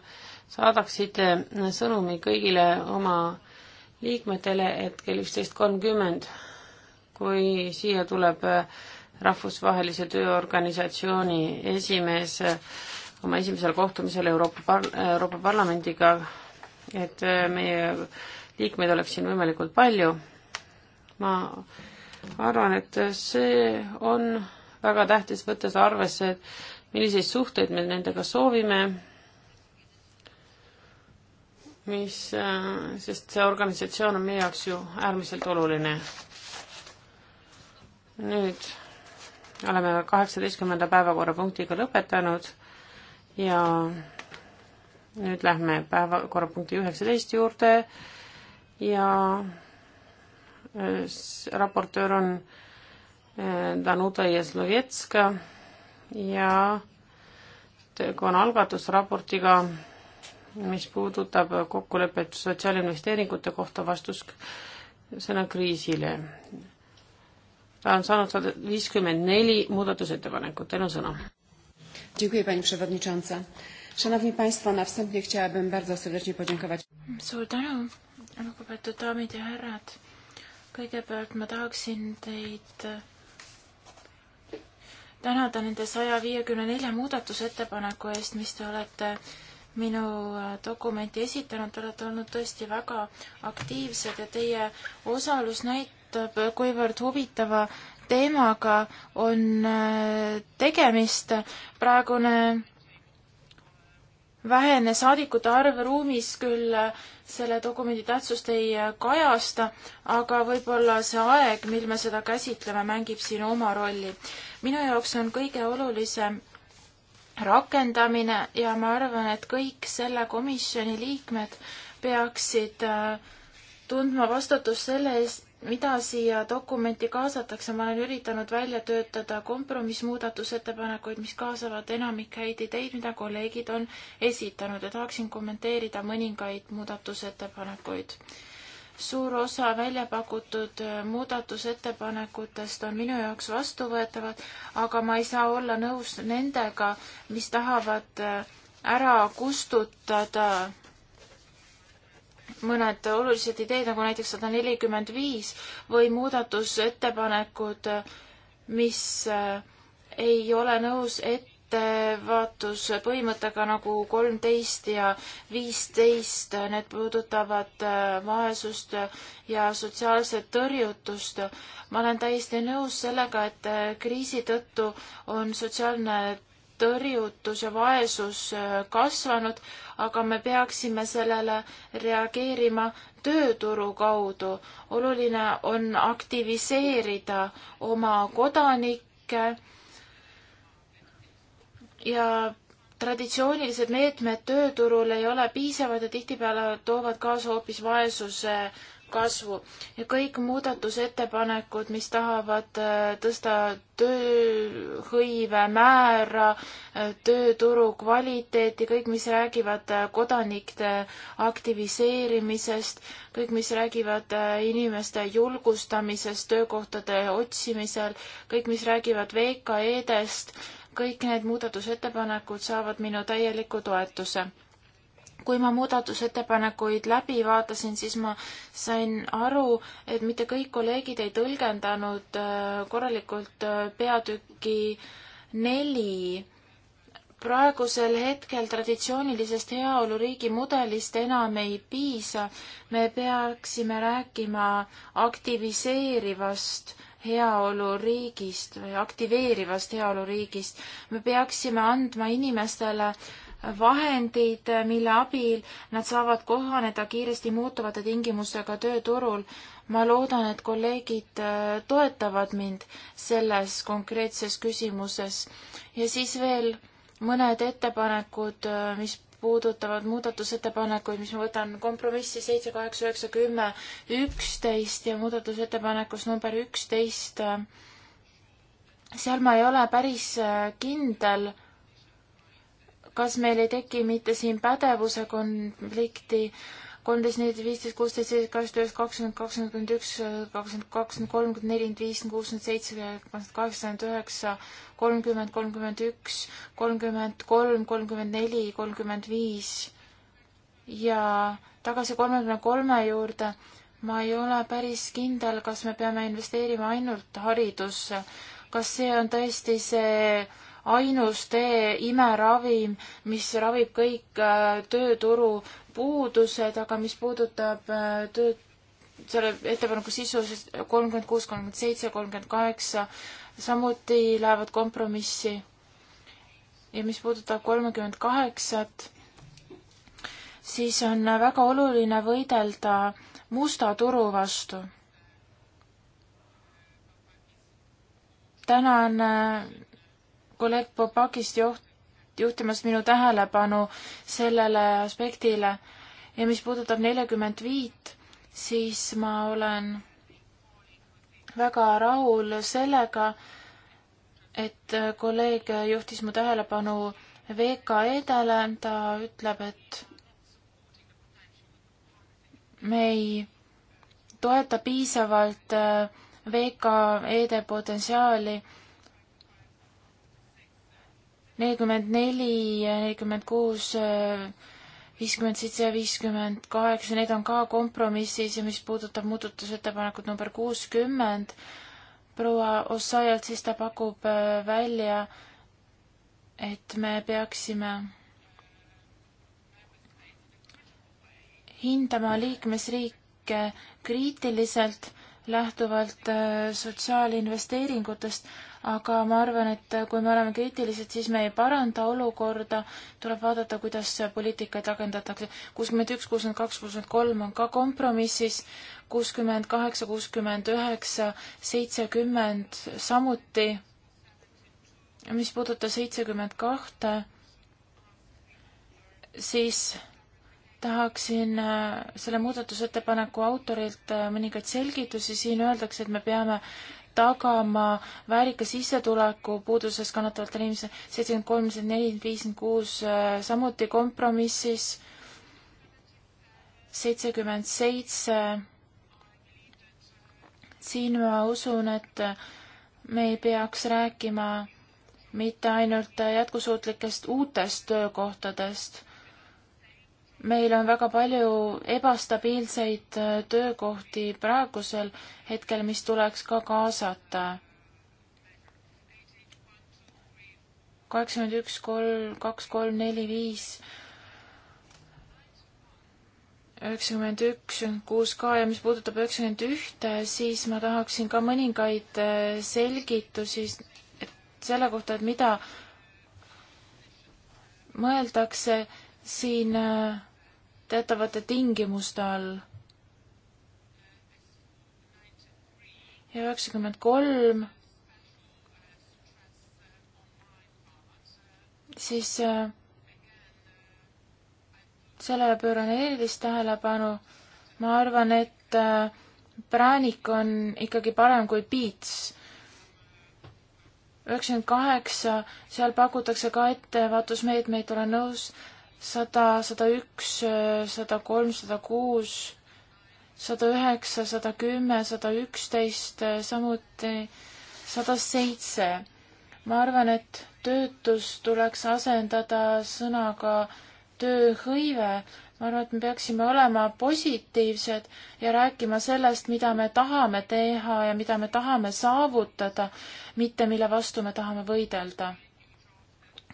saadaksite sõnumi kõigile oma liikmetele, et kell üksteist kolmkümmend, kui siia tuleb rahvusvahelise tööorganisatsiooni esimees äh, oma esimesel kohtumisel Euroopa par-, Euroopa Parlamendiga, et äh, meie liikmeid oleks siin võimalikult palju. ma arvan, et see on väga tähtis, võttes arvesse, et milliseid suhteid me nendega soovime, mis, äh, sest see organisatsioon on meie jaoks ju äärmiselt oluline. nüüd oleme kaheksateistkümnenda päevakorrapunktiga lõpetanud ja nüüd lähme päevakorrapunkti üheksateist juurde ja äh, raportöör on äh, Danuta Jezlovetska ja tegu on algatusraportiga, mis puudutab kokkulepet sotsiaalinvesteeringute kohta vastusena kriisile. ta on saanud sada viiskümmend neli muudatusettepanekut, teil on sõna Dziękuję Pani Przewodnicząca. Szanowni Państwo, na wstępie chciałabym bardzo serdecznie podziękować. suur tänu, lugupeetud daamid ja härrad. kõigepealt ma tahaksin teid äh, tänada nende saja viiekümne nelja muudatusettepaneku eest, mis te olete minu äh, dokumenti esitanud, te olete olnud tõesti väga aktiivsed ja teie osalus näitab, kuivõrd huvitava teemaga on äh, tegemist. praegune vähene saadikute arv ruumis küll äh, selle dokumendi tähtsust ei äh, kajasta, aga võib-olla see aeg, mil me seda käsitleme, mängib siin oma rolli. minu jaoks on kõige olulisem rakendamine ja ma arvan, et kõik selle komisjoni liikmed peaksid tundma vastutust selle eest, mida siia dokumenti kaasatakse, ma olen üritanud välja töötada kompromissmuudatusettepanekuid, mis kaasavad enamik häid ideid, mida kolleegid on esitanud ja tahaksin kommenteerida mõningaid muudatusettepanekuid. suur osa välja pakutud äh, muudatusettepanekutest on minu jaoks vastuvõetavad, aga ma ei saa olla nõus nendega, mis tahavad äh, ära kustutada mõned olulised ideed, nagu näiteks sada nelikümmend viis või muudatusettepanekud, mis äh, ei ole nõus ettevaatuspõhimõttega nagu kolmteist ja viisteist, need puudutavad äh, vaesust ja sotsiaalset tõrjutust. ma olen täiesti nõus sellega, et äh, kriisi tõttu on sotsiaalne tõrjutus ja vaesus äh, kasvanud, aga me peaksime sellele reageerima tööturu kaudu. oluline on aktiviseerida oma kodanikke ja traditsioonilised meetmed tööturul ei ole piisavad ja tihtipeale toovad kaasa hoopis vaesuse kasvu ja kõik muudatusettepanekud, mis tahavad äh, tõsta tööhõive määra, äh, tööturu kvaliteeti, kõik, mis räägivad äh, kodanike aktiviseerimisest, kõik, mis räägivad inimeste julgustamisest töökohtade otsimisel, kõik, mis räägivad VKE-dest, kõik need muudatusettepanekud saavad minu täieliku toetuse kui ma muudatusettepanekuid läbi vaatasin, siis ma sain aru, et mitte kõik kolleegid ei tõlgendanud äh, korralikult äh, peatüki neli. praegusel hetkel traditsioonilisest heaoluriigi mudelist enam ei piisa. me peaksime rääkima aktiviseerivast heaoluriigist või aktiveerivast heaoluriigist. me peaksime andma inimestele äh, vahendid, mille abil nad saavad kohaneda kiiresti muutuvate tingimustega tööturul. ma loodan, et kolleegid äh, toetavad mind selles konkreetses küsimuses. ja siis veel mõned ettepanekud, äh, mis puudutavad muudatusettepanekuid, mis ma võtan kompromissi seitse, kaheksa, üheksa, kümme, üksteist ja muudatusettepanekus number üksteist. Äh, seal ma ei ole päris kindel kas meil ei teki mitte siin pädevuse konflikti kolmteist, neliteist, viisteist, kuusteist, seitse, kaheksateist, kakskümmend, kakskümmend üks, kakskümmend kaks, kolmkümmend neli, viiskümmend, kuuskümmend seitse, kaheksakümmend üheksa, kolmkümmend, kolmkümmend üks, kolmkümmend kolm, kolmkümmend neli, kolmkümmend viis ja tagasi kolmekümne kolme juurde ma ei ole päris kindel, kas me peame investeerima ainult haridusse. kas see on tõesti see ainus tee imeravim, mis ravib kõik äh, tööturu puudused, aga mis puudutab äh, töö, selle ettepaneku sisu, siis kolmkümmend kuus, kolmkümmend seitse, kolmkümmend kaheksa samuti lähevad kompromissi. ja mis puudutab kolmekümmend kaheksat, siis on väga oluline võidelda musta turu vastu tänan äh, kolleeg Popakist juht, juhtimas minu tähelepanu sellele aspektile ja mis puudutab neljakümmet viit, siis ma olen väga rahul sellega, et kolleeg juhtis mu tähelepanu VKE-dele, ta ütleb, et me ei toeta piisavalt VKE-de potentsiaali nelikümmend neli, nelikümmend kuus, viiskümmend seitse, viiskümmend kaheksa, need on ka kompromissis ja mis puudutab muudatusettepanekut number kuuskümmend, proua Ossajalt, siis ta pakub äh, välja, et me peaksime hindama liikmesriike kriitiliselt lähtuvalt äh, sotsiaalinvesteeringutest, aga ma arvan, et kui me oleme kriitilised, siis me ei paranda olukorda, tuleb vaadata, kuidas poliitikaid rakendatakse. kuuskümmend üks, kuuskümmend kaks, kuuskümmend kolm on ka kompromissis, kuuskümmend kaheksa, kuuskümmend üheksa, seitsekümmend samuti. mis puudutab seitsekümmend kahte, siis tahaksin äh, selle muudatusettepaneku autorilt äh, mõningaid selgitusi, siin öeldakse, et me peame tagama väärika sissetuleku puuduses kannatavatele inimestele, seitsekümmend kolm, neli, viiskümmend kuus äh, samuti kompromissis, seitsekümmend seitse. siin ma usun, et me ei peaks rääkima mitte ainult jätkusuutlikest uutest töökohtadest meil on väga palju ebastabiilseid äh, töökohti praegusel hetkel, mis tuleks ka kaasata. kaheksakümmend üks, kolm, kaks, kolm, neli, viis, üheksakümmend üks, kuus ka ja mis puudutab üheksakümmend ühte, siis ma tahaksin ka mõningaid äh, selgitusi selle kohta, et mida mõeldakse siin äh, teatavate tingimuste all. ja üheksakümmend kolm, siis äh, sellele pööran erilist tähelepanu. ma arvan, et äh, präänik on ikkagi parem kui piits. üheksakümmend kaheksa, seal pakutakse ka ettevaatusmeetmeid, olen nõus sada, sada üks, sada kolm, sada kuus, sada üheksa, sada kümme, sada üksteist, samuti sada seitse. ma arvan, et töötus tuleks asendada sõnaga tööhõive. ma arvan, et me peaksime olema positiivsed ja rääkima sellest, mida me tahame teha ja mida me tahame saavutada, mitte mille vastu me tahame võidelda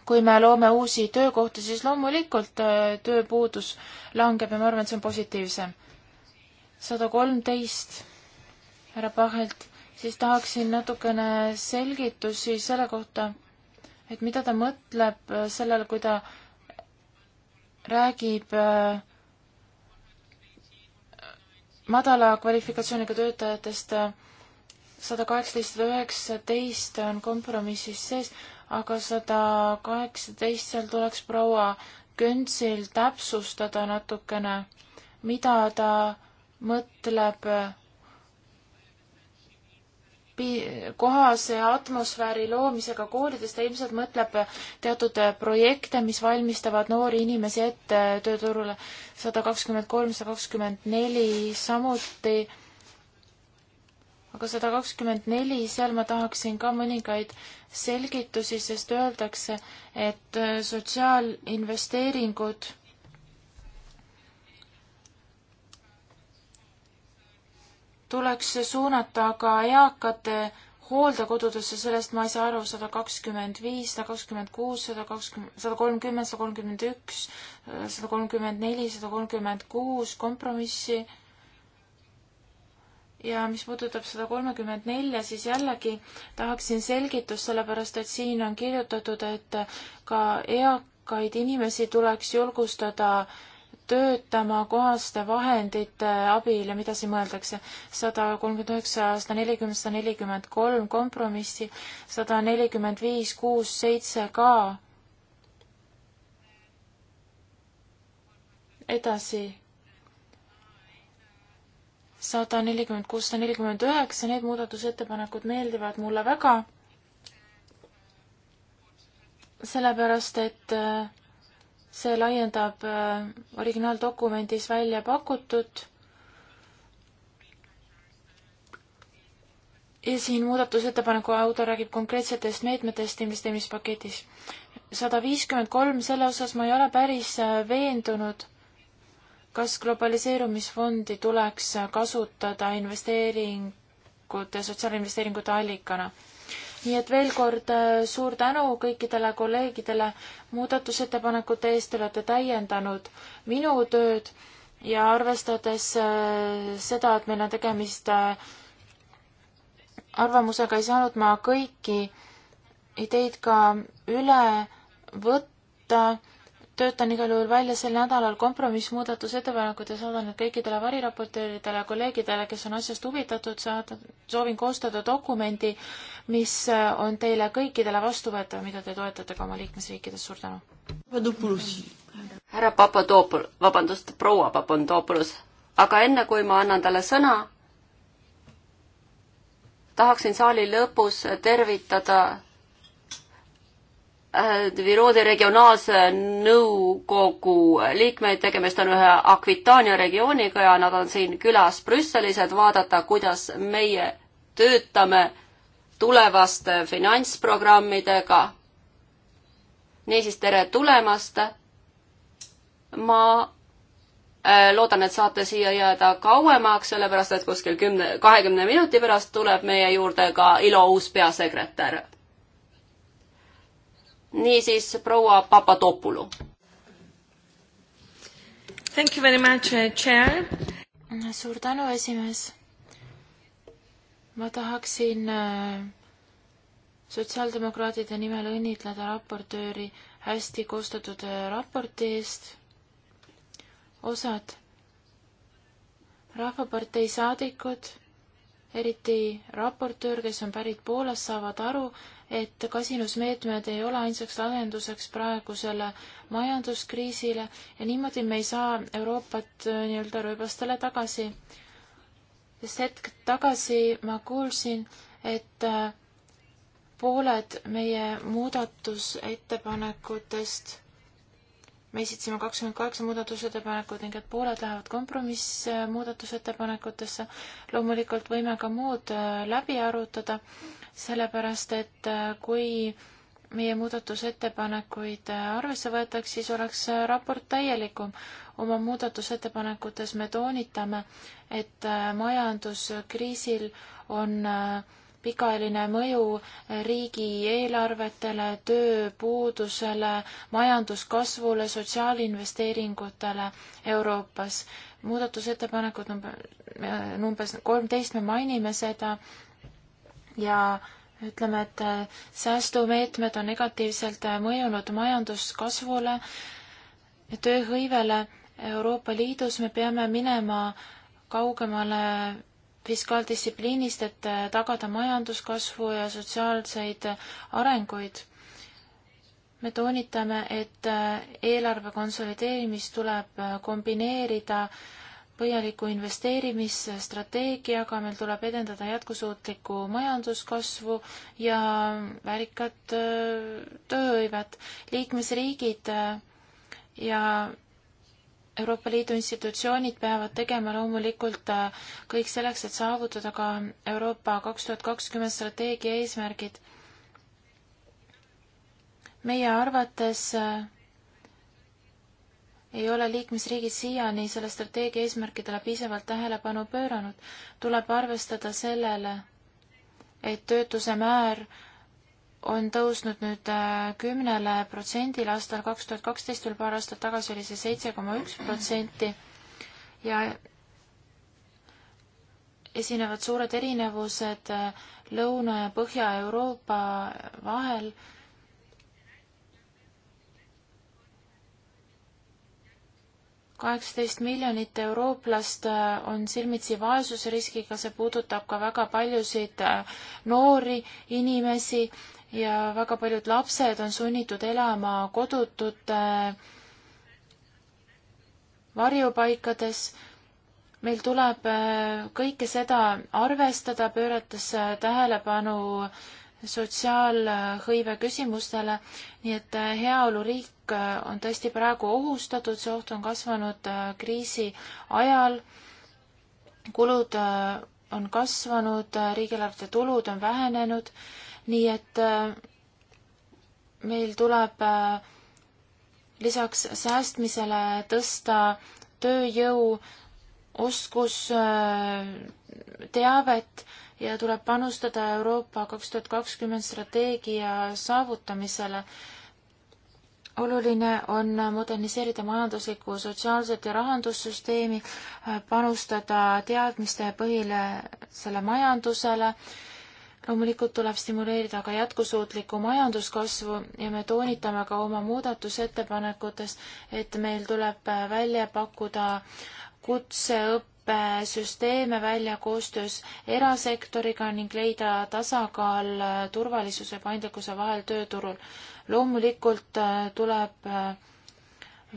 kui me loome uusi töökohti, siis loomulikult äh, tööpuudus langeb ja ma arvan, et see on positiivsem. sada kolmteist härra Pahelt, siis tahaksin natukene selgitusi selle kohta, et mida ta mõtleb äh, sellele, kui ta räägib äh, madala kvalifikatsiooniga töötajatest sada kaheksateist, sada üheksateist on kompromissis sees aga sada kaheksateist, seal tuleks proua Könsil täpsustada natukene, mida ta mõtleb kohase atmosfääri loomisega koolides, ta ilmselt mõtleb teatud projekte, mis valmistavad noori inimesi ette tööturule. sada kakskümmend kolm, sada kakskümmend neli samuti aga sada kakskümmend neli, seal ma tahaksin ka mõningaid selgitusi, sest öeldakse, et äh, sotsiaalinvesteeringud tuleks suunata ka eakate hooldekodudesse, sellest ma ei saa aru, sada kakskümmend viis, sada kakskümmend kuus, sada kakskümmend, sada kolmkümmend, sada kolmkümmend üks, äh, sada kolmkümmend neli, sada kolmkümmend kuus kompromissi ja mis puudutab sada kolmekümmet nelja, siis jällegi tahaksin selgitust, sellepärast et siin on kirjutatud, et ka eakaid inimesi tuleks julgustada töötama kohaste vahendite abil ja mida siin mõeldakse. sada kolmkümmend üheksa, sada nelikümmend, sada nelikümmend kolm kompromissi, sada nelikümmend viis, kuus, seitse ka. edasi sada nelikümmend kuus, sada nelikümmend üheksa, need muudatusettepanekud meeldivad mulle väga, sellepärast et äh, see laiendab äh, originaaldokumendis välja pakutud ja siin muudatusettepaneku autor räägib konkreetsetest meetmetest investeerimispaketis. sada viiskümmend kolm, selle osas ma ei ole päris äh, veendunud kas globaliseerumisfondi tuleks kasutada investeeringute, sotsiaalinvesteeringute allikana? nii et veel kord äh, suur tänu kõikidele kolleegidele muudatusettepanekute eest, te olete täiendanud minu tööd ja arvestades äh, seda, et meil on tegemist äh, arvamusega, ei saanud ma kõiki ideid ka üle võtta töötan igal juhul välja sel nädalal kompromissmuudatusettepanekud ja saadan need kõikidele variraportööridele ja kolleegidele, kes on asjast huvitatud, saada, soovin koostada dokumendi, mis äh, on teile kõikidele vastuvõetav, mida te toetate ka oma liikmesriikides, suur tänu. härra Papadopol-, vabandust, proua Papandopoulos, aga enne kui ma annan talle sõna, tahaksin saali lõpus tervitada Viroodi regionaalse nõukogu liikmeid, tegemist on ühe Aquitania regiooniga ja nad on siin külas Brüsselis, et vaadata, kuidas meie töötame tulevaste finantsprogrammidega. niisiis, tere tulemast. ma äh, loodan, et saate siia jääda kauemaks, sellepärast et kuskil kümne, kahekümne minuti pärast tuleb meie juurde ka ILO uus peasekretär niisiis, proua Papadopoulou. Thank you very much, uh, chair. suur tänu, esimees. ma tahaksin äh, sotsiaaldemokraatide nimel õnnitleda raportööri hästi koostatud äh, raporti eest. osad Rahvapartei saadikud, eriti raportöör, kes on pärit Poolast, saavad aru, et kasinusmeetmed ei ole ainsaks lahenduseks praegusele majanduskriisile ja niimoodi me ei saa Euroopat äh, nii-öelda rööbastele tagasi. sest hetk tagasi ma kuulsin, et äh, pooled meie muudatusettepanekutest me esitasime kakskümmend kaheksa muudatusettepanekut ning et pooled lähevad kompromissmuudatusettepanekutesse. loomulikult võime ka muud äh, läbi arutada, sellepärast et äh, kui meie muudatusettepanekuid äh, arvesse võetaks, siis oleks äh, raport täielikum. oma muudatusettepanekutes me toonitame, et majanduskriisil on pikaajaline mõju riigieelarvetele, tööpuudusele, majanduskasvule, sotsiaalinvesteeringutele Euroopas. muudatusettepanekud number, umbes kolmteist me mainime seda ja ütleme, et äh, säästumeetmed on negatiivselt äh, mõjunud majanduskasvule ja tööhõivele Euroopa Liidus, me peame minema kaugemale fiskaaldistsipliinist, et äh, tagada majanduskasvu ja sotsiaalseid arenguid. me toonitame, et eelarve konsolideerimist tuleb kombineerida äh, põhjaliku investeerimisstrateegiaga, meil tuleb edendada jätkusuutlikku majanduskasvu ja väärikat äh, tööhõivet. liikmesriigid äh, ja Euroopa Liidu institutsioonid peavad tegema loomulikult äh, kõik selleks, et saavutada ka Euroopa kaks tuhat kakskümmend strateegia eesmärgid. meie arvates ei ole liikmesriigid siiani selle strateegia eesmärkidele piisavalt tähelepanu pööranud. tuleb arvestada sellele, et töötuse määr on tõusnud nüüd äh, kümnele protsendile aastal kaks tuhat kaksteist, veel paar aastat tagasi oli see seitse koma üks protsenti ja esinevad suured erinevused äh, Lõuna- ja Põhja-Euroopa vahel kaheksateist miljonit eurooplast äh, on silmitsi vaesusriskiga, see puudutab ka väga paljusid äh, noori inimesi ja väga paljud lapsed on sunnitud elama kodutute äh, varjupaikades. meil tuleb kõike seda arvestada, pöörates tähelepanu sotsiaalhõive küsimustele, nii et äh, heaoluriik äh, on tõesti praegu ohustatud, see oht on kasvanud äh, kriisi ajal, kulud on kasvanud, riigieelarvete tulud on vähenenud, nii et meil tuleb lisaks säästmisele tõsta tööjõu oskusteavet äh, ja tuleb panustada Euroopa kaks tuhat kakskümmend strateegia saavutamisele. oluline on moderniseerida majanduslikku, sotsiaalset ja rahandussüsteemi, äh, panustada teadmistepõhile selle majandusele loomulikult tuleb stimuleerida ka jätkusuutlikku majanduskasvu ja me toonitame ka oma muudatusettepanekutes, et meil tuleb äh, välja pakkuda kutseõppesüsteeme välja koostöös erasektoriga ning leida tasakaal äh, turvalisuse ja paindlikkuse vahel tööturul. loomulikult äh, tuleb äh,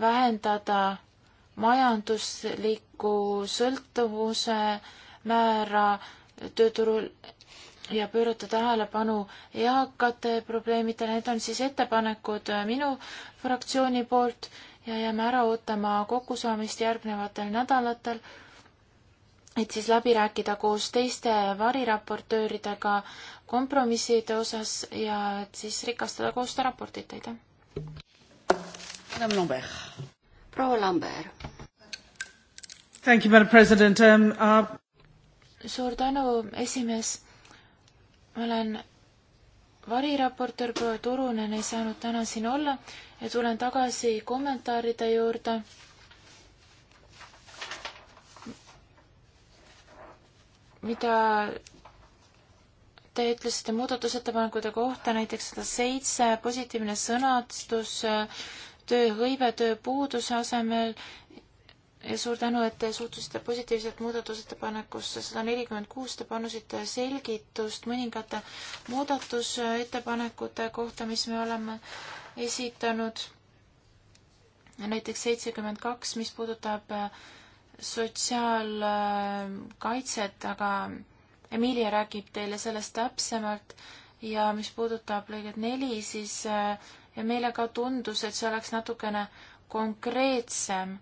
vähendada majandusliku sõltuvuse määra tööturul ja pöörata tähelepanu eakate probleemidele, need on siis ettepanekud minu fraktsiooni poolt ja jääme ära ootama kokkusaamist järgnevatel nädalatel, et siis läbi rääkida koos teiste variraportööridega kompromisside osas ja et siis rikastada koos seda raportit, aitäh! proua Lambert. Thank you, Madam President um,. Uh... suur tänu, esimees. ma olen variraportöör proua Turunen ei saanud täna siin olla ja tulen tagasi kommentaaride juurde. mida te ütlesite muudatusettepanekute kohta, näiteks sada seitse, positiivne sõnastus, tööhõive tööpuuduse asemel suur tänu, et te suhtusite positiivselt muudatusettepanekusse sada nelikümmend kuus, te panusite selgitust mõningate muudatusettepanekute kohta, mis me oleme esitanud. näiteks seitsekümmend kaks, mis puudutab äh, sotsiaalkaitset, äh, aga Emilia räägib teile sellest täpsemalt ja mis puudutab lõiget neli, siis äh, meile ka tundus, et see oleks natukene konkreetsem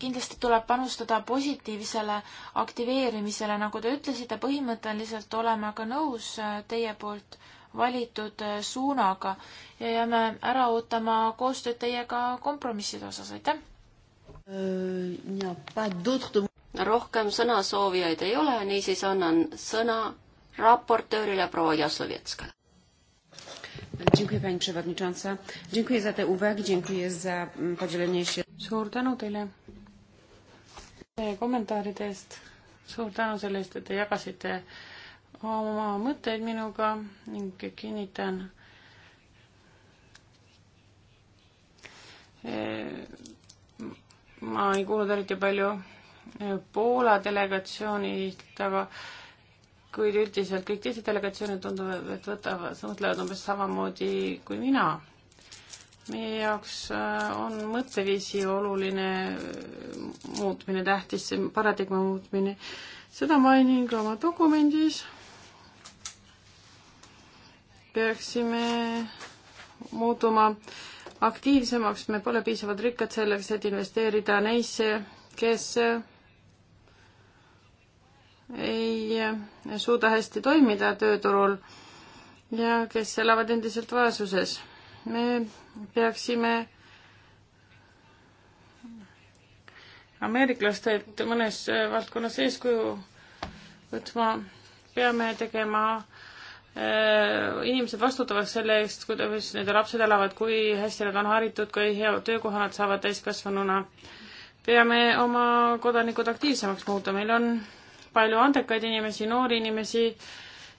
kindlasti tuleb panustada positiivsele aktiveerimisele, nagu te ütlesite, põhimõtteliselt oleme aga nõus äh, teie poolt valitud äh, suunaga ja jääme ära ootama koostööd teiega kompromisside osas, aitäh! Äh, rohkem sõnasoovijaid ei ole, niisiis annan sõna raportöörile proua Jaslovetskale. Dziękuję Pani Przewodnicząca. Dziękuję za te uwagi, dziękuję za mm, podzielenie się. Suur tänu teile teie kommentaaride eest, suur tänu selle eest, et te jagasite oma mõtteid minuga ning kinnitan e, ma ei kuulnud eriti palju e, Poola delegatsioonilt, aga kuid üldiselt kõik teised delegatsioonid tunduvad, et võtavad, mõtlevad umbes samamoodi kui mina meie jaoks äh, on mõtteviisi oluline äh, muutmine tähtis, see paradigma muutmine. seda mainin ka oma dokumendis. peaksime muutuma aktiivsemaks, me pole piisavalt rikkad selleks, et investeerida neisse, kes äh, ei suuda hästi toimida tööturul ja kes elavad endiselt vaesuses me peaksime ameeriklastelt mõnes valdkonnas eeskuju võtma, peame tegema äh, inimesed vastutavad selle eest, kuidas nende lapsed elavad, kui hästi nad on haritud, kui hea töökoha nad saavad täiskasvanuna. peame oma kodanikud aktiivsemaks muutma, meil on palju andekaid inimesi, noori inimesi,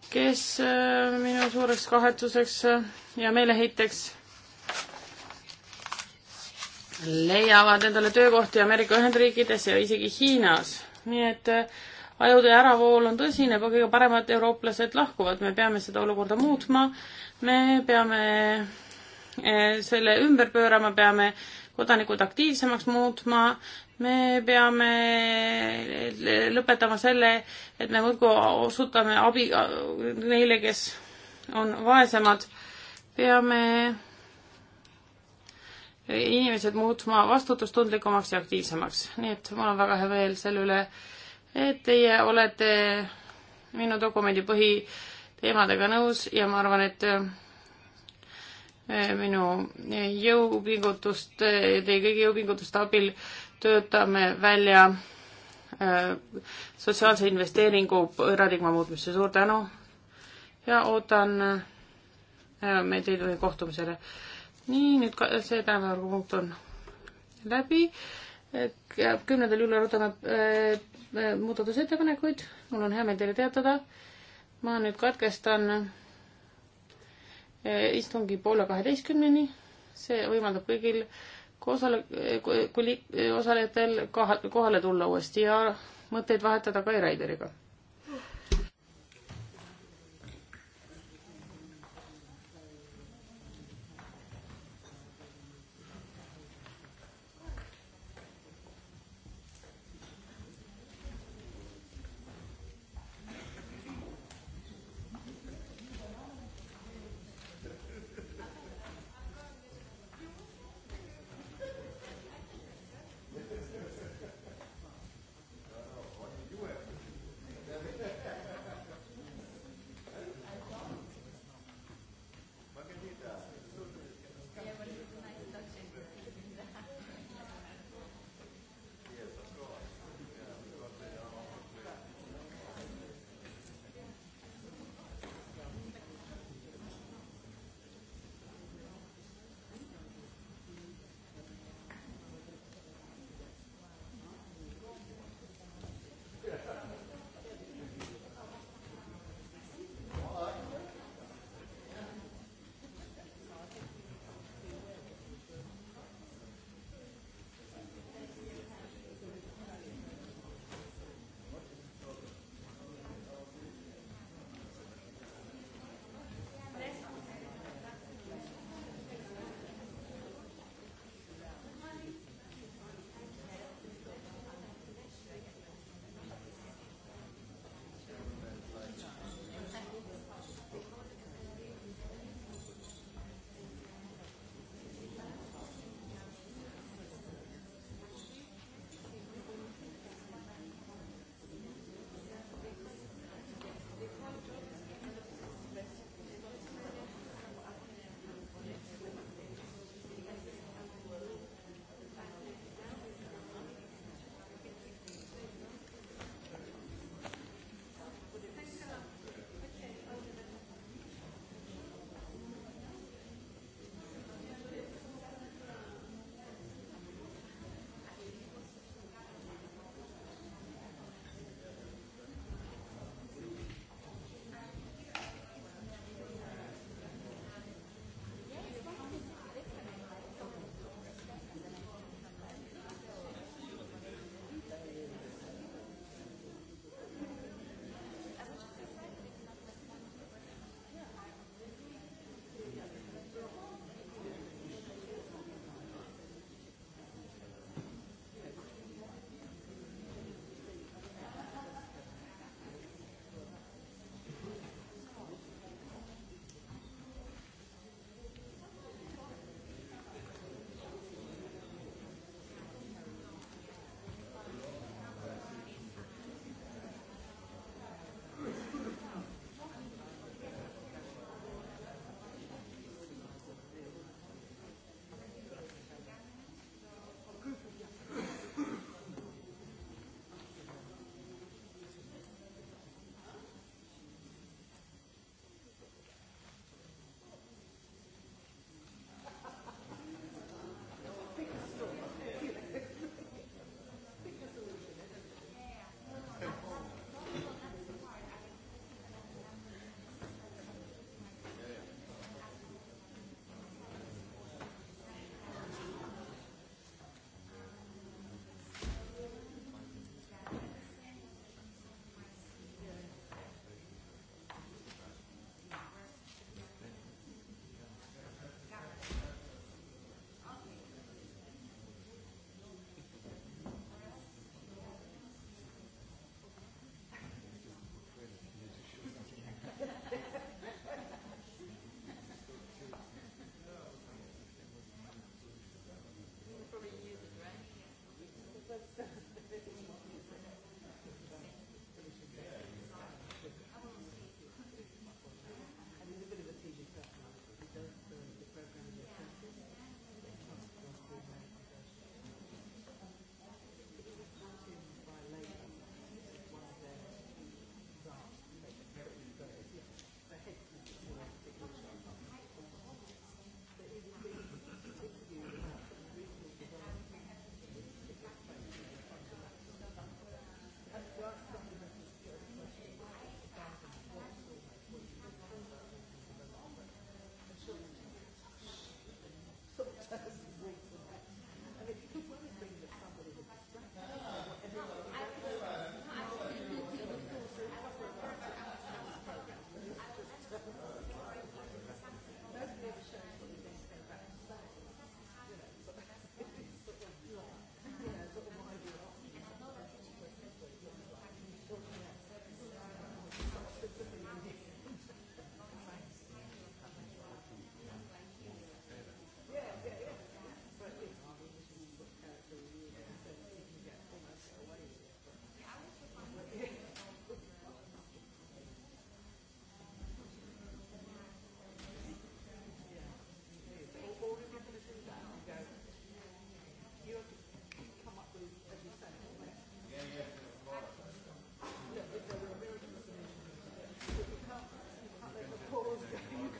kes äh, minu suureks kahetsuseks äh, ja meeleheiteks leiavad endale töökohti Ameerika Ühendriikides ja isegi Hiinas. nii et äh, ajude äravool on tõsine, kõige paremad eurooplased lahkuvad, me peame seda olukorda muutma, me peame selle ümber pöörama, peame kodanikud aktiivsemaks muutma, me peame lõpetama selle, et me muudkui osutame abi neile, kes on vaesemad, peame inimesed muutma vastutustundlikumaks ja aktiivsemaks. nii et mul on väga hea meel selle üle, et teie olete minu dokumendi põhiteemadega nõus ja ma arvan, et minu jõupingutust, teie kõigi jõupingutuste abil töötame välja äh, sotsiaalse investeeringu paradigma muutmisse, suur tänu ja ootan äh, meid teie kohtumisele. nii, nüüd ka see tänane punkt on läbi. kümnendal juulil ootame äh, muudatusettepanekuid, mul on hea meel teile teatada. ma nüüd katkestan istungi poole kaheteistkümneni, see võimaldab kõigil koosolek, osalejatel kohale tulla uuesti ja mõtteid vahetada ka e-Raideriga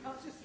I was just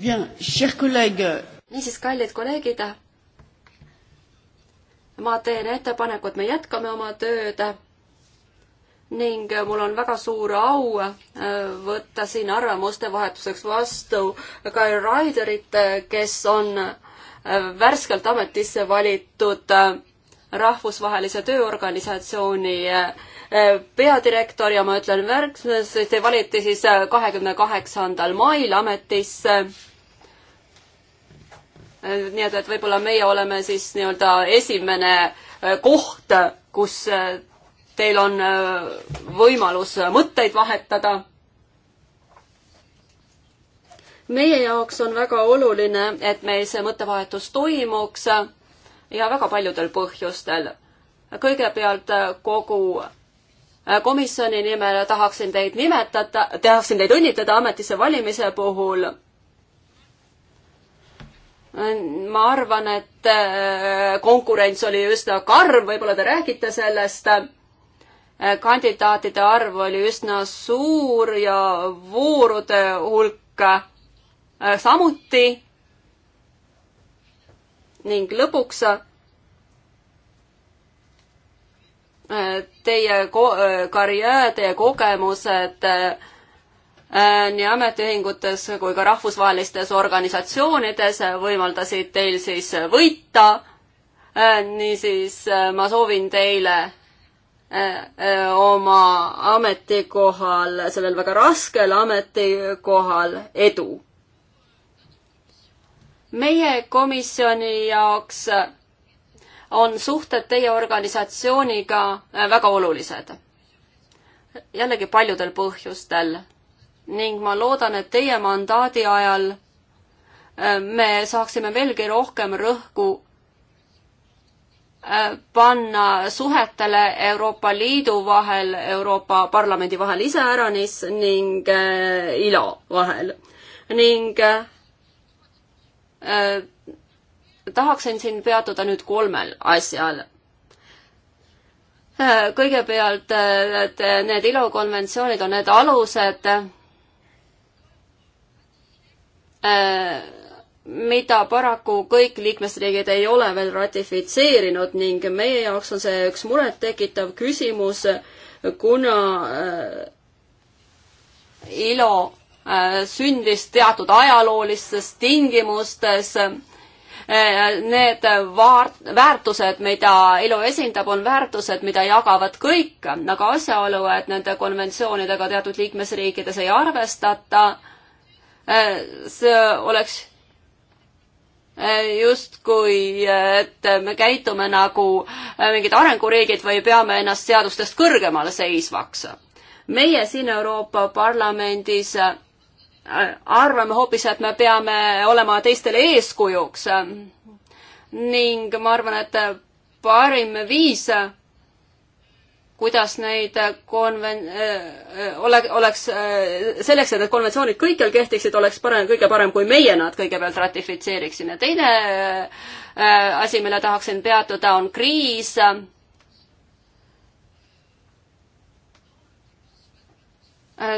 niisiis, kallid kolleegid, ma teen ettepaneku, et me jätkame oma tööd ning mul on väga suur au äh, võtta siin arvamuste vahetuseks vastu Kai Raiderit, kes on äh, värskelt ametisse valitud äh, rahvusvahelise tööorganisatsiooni peadirektor ja ma ütlen värk, te valiti siis kahekümne kaheksandal mail ametisse nii et, et võib-olla meie oleme siis nii-öelda esimene äh, koht, kus äh, teil on äh, võimalus mõtteid vahetada. meie jaoks on väga oluline, et meil see mõttevahetus toimuks ja väga paljudel põhjustel. kõigepealt kogu komisjoni nimel tahaksin teid nimetada, tahaksin teid õnnitleda ametisse valimise puhul Äh, ma arvan, et äh, konkurents oli üsna karm, võib-olla te räägite sellest. Äh, kandidaatide arv oli üsna suur ja voorude hulk samuti. ning lõpuks teie karjäär, teie kogemused Äh, nii ametiühingutes kui ka rahvusvahelistes organisatsioonides äh, võimaldasid teil siis äh, võita. niisiis ma soovin teile oma ametikohal, sellel väga raskel ametikohal edu. meie komisjoni jaoks on suhted teie organisatsiooniga väga olulised. jällegi paljudel põhjustel ning ma loodan, et teie mandaadi ajal äh, me saaksime veelgi rohkem rõhku äh, panna suhetele Euroopa Liidu vahel, Euroopa Parlamendi vahel iseäranis ning äh, ILO vahel ning äh, tahaksin siin peatuda nüüd kolmel asjal kõigepealt need ilukonventsioonid on need alused, Äh, mida paraku kõik liikmesriigid ei ole veel ratifitseerinud ning meie jaoks on see üks murettekitav küsimus, kuna äh, ILO äh, sündis teatud ajaloolistes tingimustes need vaart-, väärtused, mida ilu esindab, on väärtused, mida jagavad kõik, aga asjaolu, et nende konventsioonidega teatud liikmesriikides ei arvestata, Äh, see oleks äh, justkui, äh, et me käitume nagu mingid arenguriigid või peame ennast seadustest kõrgemale seisvaks. meie siin Euroopa Parlamendis arvame hoopis, et me peame olema teistele eeskujuks. ning ma arvan, et parim viis kuidas neid konven-, äh, ole, oleks, äh, selleks, et need konventsioonid kõikjal kehtiksid, oleks parem, kõige parem, kui meie nad kõigepealt ratifitseeriksime. teine äh, asi, mille tahaksin peatuda, on kriis.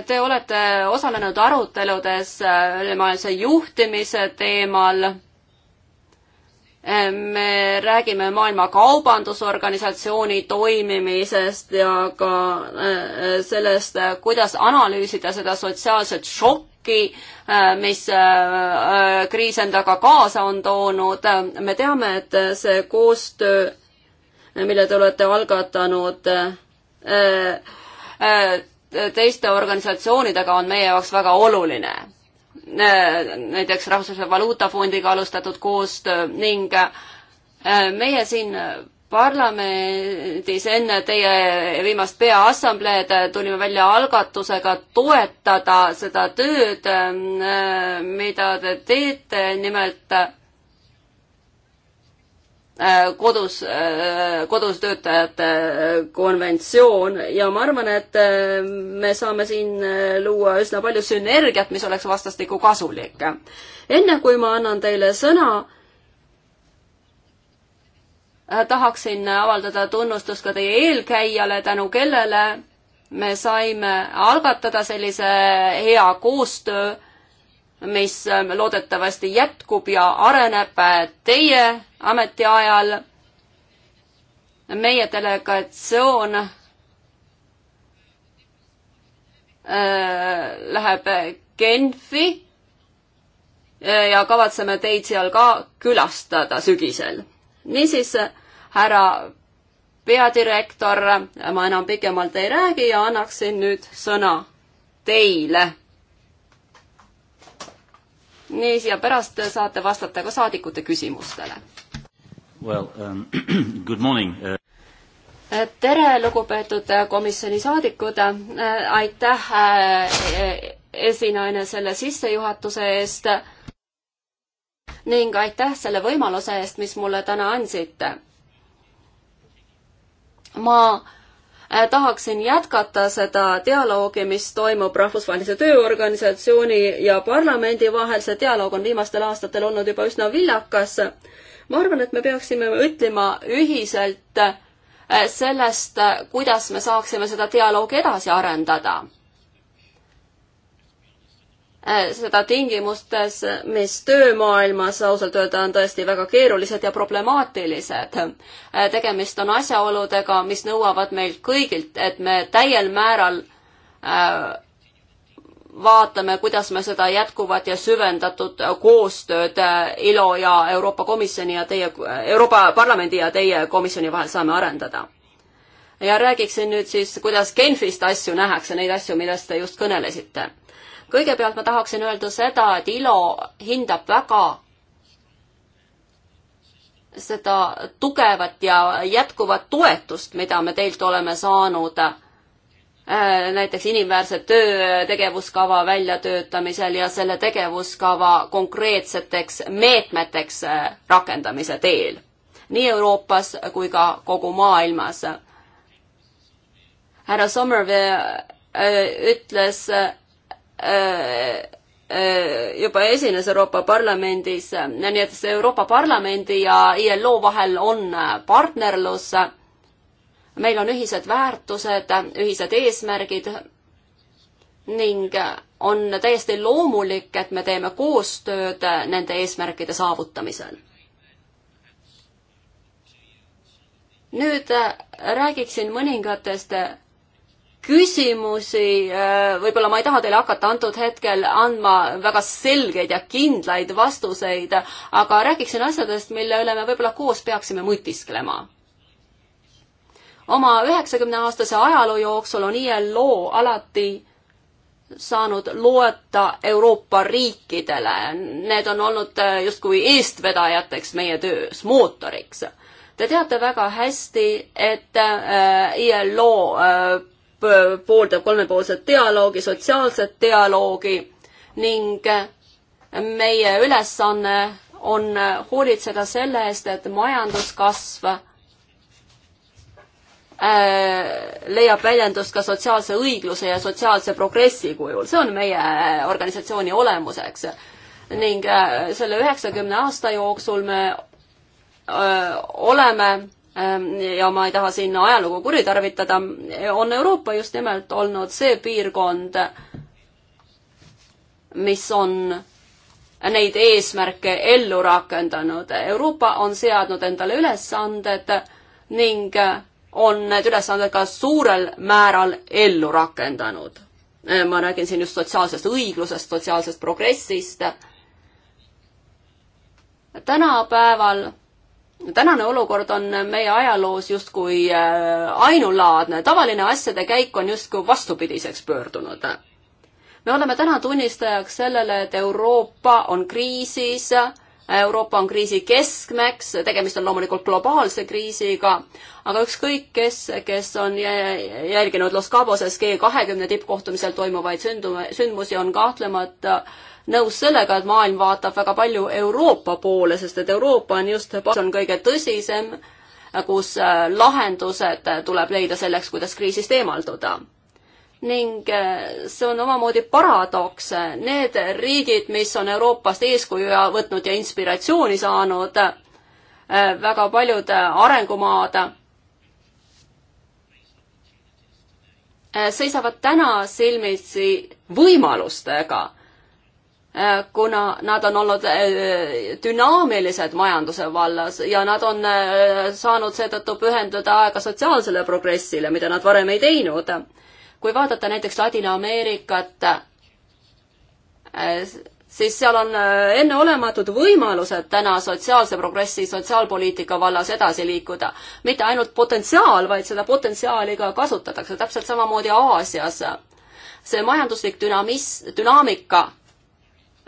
Te olete osalenud aruteludes ülemaailmse juhtimise teemal me räägime Maailma Kaubandusorganisatsiooni toimimisest ja ka e, e, sellest, kuidas analüüsida seda sotsiaalset šokki, e, mis kriis endaga kaasa on toonud. me teame, et see koostöö, mille te olete algatanud teiste organisatsioonidega, on meie jaoks väga oluline Äh, näiteks Rahvusvahelise Valuutafondiga alustatud koostöö ning äh, meie siin parlamendis enne teie viimast peaassambleed tulime välja algatusega toetada seda tööd, äh, mida te teete, nimelt Äh, kodus, äh, kodus töötajate äh, konventsioon ja ma arvan, et me saame siin luua üsna palju sünergiat, mis oleks vastastikku kasulik. enne kui ma annan teile sõna, tahaksin avaldada tunnustust ka teie eelkäijale, tänu kellele me saime algatada sellise hea koostöö mis ähm, loodetavasti jätkub ja areneb äh, teie ametiajal. meie delegatsioon äh, läheb Genfi äh, ja kavatseme teid seal ka külastada sügisel. niisiis, härra peadirektor, ma enam pikemalt ei räägi ja annaksin nüüd sõna teile nii, ja pärast saate vastata ka saadikute küsimustele. Well um,, good morning uh tere, lugupeetud komisjoni saadikud, äh, aitäh äh, esinaine selle sissejuhatuse eest ning aitäh selle võimaluse eest, mis mulle täna andsite. ma Äh, tahaksin jätkata seda dialoogi, mis toimub Rahvusvahelise Tööorganisatsiooni ja parlamendi vahel. see dialoog on viimastel aastatel olnud juba üsna viljakas. ma arvan, et me peaksime ütlema ühiselt äh, sellest, äh, kuidas me saaksime seda dialoogi edasi arendada Äh, seda tingimustes, mis töömaailmas ausalt öelda on tõesti väga keerulised ja problemaatilised. Äh, tegemist on asjaoludega, mis nõuavad meilt kõigilt, et me täiel määral äh, vaatame, kuidas me seda jätkuvat ja süvendatud koostööd ILO ja Euroopa Komisjoni ja teie, Euroopa Parlamendi ja teie komisjoni vahel saame arendada. ja räägiksin nüüd siis, kuidas Genfist asju nähakse, neid asju, millest te just kõnelesite kõigepealt ma tahaksin öelda seda, et ILO hindab väga seda tugevat ja jätkuvat toetust, mida me teilt oleme saanud äh, näiteks inimväärse töö tegevuskava väljatöötamisel ja selle tegevuskava konkreetseteks meetmeteks äh, rakendamise teel. nii Euroopas kui ka kogu maailmas. härra Sommervee äh, ütles, Äh, äh, juba esines Euroopa Parlamendis, nii et see Euroopa Parlamendi ja ILO vahel on partnerlus. meil on ühised väärtused, ühised eesmärgid ning on täiesti loomulik, et me teeme koostööd nende eesmärkide saavutamisel. nüüd räägiksin mõningatest küsimusi, äh, võib-olla ma ei taha teile hakata antud hetkel andma väga selgeid ja kindlaid vastuseid, aga räägiksin asjadest, mille üle me võib-olla koos peaksime mõtisklema. oma üheksakümneaastase ajaloo jooksul on ILO alati saanud loeta Euroopa riikidele, need on olnud äh, justkui eestvedajateks meie töös, mootoriks. Te teate väga hästi, et äh, ILO pooldab kolmepoolset dialoogi, sotsiaalset dialoogi ning meie ülesanne on hoolitseda selle eest, et majanduskasv äh, leiab väljendust ka sotsiaalse õigluse ja sotsiaalse progressi kujul, see on meie organisatsiooni olemuseks. ning äh, selle üheksakümne aasta jooksul me öö, äh, oleme Ähm, ja ma ei taha siin ajalugu kuritarvitada, on Euroopa just nimelt olnud see piirkond, mis on neid eesmärke ellu rakendanud. Euroopa on seadnud endale ülesanded ning on need ülesanded ka suurel määral ellu rakendanud. Äh, ma räägin siin just sotsiaalsest õiglusest, sotsiaalsest progressist. tänapäeval tänane olukord on meie ajaloos justkui äh, ainulaadne, tavaline asjade käik on justkui vastupidiseks pöördunud. me oleme täna tunnistajaks sellele, et Euroopa on kriisis, Euroopa on kriisi keskmeks, tegemist on loomulikult globaalse kriisiga, aga ükskõik kes, kes on jälginud Los Caboses G kahekümne tippkohtumisel toimuvaid sündu-, sündmusi, on kahtlemata äh, nõus sellega, et maailm vaatab väga palju Euroopa poole, sest et Euroopa on just, on kõige tõsisem, kus äh, lahendused äh, tuleb leida selleks, kuidas kriisist eemalduda ning äh, see on omamoodi paradoks. Need riigid, mis on Euroopast eeskuju ja võtnud ja inspiratsiooni saanud, väga paljud arengumaad, seisavad täna silmitsi võimalustega Äh, kuna nad on olnud äh, dünaamilised majanduse vallas ja nad on äh, saanud seetõttu pühenduda aega sotsiaalsele progressile, mida nad varem ei teinud. kui vaadata näiteks Ladina-Ameerikat, siis seal on enneolematud võimalused täna sotsiaalse progressi, sotsiaalpoliitika vallas edasi liikuda. mitte ainult potentsiaal, vaid seda potentsiaali ka kasutatakse, täpselt samamoodi Aasias. see majanduslik dünamis-, dünaamika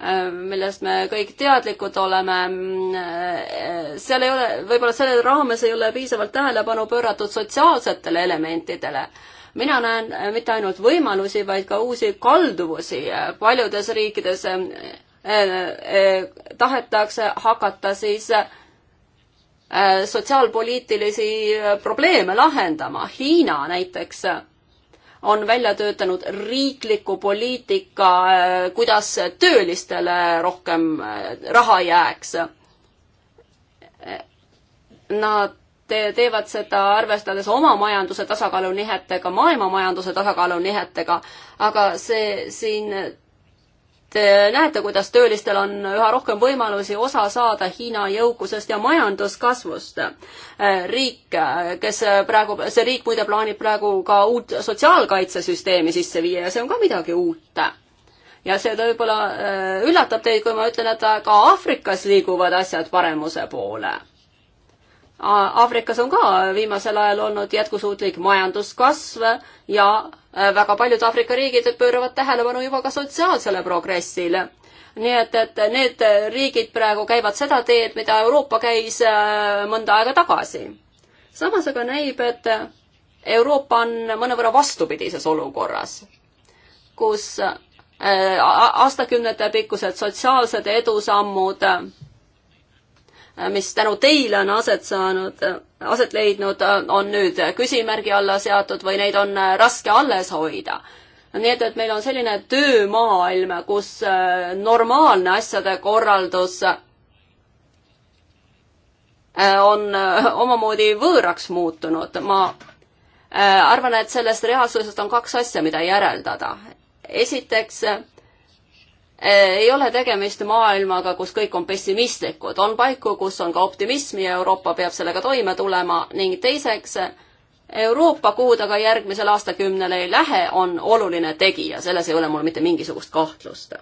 Äh, millest me kõik teadlikud oleme, mm, äh, seal ei ole, võib-olla selle raames ei ole piisavalt tähelepanu pööratud sotsiaalsetele elementidele. mina näen äh, mitte ainult võimalusi, vaid ka uusi kalduvusi paljudes riikides eh, eh, tahetakse hakata siis eh, sotsiaalpoliitilisi probleeme lahendama. Hiina näiteks on välja töötanud riikliku poliitika, äh, kuidas töölistele rohkem äh, raha jääks. Nad teevad seda arvestades oma majanduse tasakaalu nihetega, maailma majanduse tasakaalu nihetega, aga see siin Te eh, näete, kuidas töölistel on üha rohkem võimalusi osa saada Hiina jõukusest ja majanduskasvust. Eh, riik, eh, kes praegu, see riik muide plaanib praegu ka uut sotsiaalkaitsesüsteemi sisse viia ja see on ka midagi uut ja see võib-olla üllatab teid, kui ma ütlen, et ka Aafrikas liiguvad asjad paremuse poole Aafrikas on ka viimasel ajal olnud jätkusuutlik majanduskasv ja äh, väga paljud Aafrika riigid pööravad tähelepanu juba ka sotsiaalsele progressile. nii et, et need riigid praegu käivad seda teed, mida Euroopa käis äh, mõnda aega tagasi. samas aga näib, et Euroopa on mõnevõrra vastupidises olukorras, kus äh, aastakümnete pikkused sotsiaalsed edusammud Äh, mis tänu teile on aset saanud, aset leidnud, äh, on nüüd küsimärgi alla seatud või neid on äh, raske alles hoida. nii et, et meil on selline töömaailm, kus normaalne asjade korraldus on omamoodi võõraks muutunud. ma arvan, et sellest reaalsusest on kaks asja, mida järeldada. esiteks Eh, ei ole tegemist maailmaga, kus kõik on pessimistlikud, on paiku, kus on ka optimismi ja Euroopa peab sellega toime tulema ning teiseks, Euroopa, kuhu ta ka järgmisel aastakümnel ei lähe, on oluline tegija, selles ei ole mul mitte mingisugust kahtlust.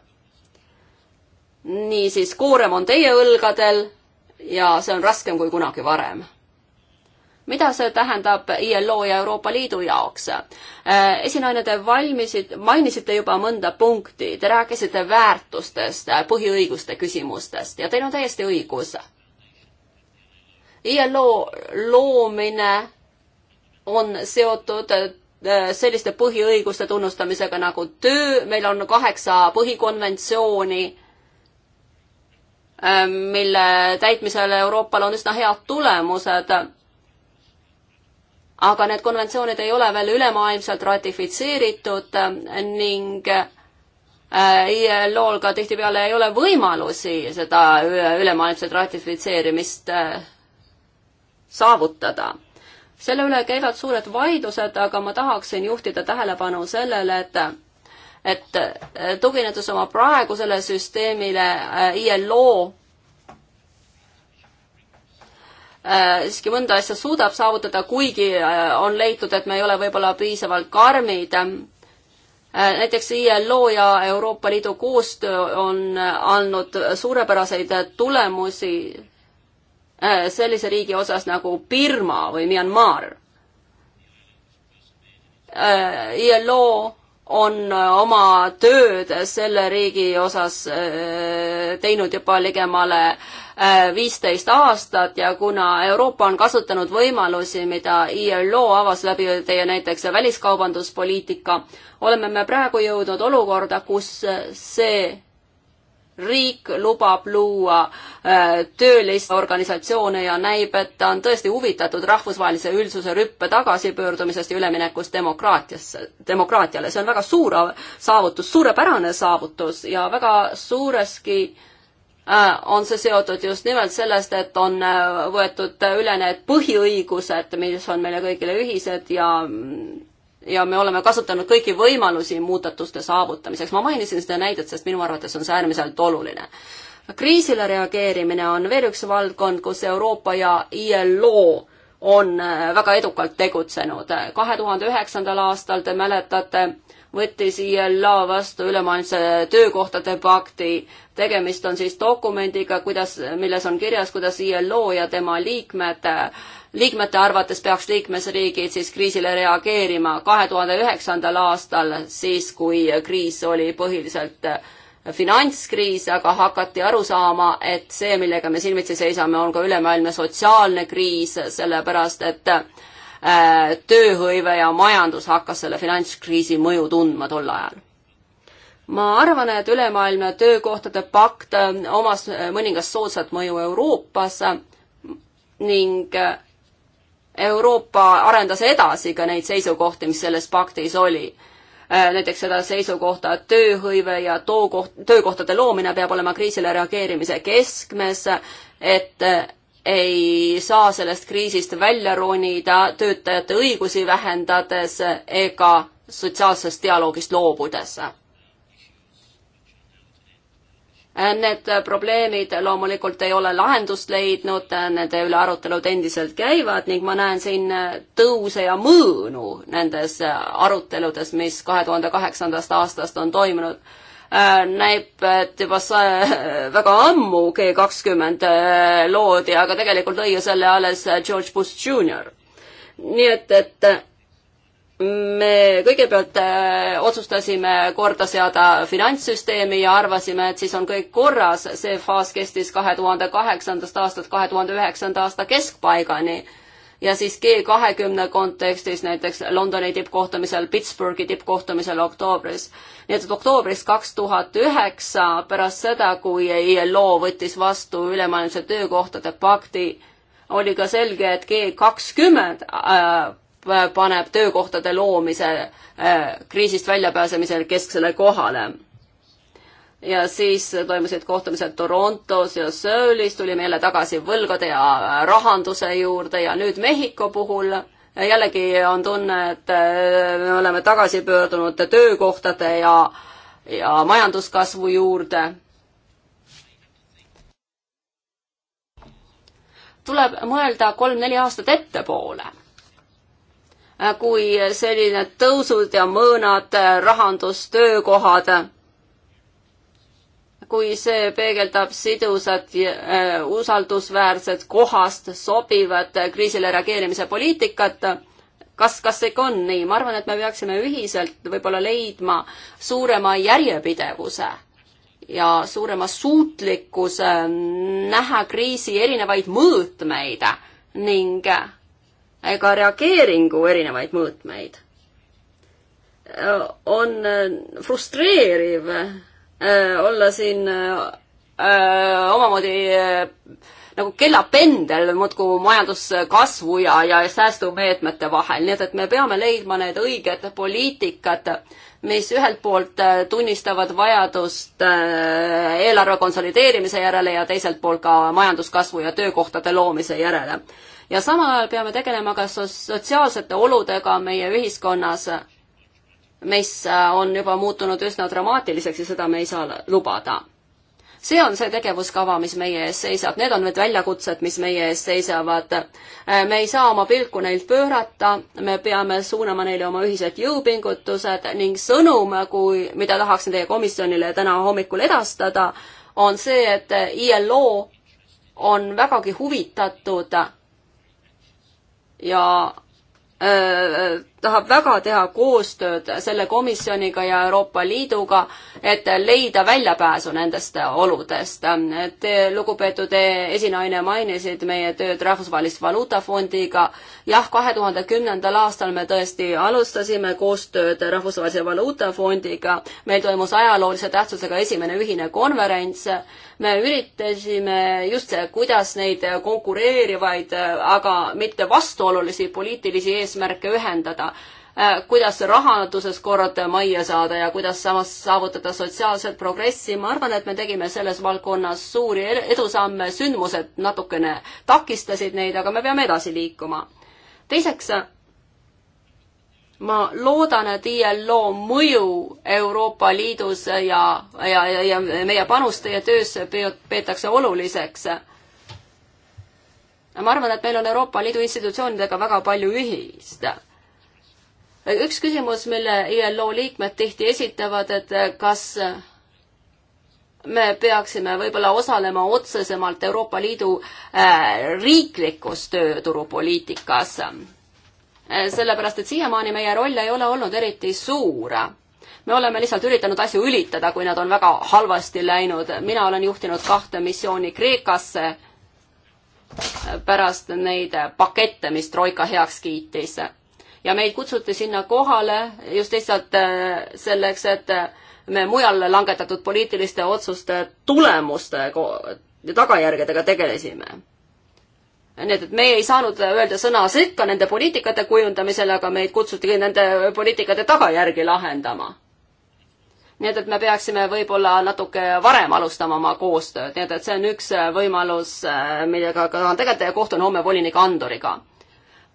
niisiis, koorem on teie õlgadel ja see on raskem kui kunagi varem mida see tähendab ILO ja Euroopa Liidu jaoks? Äh, esinaine, te valmisid, mainisite juba mõnda punkti, te rääkisite väärtustest, põhiõiguste küsimustest ja teil on täiesti õigus. ILO loomine on seotud äh, selliste põhiõiguste tunnustamisega nagu töö, meil on kaheksa põhikonventsiooni, äh, mille täitmisel Euroopal on üsna head tulemused aga need konventsioonid ei ole veel ülemaailmselt ratifitseeritud äh, ning äh, ILO-l ka tihtipeale ei ole võimalusi seda ülemaailmset ratifitseerimist äh, saavutada. selle üle käivad suured vaidlused, aga ma tahaksin juhtida tähelepanu sellele, et et tuginedes oma praegusele süsteemile ILO Äh, siiski mõnda asja suudab saavutada, kuigi äh, on leitud, et me ei ole võib-olla piisavalt karmid. Äh, näiteks ILO ja Euroopa Liidu koostöö on andnud suurepäraseid tulemusi sellise riigi osas nagu Birma või Myanmar. ILO on äh, oma tööd selle riigi osas äh, teinud juba ligemale äh, viisteist aastat ja kuna Euroopa on kasutanud võimalusi, mida ILO e avas läbi teie näiteks väliskaubanduspoliitika, oleme me praegu jõudnud olukorda, kus see riik lubab luua äh, tööliste organisatsioone ja näib, et ta on tõesti huvitatud rahvusvahelise üldsuse rüppe tagasipöördumisest ja üleminekust demokraatiasse, demokraatiale. see on väga suur saavutus, suurepärane saavutus ja väga suureski äh, on see seotud just nimelt sellest, et on äh, võetud üle need põhiõigused, mis on meile kõigile ühised ja mm, ja me oleme kasutanud kõiki võimalusi muudatuste saavutamiseks. ma mainisin seda näidet, sest minu arvates on see äärmiselt oluline. kriisile reageerimine on veel üks valdkond, kus Euroopa ja ILO on äh, väga edukalt tegutsenud. kahe tuhande üheksandal aastal, te mäletate, võttis ILO vastu ülemaailmse töökohtade pakti. tegemist on siis dokumendiga, kuidas, milles on kirjas, kuidas ILO ja tema liikmed äh, liikmete arvates peaks liikmesriigid siis kriisile reageerima kahe tuhande üheksandal aastal, siis kui kriis oli põhiliselt äh, finantskriis, aga hakati aru saama, et see, millega me silmitsi seisame, on ka ülemaailmne sotsiaalne kriis, sellepärast et äh, tööhõive ja majandus hakkas selle finantskriisi mõju tundma tol ajal ma arvan, et ülemaailmne töökohtade pakt äh, omas mõningast soodsat mõju Euroopas ning Euroopa arendas edasi ka neid seisukohti, mis selles paktis oli. Äh, näiteks seda seisukohta, et tööhõive ja tookoht, töökohtade loomine peab olema kriisile reageerimise keskmes, et äh, ei saa sellest kriisist välja ronida töötajate õigusi vähendades ega sotsiaalsest dialoogist loobudes. Need probleemid loomulikult ei ole lahendust leidnud, nende üle arutelud endiselt käivad ning ma näen siin tõuse ja mõõnu nendes aruteludes, mis kahe tuhande kaheksandast aastast on toimunud näib, et juba väga ammu G kakskümmend loodi, aga tegelikult lõi ju selle alles George Bush Junior. nii et, et me kõigepealt äh, otsustasime korda seada finantssüsteemi ja arvasime, et siis on kõik korras. see faas kestis kahe tuhande kaheksandast aastast kahe tuhande üheksanda aasta keskpaigani. ja siis G kahekümne kontekstis näiteks Londoni tippkohtumisel, Pittsburghi tippkohtumisel oktoobris. nii et oktoobris kaks tuhat üheksa, pärast seda, kui ILO võttis vastu ülemaailmse töökohtade pakti, oli ka selge, et G kakskümmend äh, paneb töökohtade loomise äh, kriisist väljapääsemisel kesksele kohale. ja siis toimusid kohtumised Torontos ja Soulis, tulime jälle tagasi võlgade ja rahanduse juurde ja nüüd Mehhiko puhul jällegi on tunne, et äh, me oleme tagasi pöördunud töökohtade ja, ja majanduskasvu juurde. tuleb mõelda kolm-neli aastat ettepoole Äh, kui selline tõusud ja mõõnad, äh, rahandus, töökohad, kui see peegeldab sidusat, äh, usaldusväärset, kohast, sobivat kriisile reageerimise poliitikat, kas, kas ikka on nii? ma arvan, et me peaksime ühiselt võib-olla leidma suurema järjepidevuse ja suurema suutlikkuse mm, näha kriisi erinevaid mõõtmeid ning ka reageeringu erinevaid mõõtmeid. on äh, frustreeriv äh, olla siin äh, omamoodi nagu kellapendel muudkui majanduskasvu ja, ja säästumeetmete vahel, nii et, et me peame leidma need õiged poliitikad, mis ühelt poolt tunnistavad vajadust eelarve konsolideerimise järele ja teiselt poolt ka majanduskasvu ja töökohtade loomise järele ja samal ajal peame tegelema ka sotsiaalsete oludega meie ühiskonnas, mis äh, on juba muutunud üsna dramaatiliseks ja seda me ei saa lubada see on see tegevuskava, mis meie ees seisab, need on need väljakutsed, mis meie ees seisavad. Äh, me ei saa oma pilku neilt pöörata, me peame suunama neile oma ühised jõupingutused ning sõnum, kui, mida tahaksin teie komisjonile täna hommikul edastada, on see, et ILO on vägagi huvitatud ja äh, tahab väga teha koostööd selle komisjoniga ja Euroopa Liiduga, et leida väljapääsu nendest oludest. Te, lugupeetud esinaine, mainisid meie tööd Rahvusvahelist Valuutafondiga. jah, kahe tuhande kümnendal aastal me tõesti alustasime koostööd Rahvusvahelise Valuutafondiga. meil toimus ajaloolise tähtsusega esimene ühine konverents. me üritasime just, kuidas neid konkureerivaid, aga mitte vastuolulisi poliitilisi eesmärke ühendada Äh, kuidas rahanduses korda majja saada ja kuidas samas saavutada sotsiaalset progressi. ma arvan, et me tegime selles valdkonnas suuri edusamme, sündmused natukene takistasid neid, aga me peame edasi liikuma. teiseks, ma loodan, et ILO mõju Euroopa Liidus ja, ja, ja, ja meie panus teie töösse peetakse oluliseks. ma arvan, et meil on Euroopa Liidu institutsioonidega väga palju ühist üks küsimus, mille ILO liikmed tihti esitavad, et kas me peaksime võib-olla osalema otsesemalt Euroopa Liidu äh, riiklikus tööturupoliitikas. Äh, sellepärast, et siiamaani meie roll ei ole olnud eriti suur. me oleme lihtsalt üritanud asju ülitada, kui nad on väga halvasti läinud. mina olen juhtinud kahte missiooni Kreekasse äh, pärast neid pakette, mis Troika heaks kiitis ja meid kutsuti sinna kohale just lihtsalt äh, selleks, et äh, me mujal langetatud poliitiliste otsuste tulemuste ja tagajärgedega tegelesime nii et, et meie ei saanud öelda sõna sekka nende poliitikate kujundamisel, aga meid kutsuti nende poliitikate tagajärgi lahendama. nii et, et me peaksime võib-olla natuke varem alustama oma koostööd, nii et, et see on üks võimalus, äh, millega ka tahan tegeleda ja kohtun homme volinik Anduriga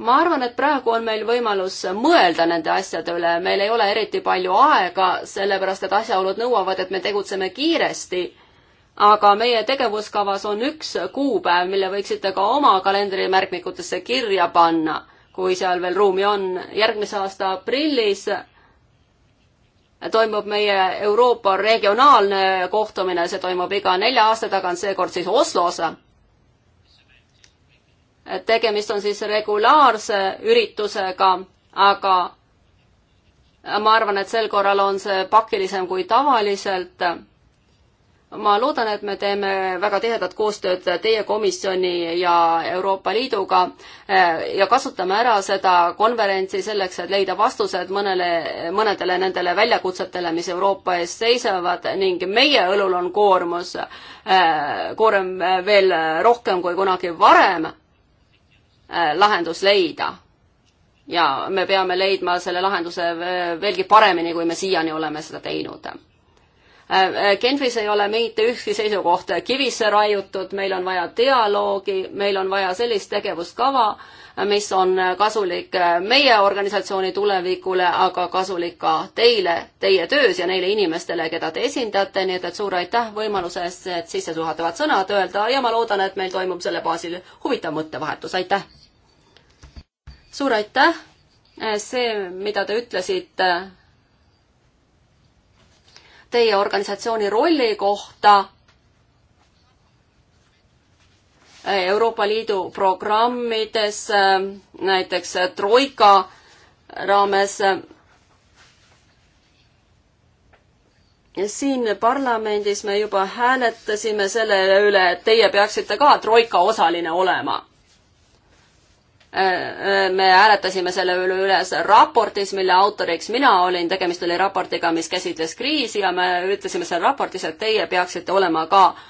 ma arvan, et praegu on meil võimalus mõelda nende asjade üle, meil ei ole eriti palju aega, sellepärast et asjaolud nõuavad, et me tegutseme kiiresti. aga meie tegevuskavas on üks kuupäev, mille võiksite ka oma kalendrimärkmikutesse kirja panna, kui seal veel ruumi on. järgmise aasta aprillis toimub meie Euroopa regionaalne kohtumine, see toimub iga nelja aasta tagant, seekord siis Oslos tegemist on siis regulaarse üritusega, aga ma arvan, et sel korral on see pakilisem kui tavaliselt. ma loodan, et me teeme väga tihedat koostööd teie komisjoni ja Euroopa Liiduga ja kasutame ära seda konverentsi selleks, et leida vastused mõnele, mõnedele nendele väljakutsetele, mis Euroopa ees seisavad ning meie õlul on koormus, koorem veel rohkem kui kunagi varem Äh, lahendus leida. ja me peame leidma selle lahenduse veelgi paremini, kui me siiani oleme seda teinud. Äh, äh, Genfis ei ole mitte ükski seisukoht kivisse raiutud, meil on vaja dialoogi, meil on vaja sellist tegevuskava, mis on kasulik äh, meie organisatsiooni tulevikule, aga kasulik ka teile, teie töös ja neile inimestele, keda te esindate, nii et, et suur aitäh võimaluse eest need sissejuhatavad sõnad öelda ja ma loodan, et meil toimub selle baasil huvitav mõttevahetus, aitäh! suur aitäh! see, mida te ütlesite teie organisatsiooni rolli kohta Euroopa Liidu programmides, äh, näiteks äh, Troika raames. siin parlamendis me juba hääletasime selle üle, et teie peaksite ka Troika osaline olema. Äh, me hääletasime selle üle üles raportis, mille autoriks mina olin, tegemist oli raportiga, mis käsitles kriisi ja me ütlesime seal raportis, et teie peaksite olema ka äh,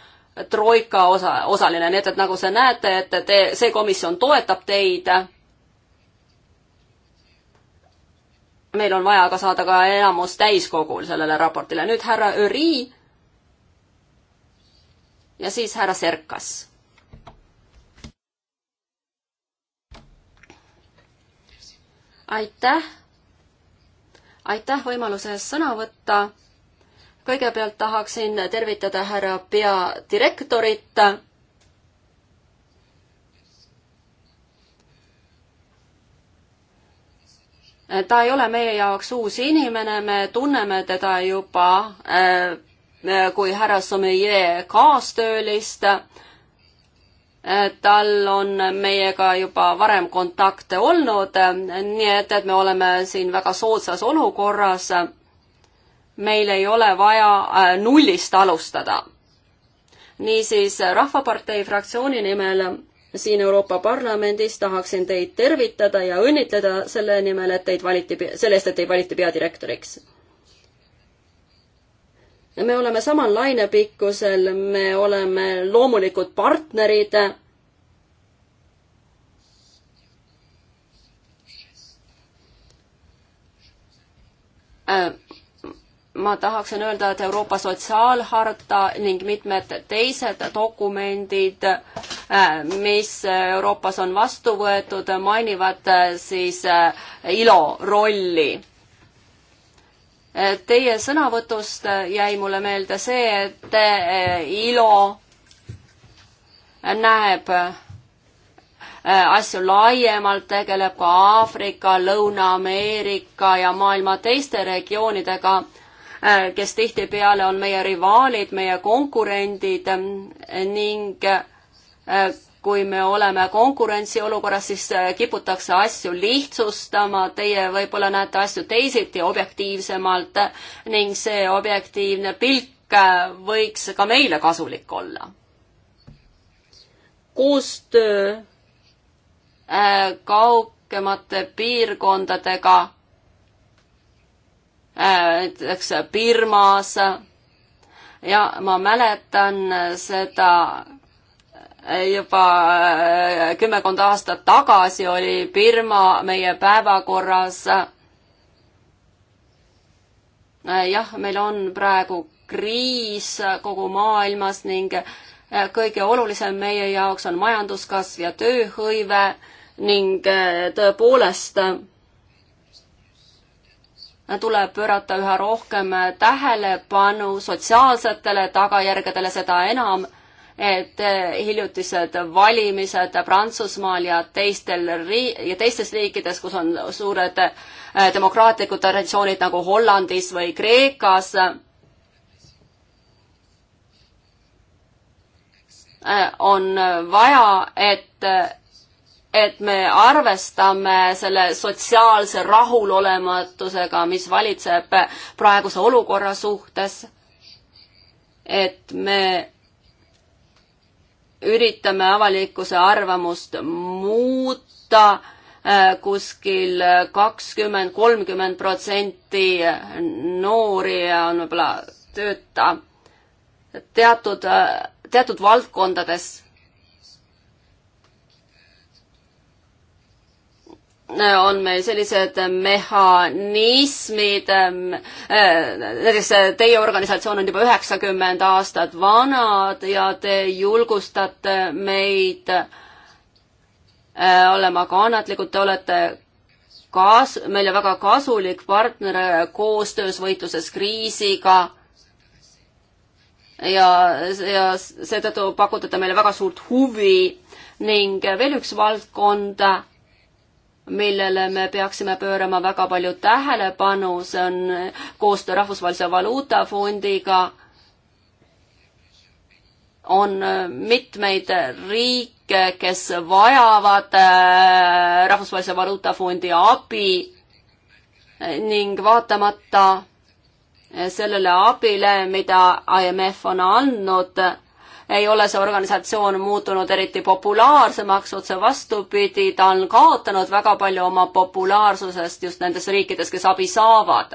troika osa, osaline, nii et, et nagu te näete, et te, see komisjon toetab teid. meil on vaja ka saada ka enamus täiskogul sellele raportile. nüüd härra Öri ja siis härra Serkas. aitäh, aitäh võimaluse eest sõna võtta kõigepealt tahaksin tervitada härra peadirektorit. ta ei ole meie jaoks uus inimene, me tunneme teda juba äh, kui härra Sommelier kaastöölist. Äh, tal on meiega juba varem kontakte olnud, äh, nii et, et me oleme siin väga soodsas olukorras meil ei ole vaja äh, nullist alustada. niisiis Rahvapartei fraktsiooni nimel siin Euroopa Parlamendis tahaksin teid tervitada ja õnnitleda selle nimel, et teid valiti, selle eest, et teid valiti peadirektoriks. me oleme samal lainepikkusel, me oleme loomulikud partnerid äh ma tahaksin öelda, et Euroopa sotsiaalharta ning mitmed teised dokumendid, äh, mis Euroopas on vastu võetud, mainivad äh, siis äh, ILO rolli. Teie sõnavõtust jäi mulle meelde see, et ILO näeb asju laiemalt, tegeleb ka Aafrika, Lõuna-Ameerika ja maailma teiste regioonidega Äh, kes tihtipeale on meie rivaalid, meie konkurendid ähm, ning äh, kui me oleme konkurentsiolukorras, siis äh, kiputakse asju lihtsustama, teie võib-olla näete asju teisiti, objektiivsemalt ning see objektiivne pilk võiks ka meile kasulik olla. koostöö kaugemate piirkondadega näiteks Birmas ja ma mäletan seda juba äh, kümmekond aastat tagasi oli Birma meie päevakorras. Äh, jah, meil on praegu kriis kogu maailmas ning äh, kõige olulisem meie jaoks on majanduskasv ja tööhõive ning tõepoolest tuleb pöörata üha rohkem tähelepanu sotsiaalsetele tagajärgedele, seda enam, et hiljutised valimised Prantsusmaal ja teistel rii-, ja teistes riikides, kus on suured äh, demokraatlikud traditsioonid nagu Hollandis või Kreekas, äh, on vaja, et et me arvestame selle sotsiaalse rahulolematusega, mis valitseb praeguse olukorra suhtes. et me üritame avalikkuse arvamust muuta äh, kuskil kakskümmend, kolmkümmend protsenti noori on võib-olla tööta teatud, äh, teatud valdkondades on meil sellised mehhanismid, ähm, äh, näiteks teie organisatsioon on juba üheksakümmend aastat vanad ja te julgustate meid äh, olema kannatlikud, te olete kaas-, meile väga kasulik partner äh, koostöös võitluses kriisiga ja, ja seetõttu pakutate meile väga suurt huvi ning veel üks valdkond millele me peaksime pöörama väga palju tähelepanu, see on koostöö Rahvusvahelise Valuutafondiga, on mitmeid riike, kes vajavad äh, Rahvusvahelise Valuutafondi abi ning vaatamata sellele abile, mida IMF on andnud, ei ole see organisatsioon muutunud eriti populaarsemaks, otse vastupidi, ta on kaotanud väga palju oma populaarsusest just nendes riikides, kes abi saavad.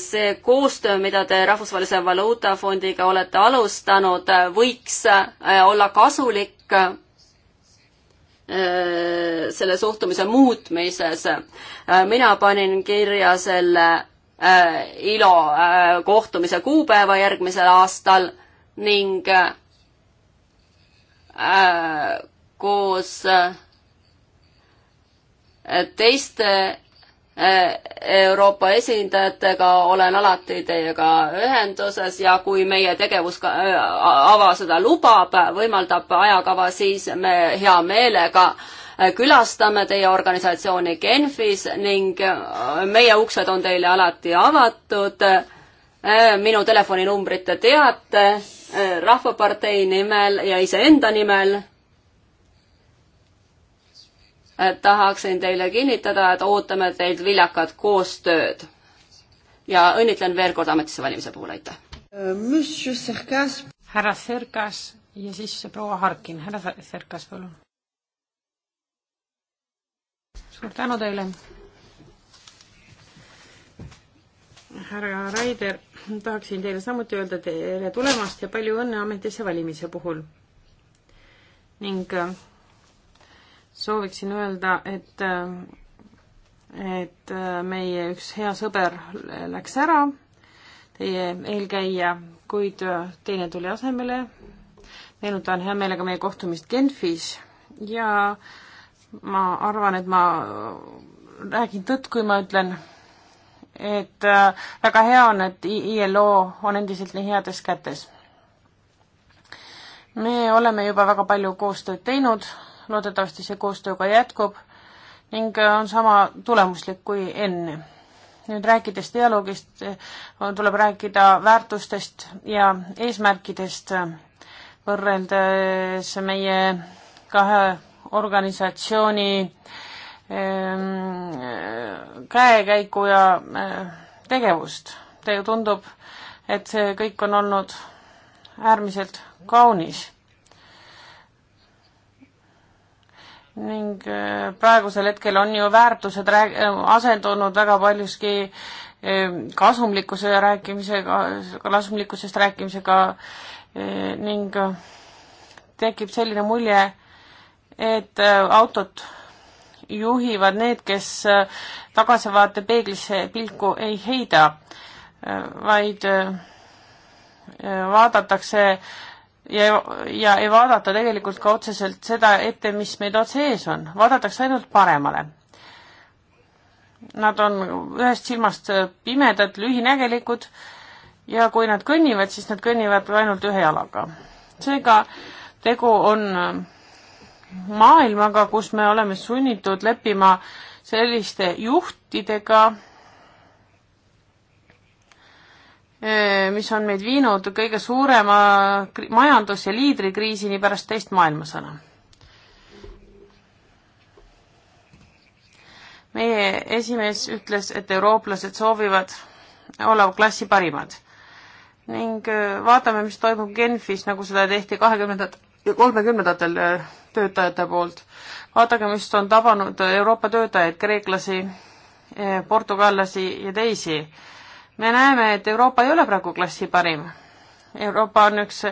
see koostöö, mida te Rahvusvahelise Valuutafondiga olete alustanud, võiks äh, olla kasulik äh, selle suhtumise muutmises. Äh, mina panin kirja selle Äh, ILO äh, kohtumise kuupäeva järgmisel aastal ning äh, koos teiste Euroopa esindajatega olen alati teiega ühenduses ja kui meie tegevus ka, ava seda lubab, võimaldab ajakava, siis me hea meelega äh, külastame teie organisatsiooni Genfis ning äh, meie uksed on teile alati avatud. Äh, minu telefoninumbrit te teate äh, Rahvapartei nimel ja iseenda nimel. tahaksin teile kinnitada, et ootame teilt viljakat koostööd. ja õnnitlen veel kord ametisse valimise puhul, aitäh. härra Serkas ja siis proua Harkin, härra Serkas, palun suur tänu teile. härra Raider, tahaksin teile samuti öelda tere tulemast ja palju õnne ametisse valimise puhul. ning äh, sooviksin öelda, et, äh, et äh, meie üks hea sõber läks ära, teie eelkäija, kuid teine tuli asemele. meenutan hea meelega meie kohtumist Genfis ja äh, ma arvan, et ma räägin tõtt, kui ma ütlen, et äh, väga hea on, et ILO on endiselt nii heades kätes. me oleme juba väga palju koostööd teinud, loodetavasti see koostöö ka jätkub ning äh, on sama tulemuslik kui enne. nüüd rääkides dialoogist, äh, tuleb rääkida väärtustest ja eesmärkidest võrreldes meie kahe organisatsiooni ehm, käekäiku ja eh, tegevust. Teile tundub, et see kõik on olnud äärmiselt kaunis. ning eh, praegusel hetkel on ju väärtused rääg-, eh, asendunud väga paljuski kasumlikkuse rääkimisega, kasumlikkusest rääkimisega ning tekib selline mulje, et äh, autot juhivad need, kes äh, tagasivaate peeglisse pilku ei heida, äh, vaid vaadatakse ja, ja ei vaadata tegelikult ka otseselt seda ette, mis meid otse ees on, vaadatakse ainult paremale. Nad on ühest silmast pimedad, lühinägelikud ja kui nad kõnnivad, siis nad kõnnivad ainult ühe jalaga. seega tegu on maailmaga, kus me oleme sunnitud leppima selliste juhtidega, eh, mis on meid viinud kõige suurema majandus- ja liidrikriisini pärast teist maailmasõna. meie esimees ütles, et eurooplased soovivad olla klassi parimad ning eh, vaatame, mis toimub Genfis, nagu seda tehti kahekümnendat ja kolmekümnendatel eh, töötajate poolt. vaadake, mis on tabanud Euroopa töötajaid, kreeklasi, eh, portugallasi ja teisi. me näeme, et Euroopa ei ole praegu klassi parim. Euroopa on üks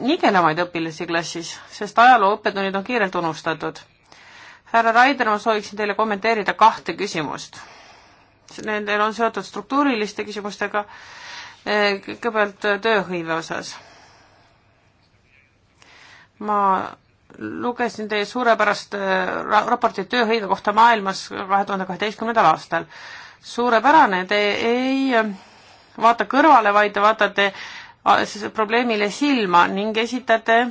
nigelamaid õpilasi klassis, sest ajaloo õppetunnid on kiirelt unustatud. härra Raider, ma sooviksin teile kommenteerida kahte küsimust. Nendel on seotud struktuuriliste küsimustega, eh, kõigepealt tööhõive osas ma lugesin teie suurepärast äh, ra-, raportit tööhõive kohta maailmas kahe tuhande kaheteistkümnendal aastal. suurepärane, te ei äh, vaata kõrvale, vaid te vaatate äh, probleemile silma ning esitate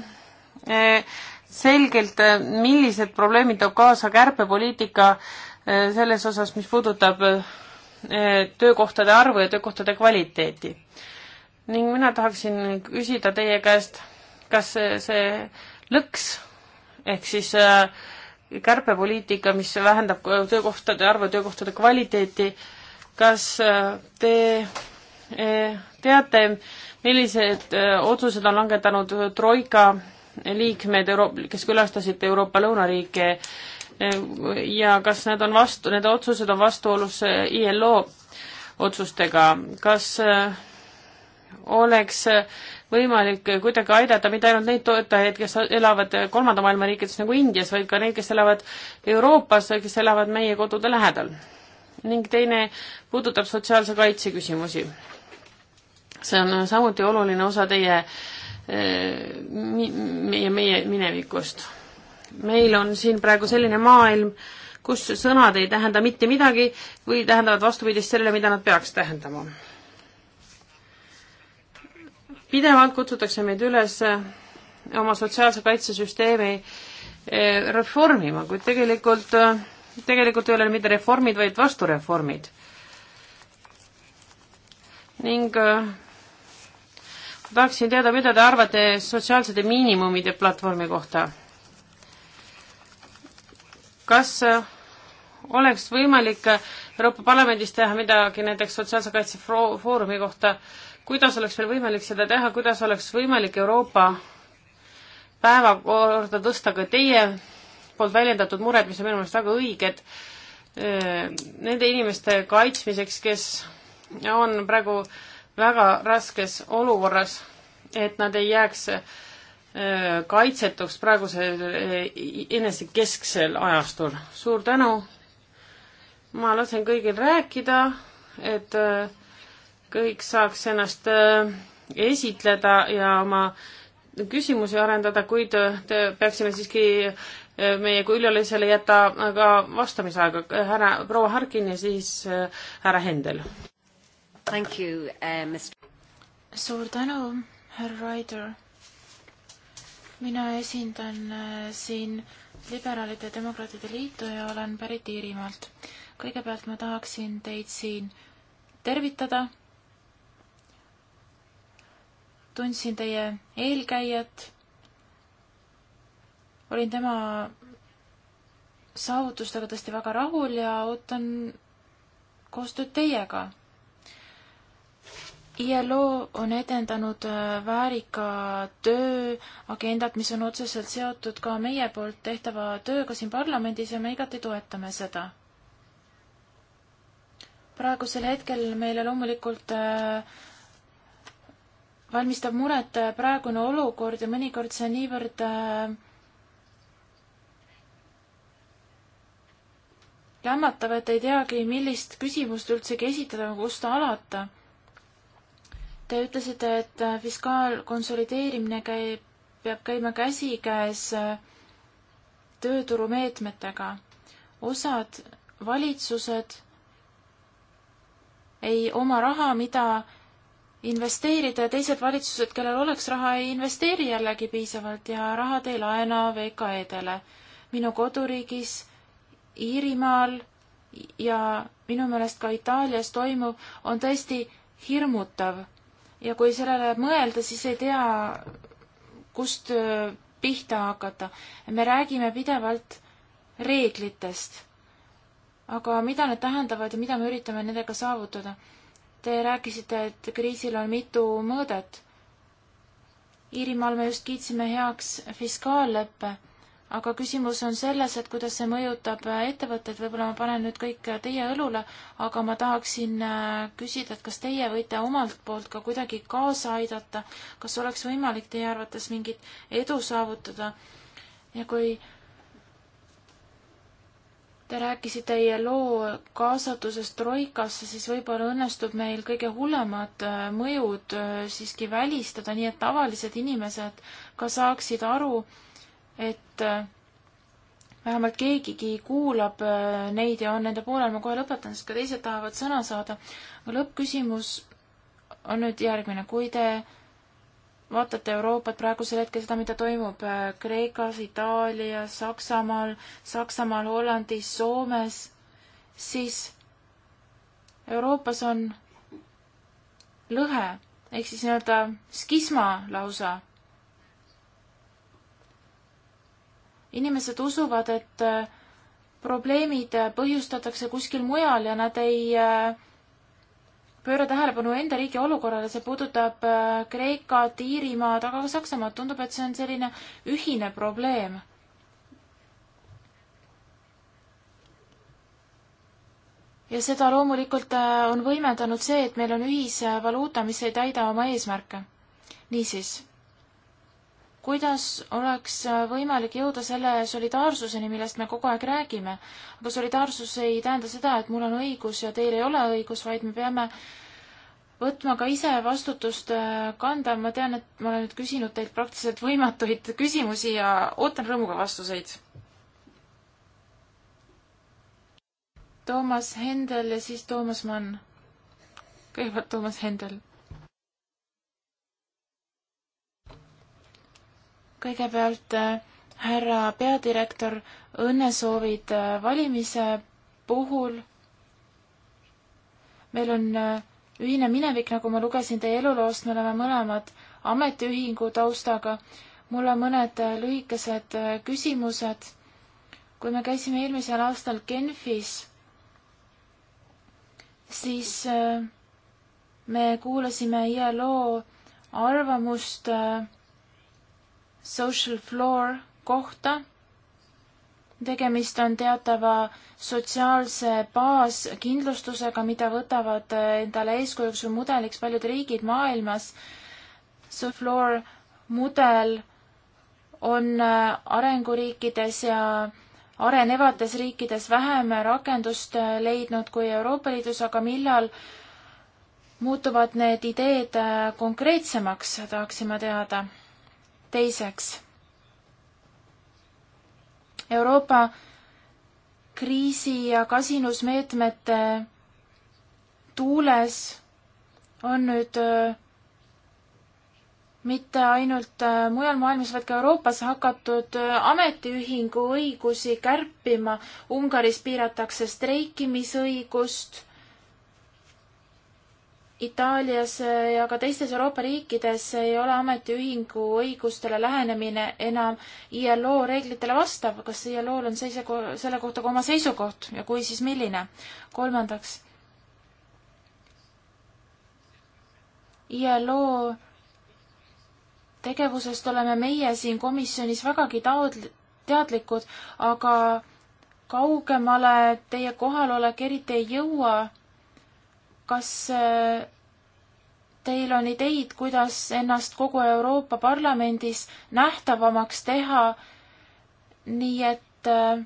selgelt, millised probleemid toob kaasa kärpepoliitika selles osas, mis puudutab töökohtade arvu ja töökohtade kvaliteeti. ning mina tahaksin küsida teie käest, kas see lõks ehk siis äh, kärpepoliitika, mis vähendab töökohtade arvu, töökohtade kvaliteeti. kas äh, te äh, teate, millised otsused on langetanud Troika liikmed Euro-, kes külastasid Euroopa lõunariike ja kas need on vastu, need otsused on vastuolus ILO otsustega, kas oleks võimalik kuidagi aidata mitte ainult neid toetajaid, kes elavad kolmanda maailma riikides nagu Indias, vaid ka neid, kes elavad Euroopas, kes elavad meie kodude lähedal. ning teine puudutab sotsiaalse kaitse küsimusi. see on samuti oluline osa teie, eh, meie, meie minevikust. meil on siin praegu selline maailm, kus sõnad ei tähenda mitte midagi või tähendavad vastupidist sellele, mida nad peaks tähendama pidevalt kutsutakse meid üles eh, oma sotsiaalse kaitsesüsteemi eh, reformima, kuid tegelikult, eh, tegelikult ei ole mitte reformid, vaid vastureformid. ning ma tahaksin teada, mida te arvate sotsiaalsete miinimumide platvormi kohta? kas oleks võimalik Euroopa Parlamendis teha midagi näiteks sotsiaalse kaitse foorumi kohta äh, kuidas oleks veel võimalik seda teha, kuidas oleks võimalik Euroopa päevakorda tõsta ka teie poolt väljendatud mured, mis on minu meelest väga õiged, eh, nende inimeste kaitsmiseks, kes on praegu väga raskes olukorras, et nad ei jääks eh, kaitsetuks praegusel enesekesksel eh, ajastul. suur tänu, ma lasen kõigil rääkida, et äh, kõik saaks ennast äh, esitleda ja oma küsimusi arendada, kuid äh, peaksime siiski äh, meie külalisele jätta ka vastamisaega. härra proua Harkin ja siis härra Hendel. suur tänu, härra Raider. mina esindan siin liberaalide ja demokraatide liitu ja olen pärit Iirimaalt. kõigepealt ma tahaksin teid siin tervitada tundsin teie eelkäijat, olin tema saavutustega tõesti väga rahul ja ootan koostööd teiega. ILO on edendanud äh, väärika töö agendat, mis on otseselt seotud ka meie poolt tehtava tööga siin parlamendis ja me igati toetame seda. praegusel hetkel meile loomulikult äh, valmistab muret äh, praegune olukord ja mõnikord see niivõrd äh, lämmatav, et ei teagi, millist küsimust üldsegi esitada, nagu kust alata. Te ütlesite, et äh, fiskaalkonsolideerimine käib, peab käima käsikäes tööturumeetmetega. osad valitsused ei oma raha, mida investeerida ja teised valitsused, kellel oleks raha, ei investeeri jällegi piisavalt ja rahad ei laena VKE-dele. minu koduriigis, Iirimaal ja minu meelest ka Itaalias toimuv on tõesti hirmutav. ja kui sellele mõelda, siis ei tea, kust äh, pihta hakata. me räägime pidevalt reeglitest. aga mida need tähendavad ja mida me üritame nendega saavutada? Te rääkisite, et kriisil on mitu mõõdet. Iirimaal me just kiitsime heaks fiskaalleppe, aga küsimus on selles, et kuidas see mõjutab ettevõtteid, võib-olla ma panen nüüd kõik teie õlule, aga ma tahaksin äh, küsida, et kas teie võite omalt poolt ka kuidagi kaasa aidata, kas oleks võimalik teie arvates mingit edu saavutada ja kui Te rääkisite teie loo kaasatusest Troikasse, siis võib-olla õnnestub meil kõige hullemad äh, mõjud äh, siiski välistada, nii et tavalised inimesed ka saaksid aru, et äh, vähemalt keegigi kuulab neid ja on nende poolel, ma kohe lõpetan, sest ka teised tahavad sõna saada. aga lõppküsimus on nüüd järgmine, kui te vaatate Euroopat praegusel hetkel, seda, mida toimub äh, Kreekas, Itaalias, Saksamaal, Saksamaal, Hollandis, Soomes, siis Euroopas on lõhe ehk siis nii-öelda skisma lausa. inimesed usuvad, et äh, probleemid põhjustatakse kuskil mujal ja nad ei äh, pööra tähelepanu enda riigi olukorrale, see puudutab äh, Kreekat, Iirimaad, aga ka Saksamaad, tundub, et see on selline ühine probleem. ja seda loomulikult äh, on võimendanud see, et meil on ühisvaluuta, äh, mis ei täida oma eesmärke. niisiis kuidas oleks võimalik jõuda selle solidaarsuseni, millest me kogu aeg räägime. aga solidaarsus ei tähenda seda, et mul on õigus ja teil ei ole õigus, vaid me peame võtma ka ise vastutust äh, kanda, ma tean, et ma olen nüüd küsinud teilt praktiliselt võimatuid küsimusi ja ootan rõõmuga vastuseid. Toomas Hendel ja siis Toomas Mann. kõigepealt Toomas Hendel kõigepealt äh, härra peadirektor, õnnesoovid äh, valimise puhul. meil on äh, ühine minevik, nagu ma lugesin teie eluloost, me oleme mõlemad ametiühingu taustaga. mul on mõned lühikesed küsimused. kui me käisime eelmisel aastal Genfis, siis me kuulasime ILO arvamust äh, social floor kohta. tegemist on teatava sotsiaalse baaskindlustusega, mida võtavad endale eeskujuks või mudeliks paljud riigid maailmas. Social floor mudel on arenguriikides ja arenevates riikides vähem rakendust leidnud kui Euroopa Liidus, aga millal muutuvad need ideed konkreetsemaks, tahaksime teada teiseks, Euroopa kriisi ja kasinusmeetmete tuules on nüüd äh, mitte ainult äh, mujal maailmas, vaid ka Euroopas hakatud äh, ametiühingu õigusi kärpima. Ungaris piiratakse streikimisõigust Itaalias eh, ja ka teistes Euroopa riikides ei ole ametiühingu õigustele lähenemine enam ILO reeglitele vastav. kas ILO-l on seise-, selle kohta ka oma seisukoht ja kui, siis milline? kolmandaks. ILO tegevusest oleme meie siin komisjonis vägagi taod-, teadlikud, aga kaugemale teie kohalolek eriti ei jõua kas äh, teil on ideid, kuidas ennast kogu Euroopa Parlamendis nähtavamaks teha, nii et äh,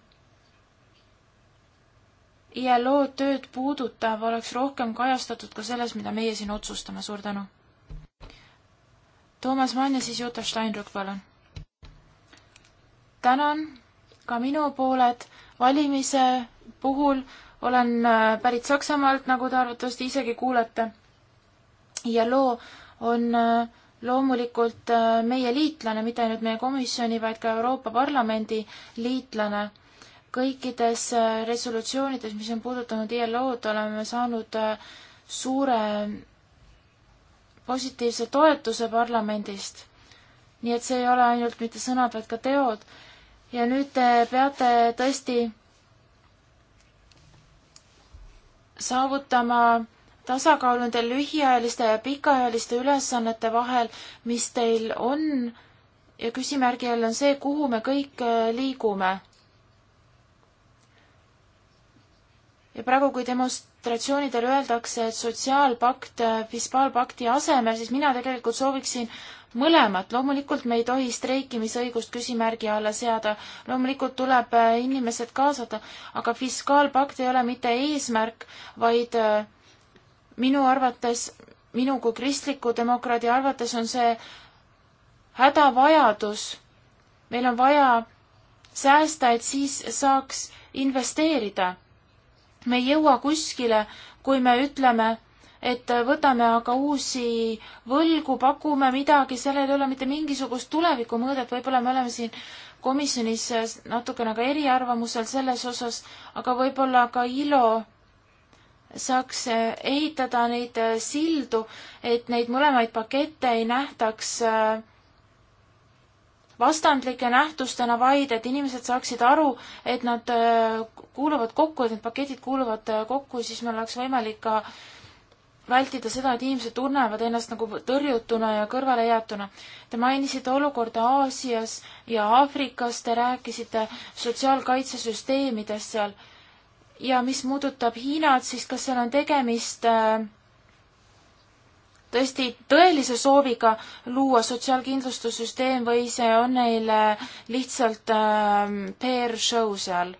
ILO tööd puudutav oleks rohkem kajastatud ka selles, mida meie siin otsustame, suur tänu. Toomas Mann ja siis Juta Steinrück, palun. tänan ka minu pooled valimise puhul. olen äh, pärit Saksamaalt, nagu te arvatavasti isegi kuulete. ja loo on äh, loomulikult äh, meie liitlane, mitte ainult meie komisjoni, vaid ka Euroopa Parlamendi liitlane. kõikides resolutsioonides, mis on puudutanud ILO-d, oleme saanud suure positiivse toetuse parlamendist. nii et see ei ole ainult mitte sõnad, vaid ka teod. ja nüüd te peate tõesti saavutama tasakaalu nende lühiajaliste ja pikaajaliste ülesannete vahel, mis teil on ja küsimärgi all on see, kuhu me kõik äh, liigume. ja praegu, kui demonstratsioonidel öeldakse, et sotsiaalpakt äh, fiskaalpakti asemel, siis mina tegelikult sooviksin mõlemat. loomulikult me ei tohi streikimisõigust küsimärgi alla seada, loomulikult tuleb äh, inimesed kaasata, aga fiskaalpakt ei ole mitte eesmärk, vaid äh, minu arvates, minu kui kristliku demokraadi arvates on see hädavajadus. meil on vaja säästa, et siis saaks investeerida. me ei jõua kuskile, kui me ütleme, et võtame aga uusi võlgu, pakume midagi, sellel ei ole mitte mingisugust tulevikumõõdet, võib-olla me oleme siin komisjonis natukene ka eriarvamusel selles osas, aga võib-olla ka ILO saaks ehitada neid sildu, et neid mõlemaid pakette ei nähtaks vastandlike nähtustena, vaid et inimesed saaksid aru, et nad kuuluvad kokku, et need paketid kuuluvad kokku, siis meil oleks võimalik ka vältida seda, et inimesed tunnevad ennast nagu tõrjutuna ja kõrvalejäetuna. Te mainisite olukorda Aasias ja Aafrikas, te rääkisite sotsiaalkaitsesüsteemidest seal. ja mis puudutab Hiinat, siis kas seal on tegemist äh, tõesti tõelise sooviga luua sotsiaalkindlustussüsteem või see on neile lihtsalt äh, PR show seal?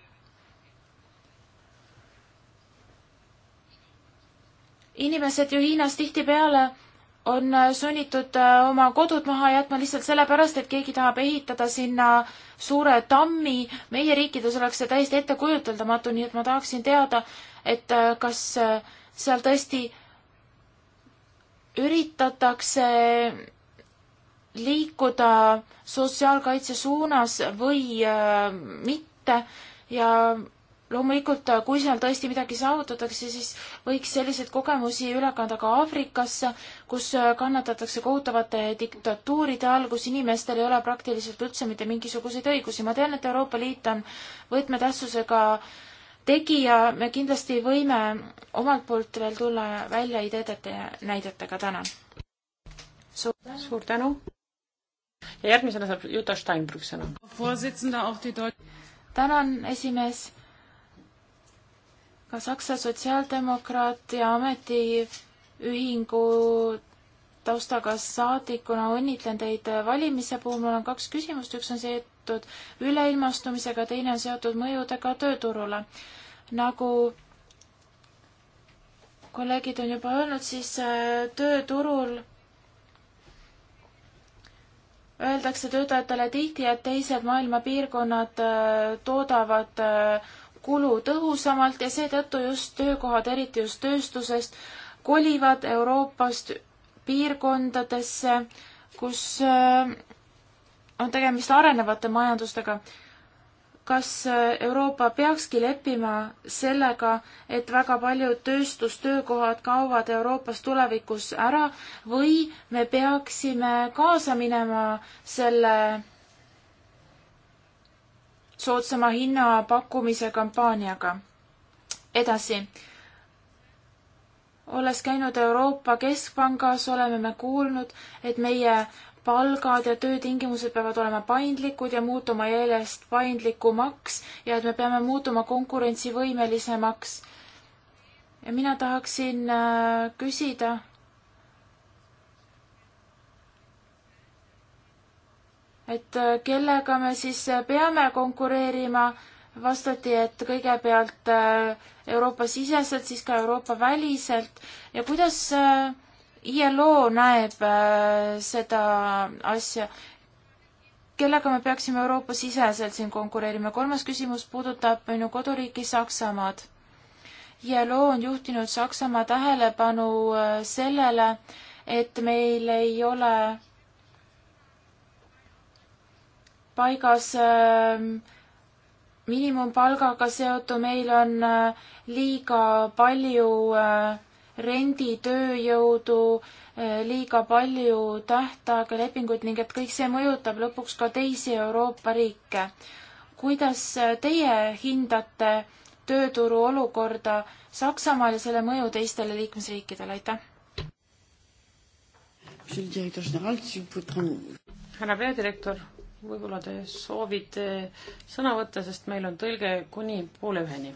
inimesed ju Hiinas tihtipeale on äh, sunnitud äh, oma kodud maha jätma lihtsalt sellepärast, et keegi tahab ehitada sinna suure tammi. meie riikides oleks see täiesti ettekujuteldamatu, nii et ma tahaksin teada, et äh, kas seal tõesti üritatakse liikuda sotsiaalkaitse suunas või mitte ja loomulikult, äh, kui seal tõesti midagi saavutatakse, siis võiks selliseid kogemusi üle kanda ka Aafrikasse, kus äh, kannatatakse kohutavate diktatuuride all, kus inimestel ei ole praktiliselt üldse mitte mingisuguseid õigusi. ma tean, et Euroopa Liit on võtmetähtsusega tegija, me kindlasti võime omalt poolt veel tulla välja ideedete ja näidetega, tänan. suur tänu. ja järgmisena saab Juta Steinbrück sõna. tänan, esimees ka Saksa Sotsiaaldemokraatia Ametiühingu taustaga saadikuna õnnitlen teid valimise puhul. mul on kaks küsimust, üks on seotud üleilmastumisega, teine on seotud mõjudega tööturule. nagu kolleegid on juba öelnud, siis äh, tööturul öeldakse töötajatele tihti, et teised maailma piirkonnad äh, toodavad äh, kulu tõhusamalt ja seetõttu just töökohad, eriti just tööstusest, kolivad Euroopast piirkondadesse, kus äh, on tegemist arenevate majandustega. kas äh, Euroopa peakski leppima sellega, et väga paljud tööstustöökohad kaovad Euroopas tulevikus ära või me peaksime kaasa minema selle soodsama hinna pakkumise kampaaniaga. edasi, olles käinud Euroopa Keskpangas, oleme me kuulnud, et meie palgad ja töötingimused peavad olema paindlikud ja muutuma järjest paindlikumaks ja et me peame muutuma konkurentsivõimelisemaks. ja mina tahaksin äh, küsida et äh, kellega me siis äh, peame konkureerima, vastati, et kõigepealt äh, Euroopa-siseselt, siis ka Euroopa-väliselt ja kuidas ILO näeb seda asja, kellega me peaksime Euroopa-siseselt siin konkureerima. kolmas küsimus puudutab minu koduriiki Saksamaad. ILO on juhtinud Saksamaa tähelepanu sellele, et meil ei ole paigas ähm, miinimumpalgaga seotu, meil on äh, liiga palju äh, renditööjõudu, äh, liiga palju tähtaega lepinguid ning et kõik see mõjutab lõpuks ka teisi Euroopa riike. kuidas teie hindate tööturu olukorda Saksamaal ja selle mõju teistele liikmesriikidele, aitäh! härra peadirektor võib-olla te soovite sõna võtta, sest meil on tõlge kuni poole üheni.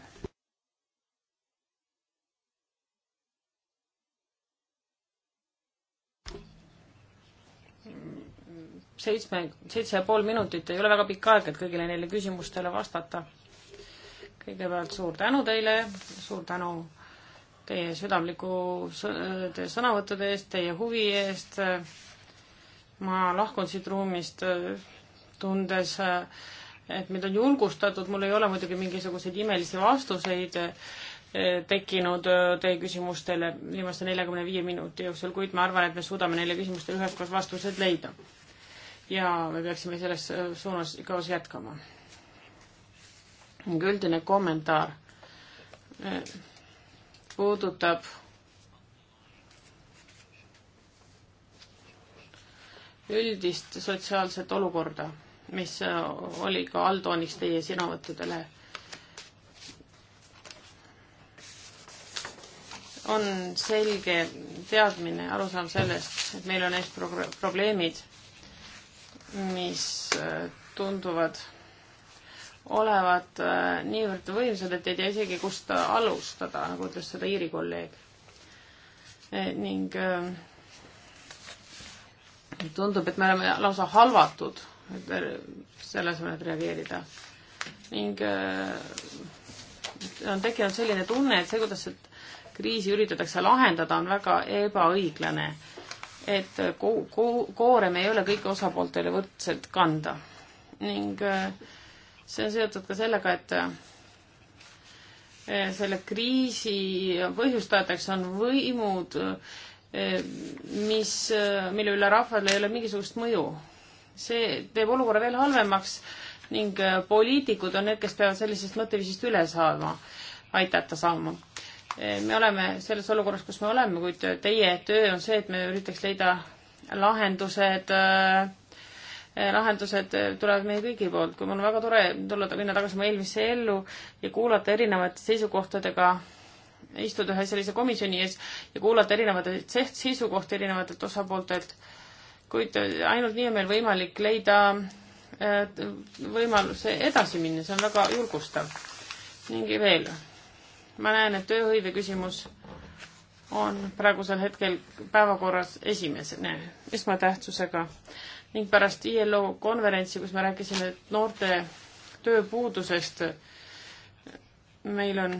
seitsme, seitse ja pool minutit ei ole väga pikk aeg, et kõigile neile küsimustele vastata. kõigepealt suur tänu teile, suur tänu teie südamliku teie sõnavõttude eest, teie huvi eest. ma lahkun siit ruumist tundes, äh, et mind on julgustatud, mul ei ole muidugi mingisuguseid imelisi vastuseid äh, tekkinud äh, teie küsimustele viimase neljakümne viie minuti jooksul, kuid ma arvan, et me suudame neile küsimustele üheskoos vastused leida. ja me peaksime selles suunas koos jätkama. ning üldine kommentaar puudutab üldist sotsiaalset olukorda mis äh, oli ka alltooniks teie sõnavõttudele. on selge teadmine, arusaam sellest, et meil on ees probleemid, mis äh, tunduvad olevat äh, niivõrd võimsad, et ei tea isegi, kust alustada, nagu ütles seda Iiri kolleeg. ning tundub, et me oleme lausa halvatud selle asemel, et äh, reageerida. ning äh, on tekkinud selline tunne, et see, kuidas kriisi üritatakse lahendada, on väga ebaõiglane. et äh, ko-, ko-, koorem ei ole kõigi osapooltele võrdselt kanda. ning see on seotud ka sellega, et selle kriisi põhjustajateks on võimud, mis, mille üle rahval ei ole mingisugust mõju see teeb olukorra veel halvemaks ning äh, poliitikud on need, kes peavad sellisest mõtteviisist üle saama, aidata saama. Äh, me oleme selles olukorras, kus me oleme, kuid äh, teie töö on see, et me üritaks leida lahendused äh, lahendused tulevad meie kõigi poolt, kui mul on väga tore tulla, minna tagasi oma eelmisse ellu ja kuulata erinevate seisukohtadega, istuda ühe sellise komisjoni ees ja kuulata erinevate seisukohti erinevatelt osapooltelt kuid ainult nii on meil võimalik leida võimalus edasi minna, see on väga julgustav. ning veel, ma näen, et tööhõive küsimus on praegusel hetkel päevakorras esimesena, esmatähtsusega ning pärast ILO konverentsi, kus me rääkisime noorte tööpuudusest, meil on,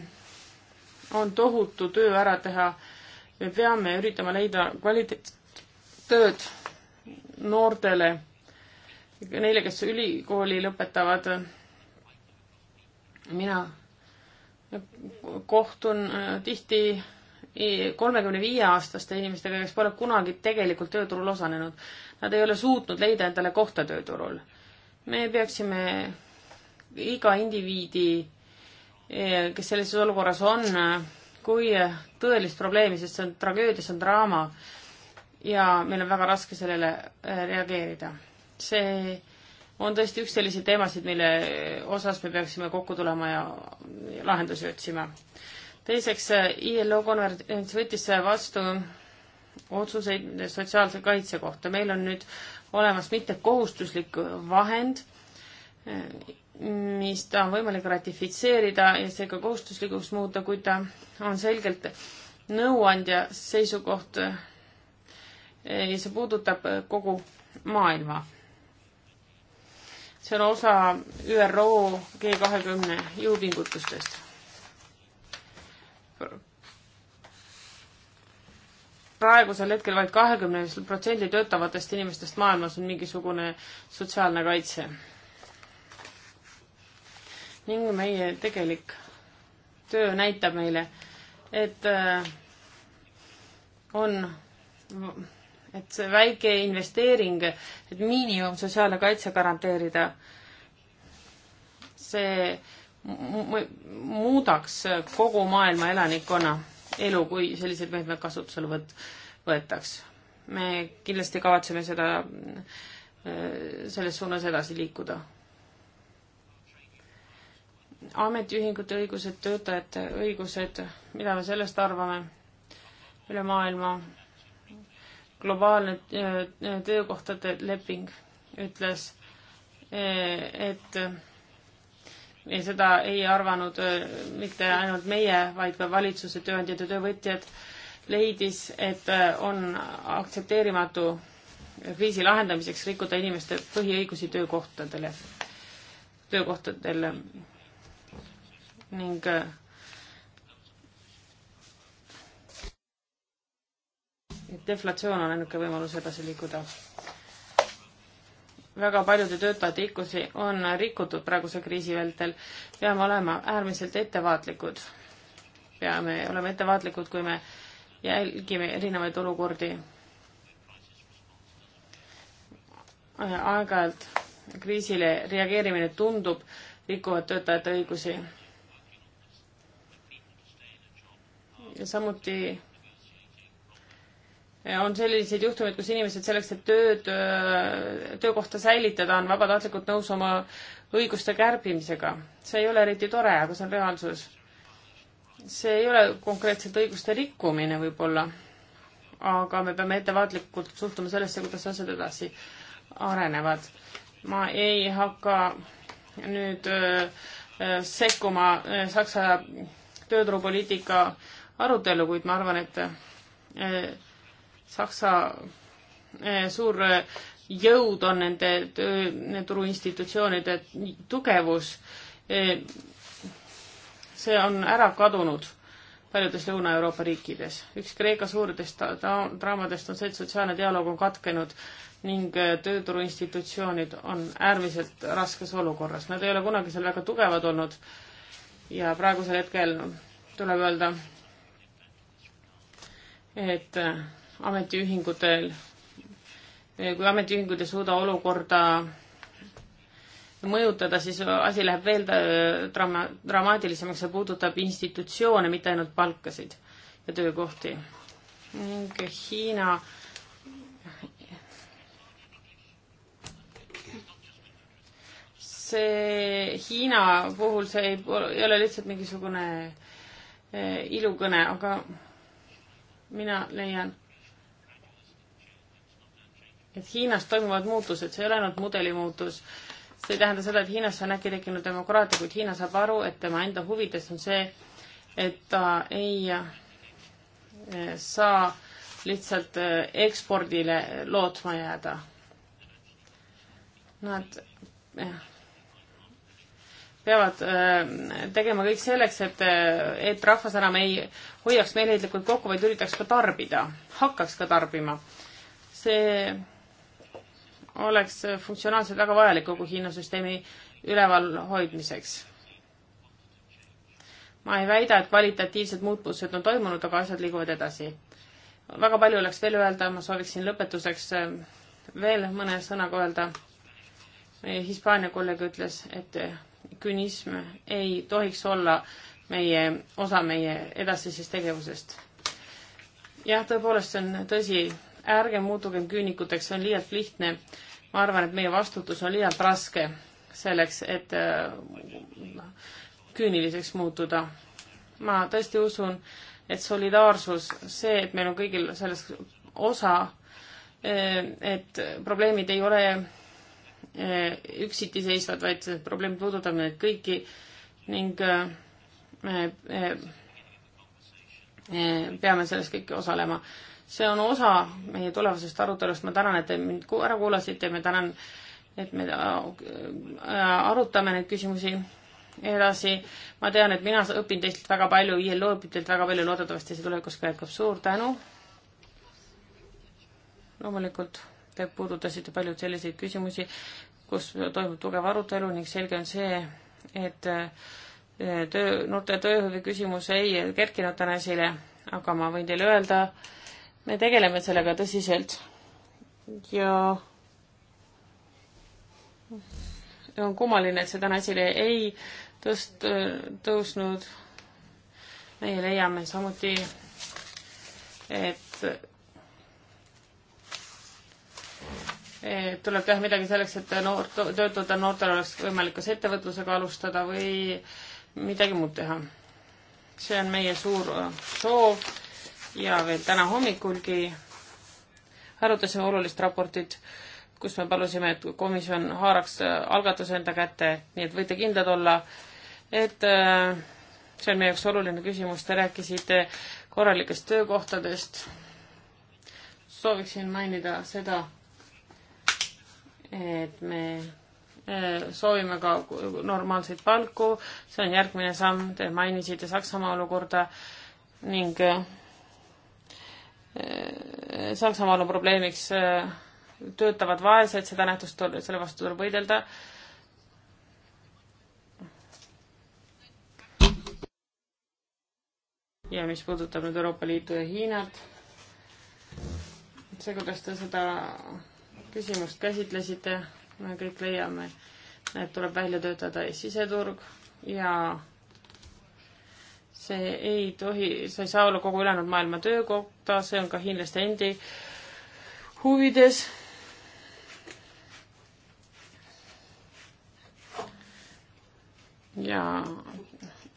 on tohutu töö ära teha. me peame üritama leida kvaliteettööd noortele, neile, kes ülikooli lõpetavad. mina kohtun äh, tihti äh, kolmekümne viie aastaste inimestega, kes pole kunagi tegelikult tööturul osalenud. Nad ei ole suutnud leida endale kohta tööturul. me peaksime iga indiviidi, äh, kes sellises olukorras on, kui tõelist probleemi, sest see on tragöödia, see on draama, ja meil on väga raske sellele äh, reageerida. see on tõesti üks selliseid teemasid, mille osas me peaksime kokku tulema ja lahendusi otsima. teiseks, äh, ILO konverents võttis vastu otsuseid sotsiaalse kaitse kohta. meil on nüüd olemas mittekohustuslik vahend, äh, mis ta on võimalik ratifitseerida ja seega kohustuslikuks muuta, kui ta on selgelt nõuandja seisukoht ja see puudutab äh, kogu maailma. see on osa ÜRO G kahekümne jõupingutustest. praegusel hetkel vaid kahekümne protsendi töötavatest inimestest maailmas on mingisugune sotsiaalne kaitse. ning meie tegelik töö näitab meile, et äh, on et see väike investeering, et miinimum sotsiaalne kaitse garanteerida, see muudaks kogu maailma elanikkonna elu, kui sellised meetmed kasutusele võt-, võetaks. me kindlasti kavatseme seda, äh, selles suunas edasi liikuda. ametiühingute õigused, töötajate õigused, mida me sellest arvame üle maailma globaalne äh, töökohtade leping ütles, äh, et äh, ja seda ei arvanud mitte ainult meie, vaid ka valitsuse tööandjad ja töövõtjad, leidis, et on aktsepteerimatu kriisi lahendamiseks rikkuda inimeste põhiõigusi töökohtadele, töökohtadel ning et deflatsioon on ainuke võimalus edasi liikuda. väga paljude töötajate ikkusi on rikutud praeguse kriisi vältel. peame olema äärmiselt ettevaatlikud. peame olema ettevaatlikud, kui me jälgime erinevaid olukordi. aeg-ajalt kriisile reageerimine tundub rikuvad töötajate õigusi. ja samuti on selliseid juhtumeid, kus inimesed selleks, et tööd, töökohta säilitada, on vabatahtlikult nõus oma õiguste kärbimisega. see ei ole eriti tore, aga see on reaalsus. see ei ole konkreetselt õiguste rikkumine võib-olla, aga me peame ettevaatlikult suhtuma sellesse, kuidas asjad edasi arenevad. ma ei hakka nüüd öö, sekkuma Saksa tööturupoliitika arutellu, kuid ma arvan, et öö, Saksa eh, suur eh, jõud on nende turuinstitutsioonide tugevus. Eh, see on ära kadunud paljudes Lõuna-Euroopa riikides. üks Kreeka suurtest draamadest on see, et sotsiaalne dialoog on katkenud ning tööturuinstitutsioonid on äärmiselt raskes olukorras. Nad ei ole kunagi seal väga tugevad olnud ja praegusel hetkel tuleb öelda, et ametiühingutel, kui ametiühingud ei suuda olukorda mõjutada, siis asi läheb veel drama-, dramaatilisemaks, see puudutab institutsioone, mitte ainult palkasid ja töökohti. ning Hiina see Hiina puhul see ei, ei ole lihtsalt mingisugune eh, ilukõne, aga mina leian et Hiinas toimuvad muutused, see ei ole ainult mudeli muutus, see ei tähenda seda, et Hiinas on äkki tekkinud demokraatia, kuid Hiina saab aru, et tema enda huvides on see, et ta ei eh, saa lihtsalt eh, ekspordile lootma jääda. Nad eh, peavad tegema kõik selleks, et, et rahvas enam ei hoiaks meeleheitlikult kokku, vaid üritaks ka tarbida, hakkaks ka tarbima. see oleks funktsionaalselt väga vajalik kogu hinnasüsteemi ülevalhoidmiseks. ma ei väida, et kvalitatiivsed muutused on toimunud, aga asjad liiguvad edasi. väga palju oleks veel öelda, ma sooviksin lõpetuseks eh, veel mõne sõnaga öelda. meie Hispaania kolleeg ütles, et künism ei tohiks olla meie, osa meie edasisest tegevusest. jah, tõepoolest, see on tõsi, ärgem muutugem küünikuteks, see on liialt lihtne ma arvan, et meie vastutus on liialt raske selleks, et äh, küüniliseks muutuda. ma tõesti usun, et solidaarsus, see, et meil on kõigil selles osa, äh, et probleemid ei ole äh, üksiti seisvad, vaid probleemid puudutavad neid kõiki ning me peame selles kõik osalema see on osa meie tulevasest arutelust, ma tänan, et te mind ära kuulasite, ma tänan, et me äh, arutame neid küsimusi edasi. ma tean, et mina õpin teilt väga palju, ILO õpib teilt väga palju, loodetavasti see tulevikus ka jätkub, suur tänu. loomulikult te puudutasite paljud selliseid küsimusi, kus toimub tugev arutelu ning selge on see, et äh, töö, noorte tööhõive küsimus ei kerkinud täna esile, aga ma võin teile öelda, me tegeleme sellega tõsiselt ja on kummaline, et see täna esile ei tõst-, tõusnud. meie leiame samuti, et et tuleb teha midagi selleks, et noort, töötajatel, noortel oleks võimalik kas ettevõtlusega alustada või midagi muud teha. see on meie suur äh, soov ja veel täna hommikulgi arutasime olulist raportit, kus me palusime, et komisjon haaraks algatuse enda kätte, nii et võite kindlad olla, et äh, see on meie jaoks oluline küsimus, te rääkisite korralikest töökohtadest. sooviksin mainida seda, et me äh, soovime ka normaalseid palku, see on järgmine samm, te mainisite Saksamaa olukorda ning äh, Saksamaal on probleemiks äh, töötavad vaesed, seda nähtust, selle vastu tuleb võidelda. ja mis puudutab nüüd Euroopa Liitu ja Hiinat, see, kuidas te seda küsimust käsitlesite, me kõik leiame, et tuleb välja töötada siseturg ja see ei tohi, see ei saa olla kogu ülejäänud maailma töökohta, see on ka hiinlaste endi huvides. ja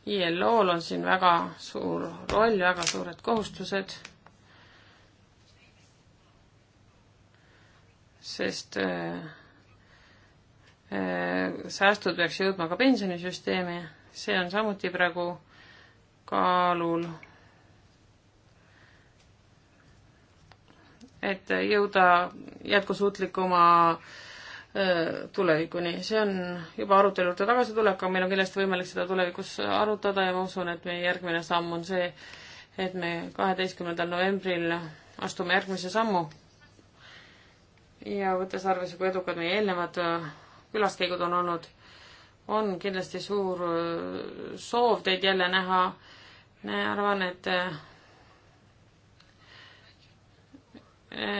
ILO-l on siin väga suur roll, väga suured kohustused sest äh, äh, säästud peaks jõudma ka pensionisüsteemi, see on samuti praegu kaalul, et jõuda jätkusuutlikuma tulevikuni. see on juba arutelu juurde tagasitulek, aga meil on kindlasti võimalik seda tulevikus arutada ja ma usun, et meie järgmine samm on see, et me kaheteistkümnendal novembril astume järgmise sammu ja võttes arvesse, kui edukad meie eelnevad äh, külaskäigud on olnud on kindlasti suur äh, soov teid jälle näha. arvan, et äh,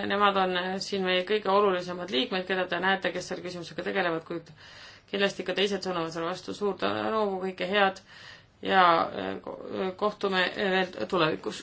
nemad on äh, siin meie kõige olulisemad liikmed, keda te näete, kes selle küsimusega tegelevad, kuid kindlasti ka teised sõnavad selle vastu. suur tänu, kõike head ja kohtume veel tulevikus.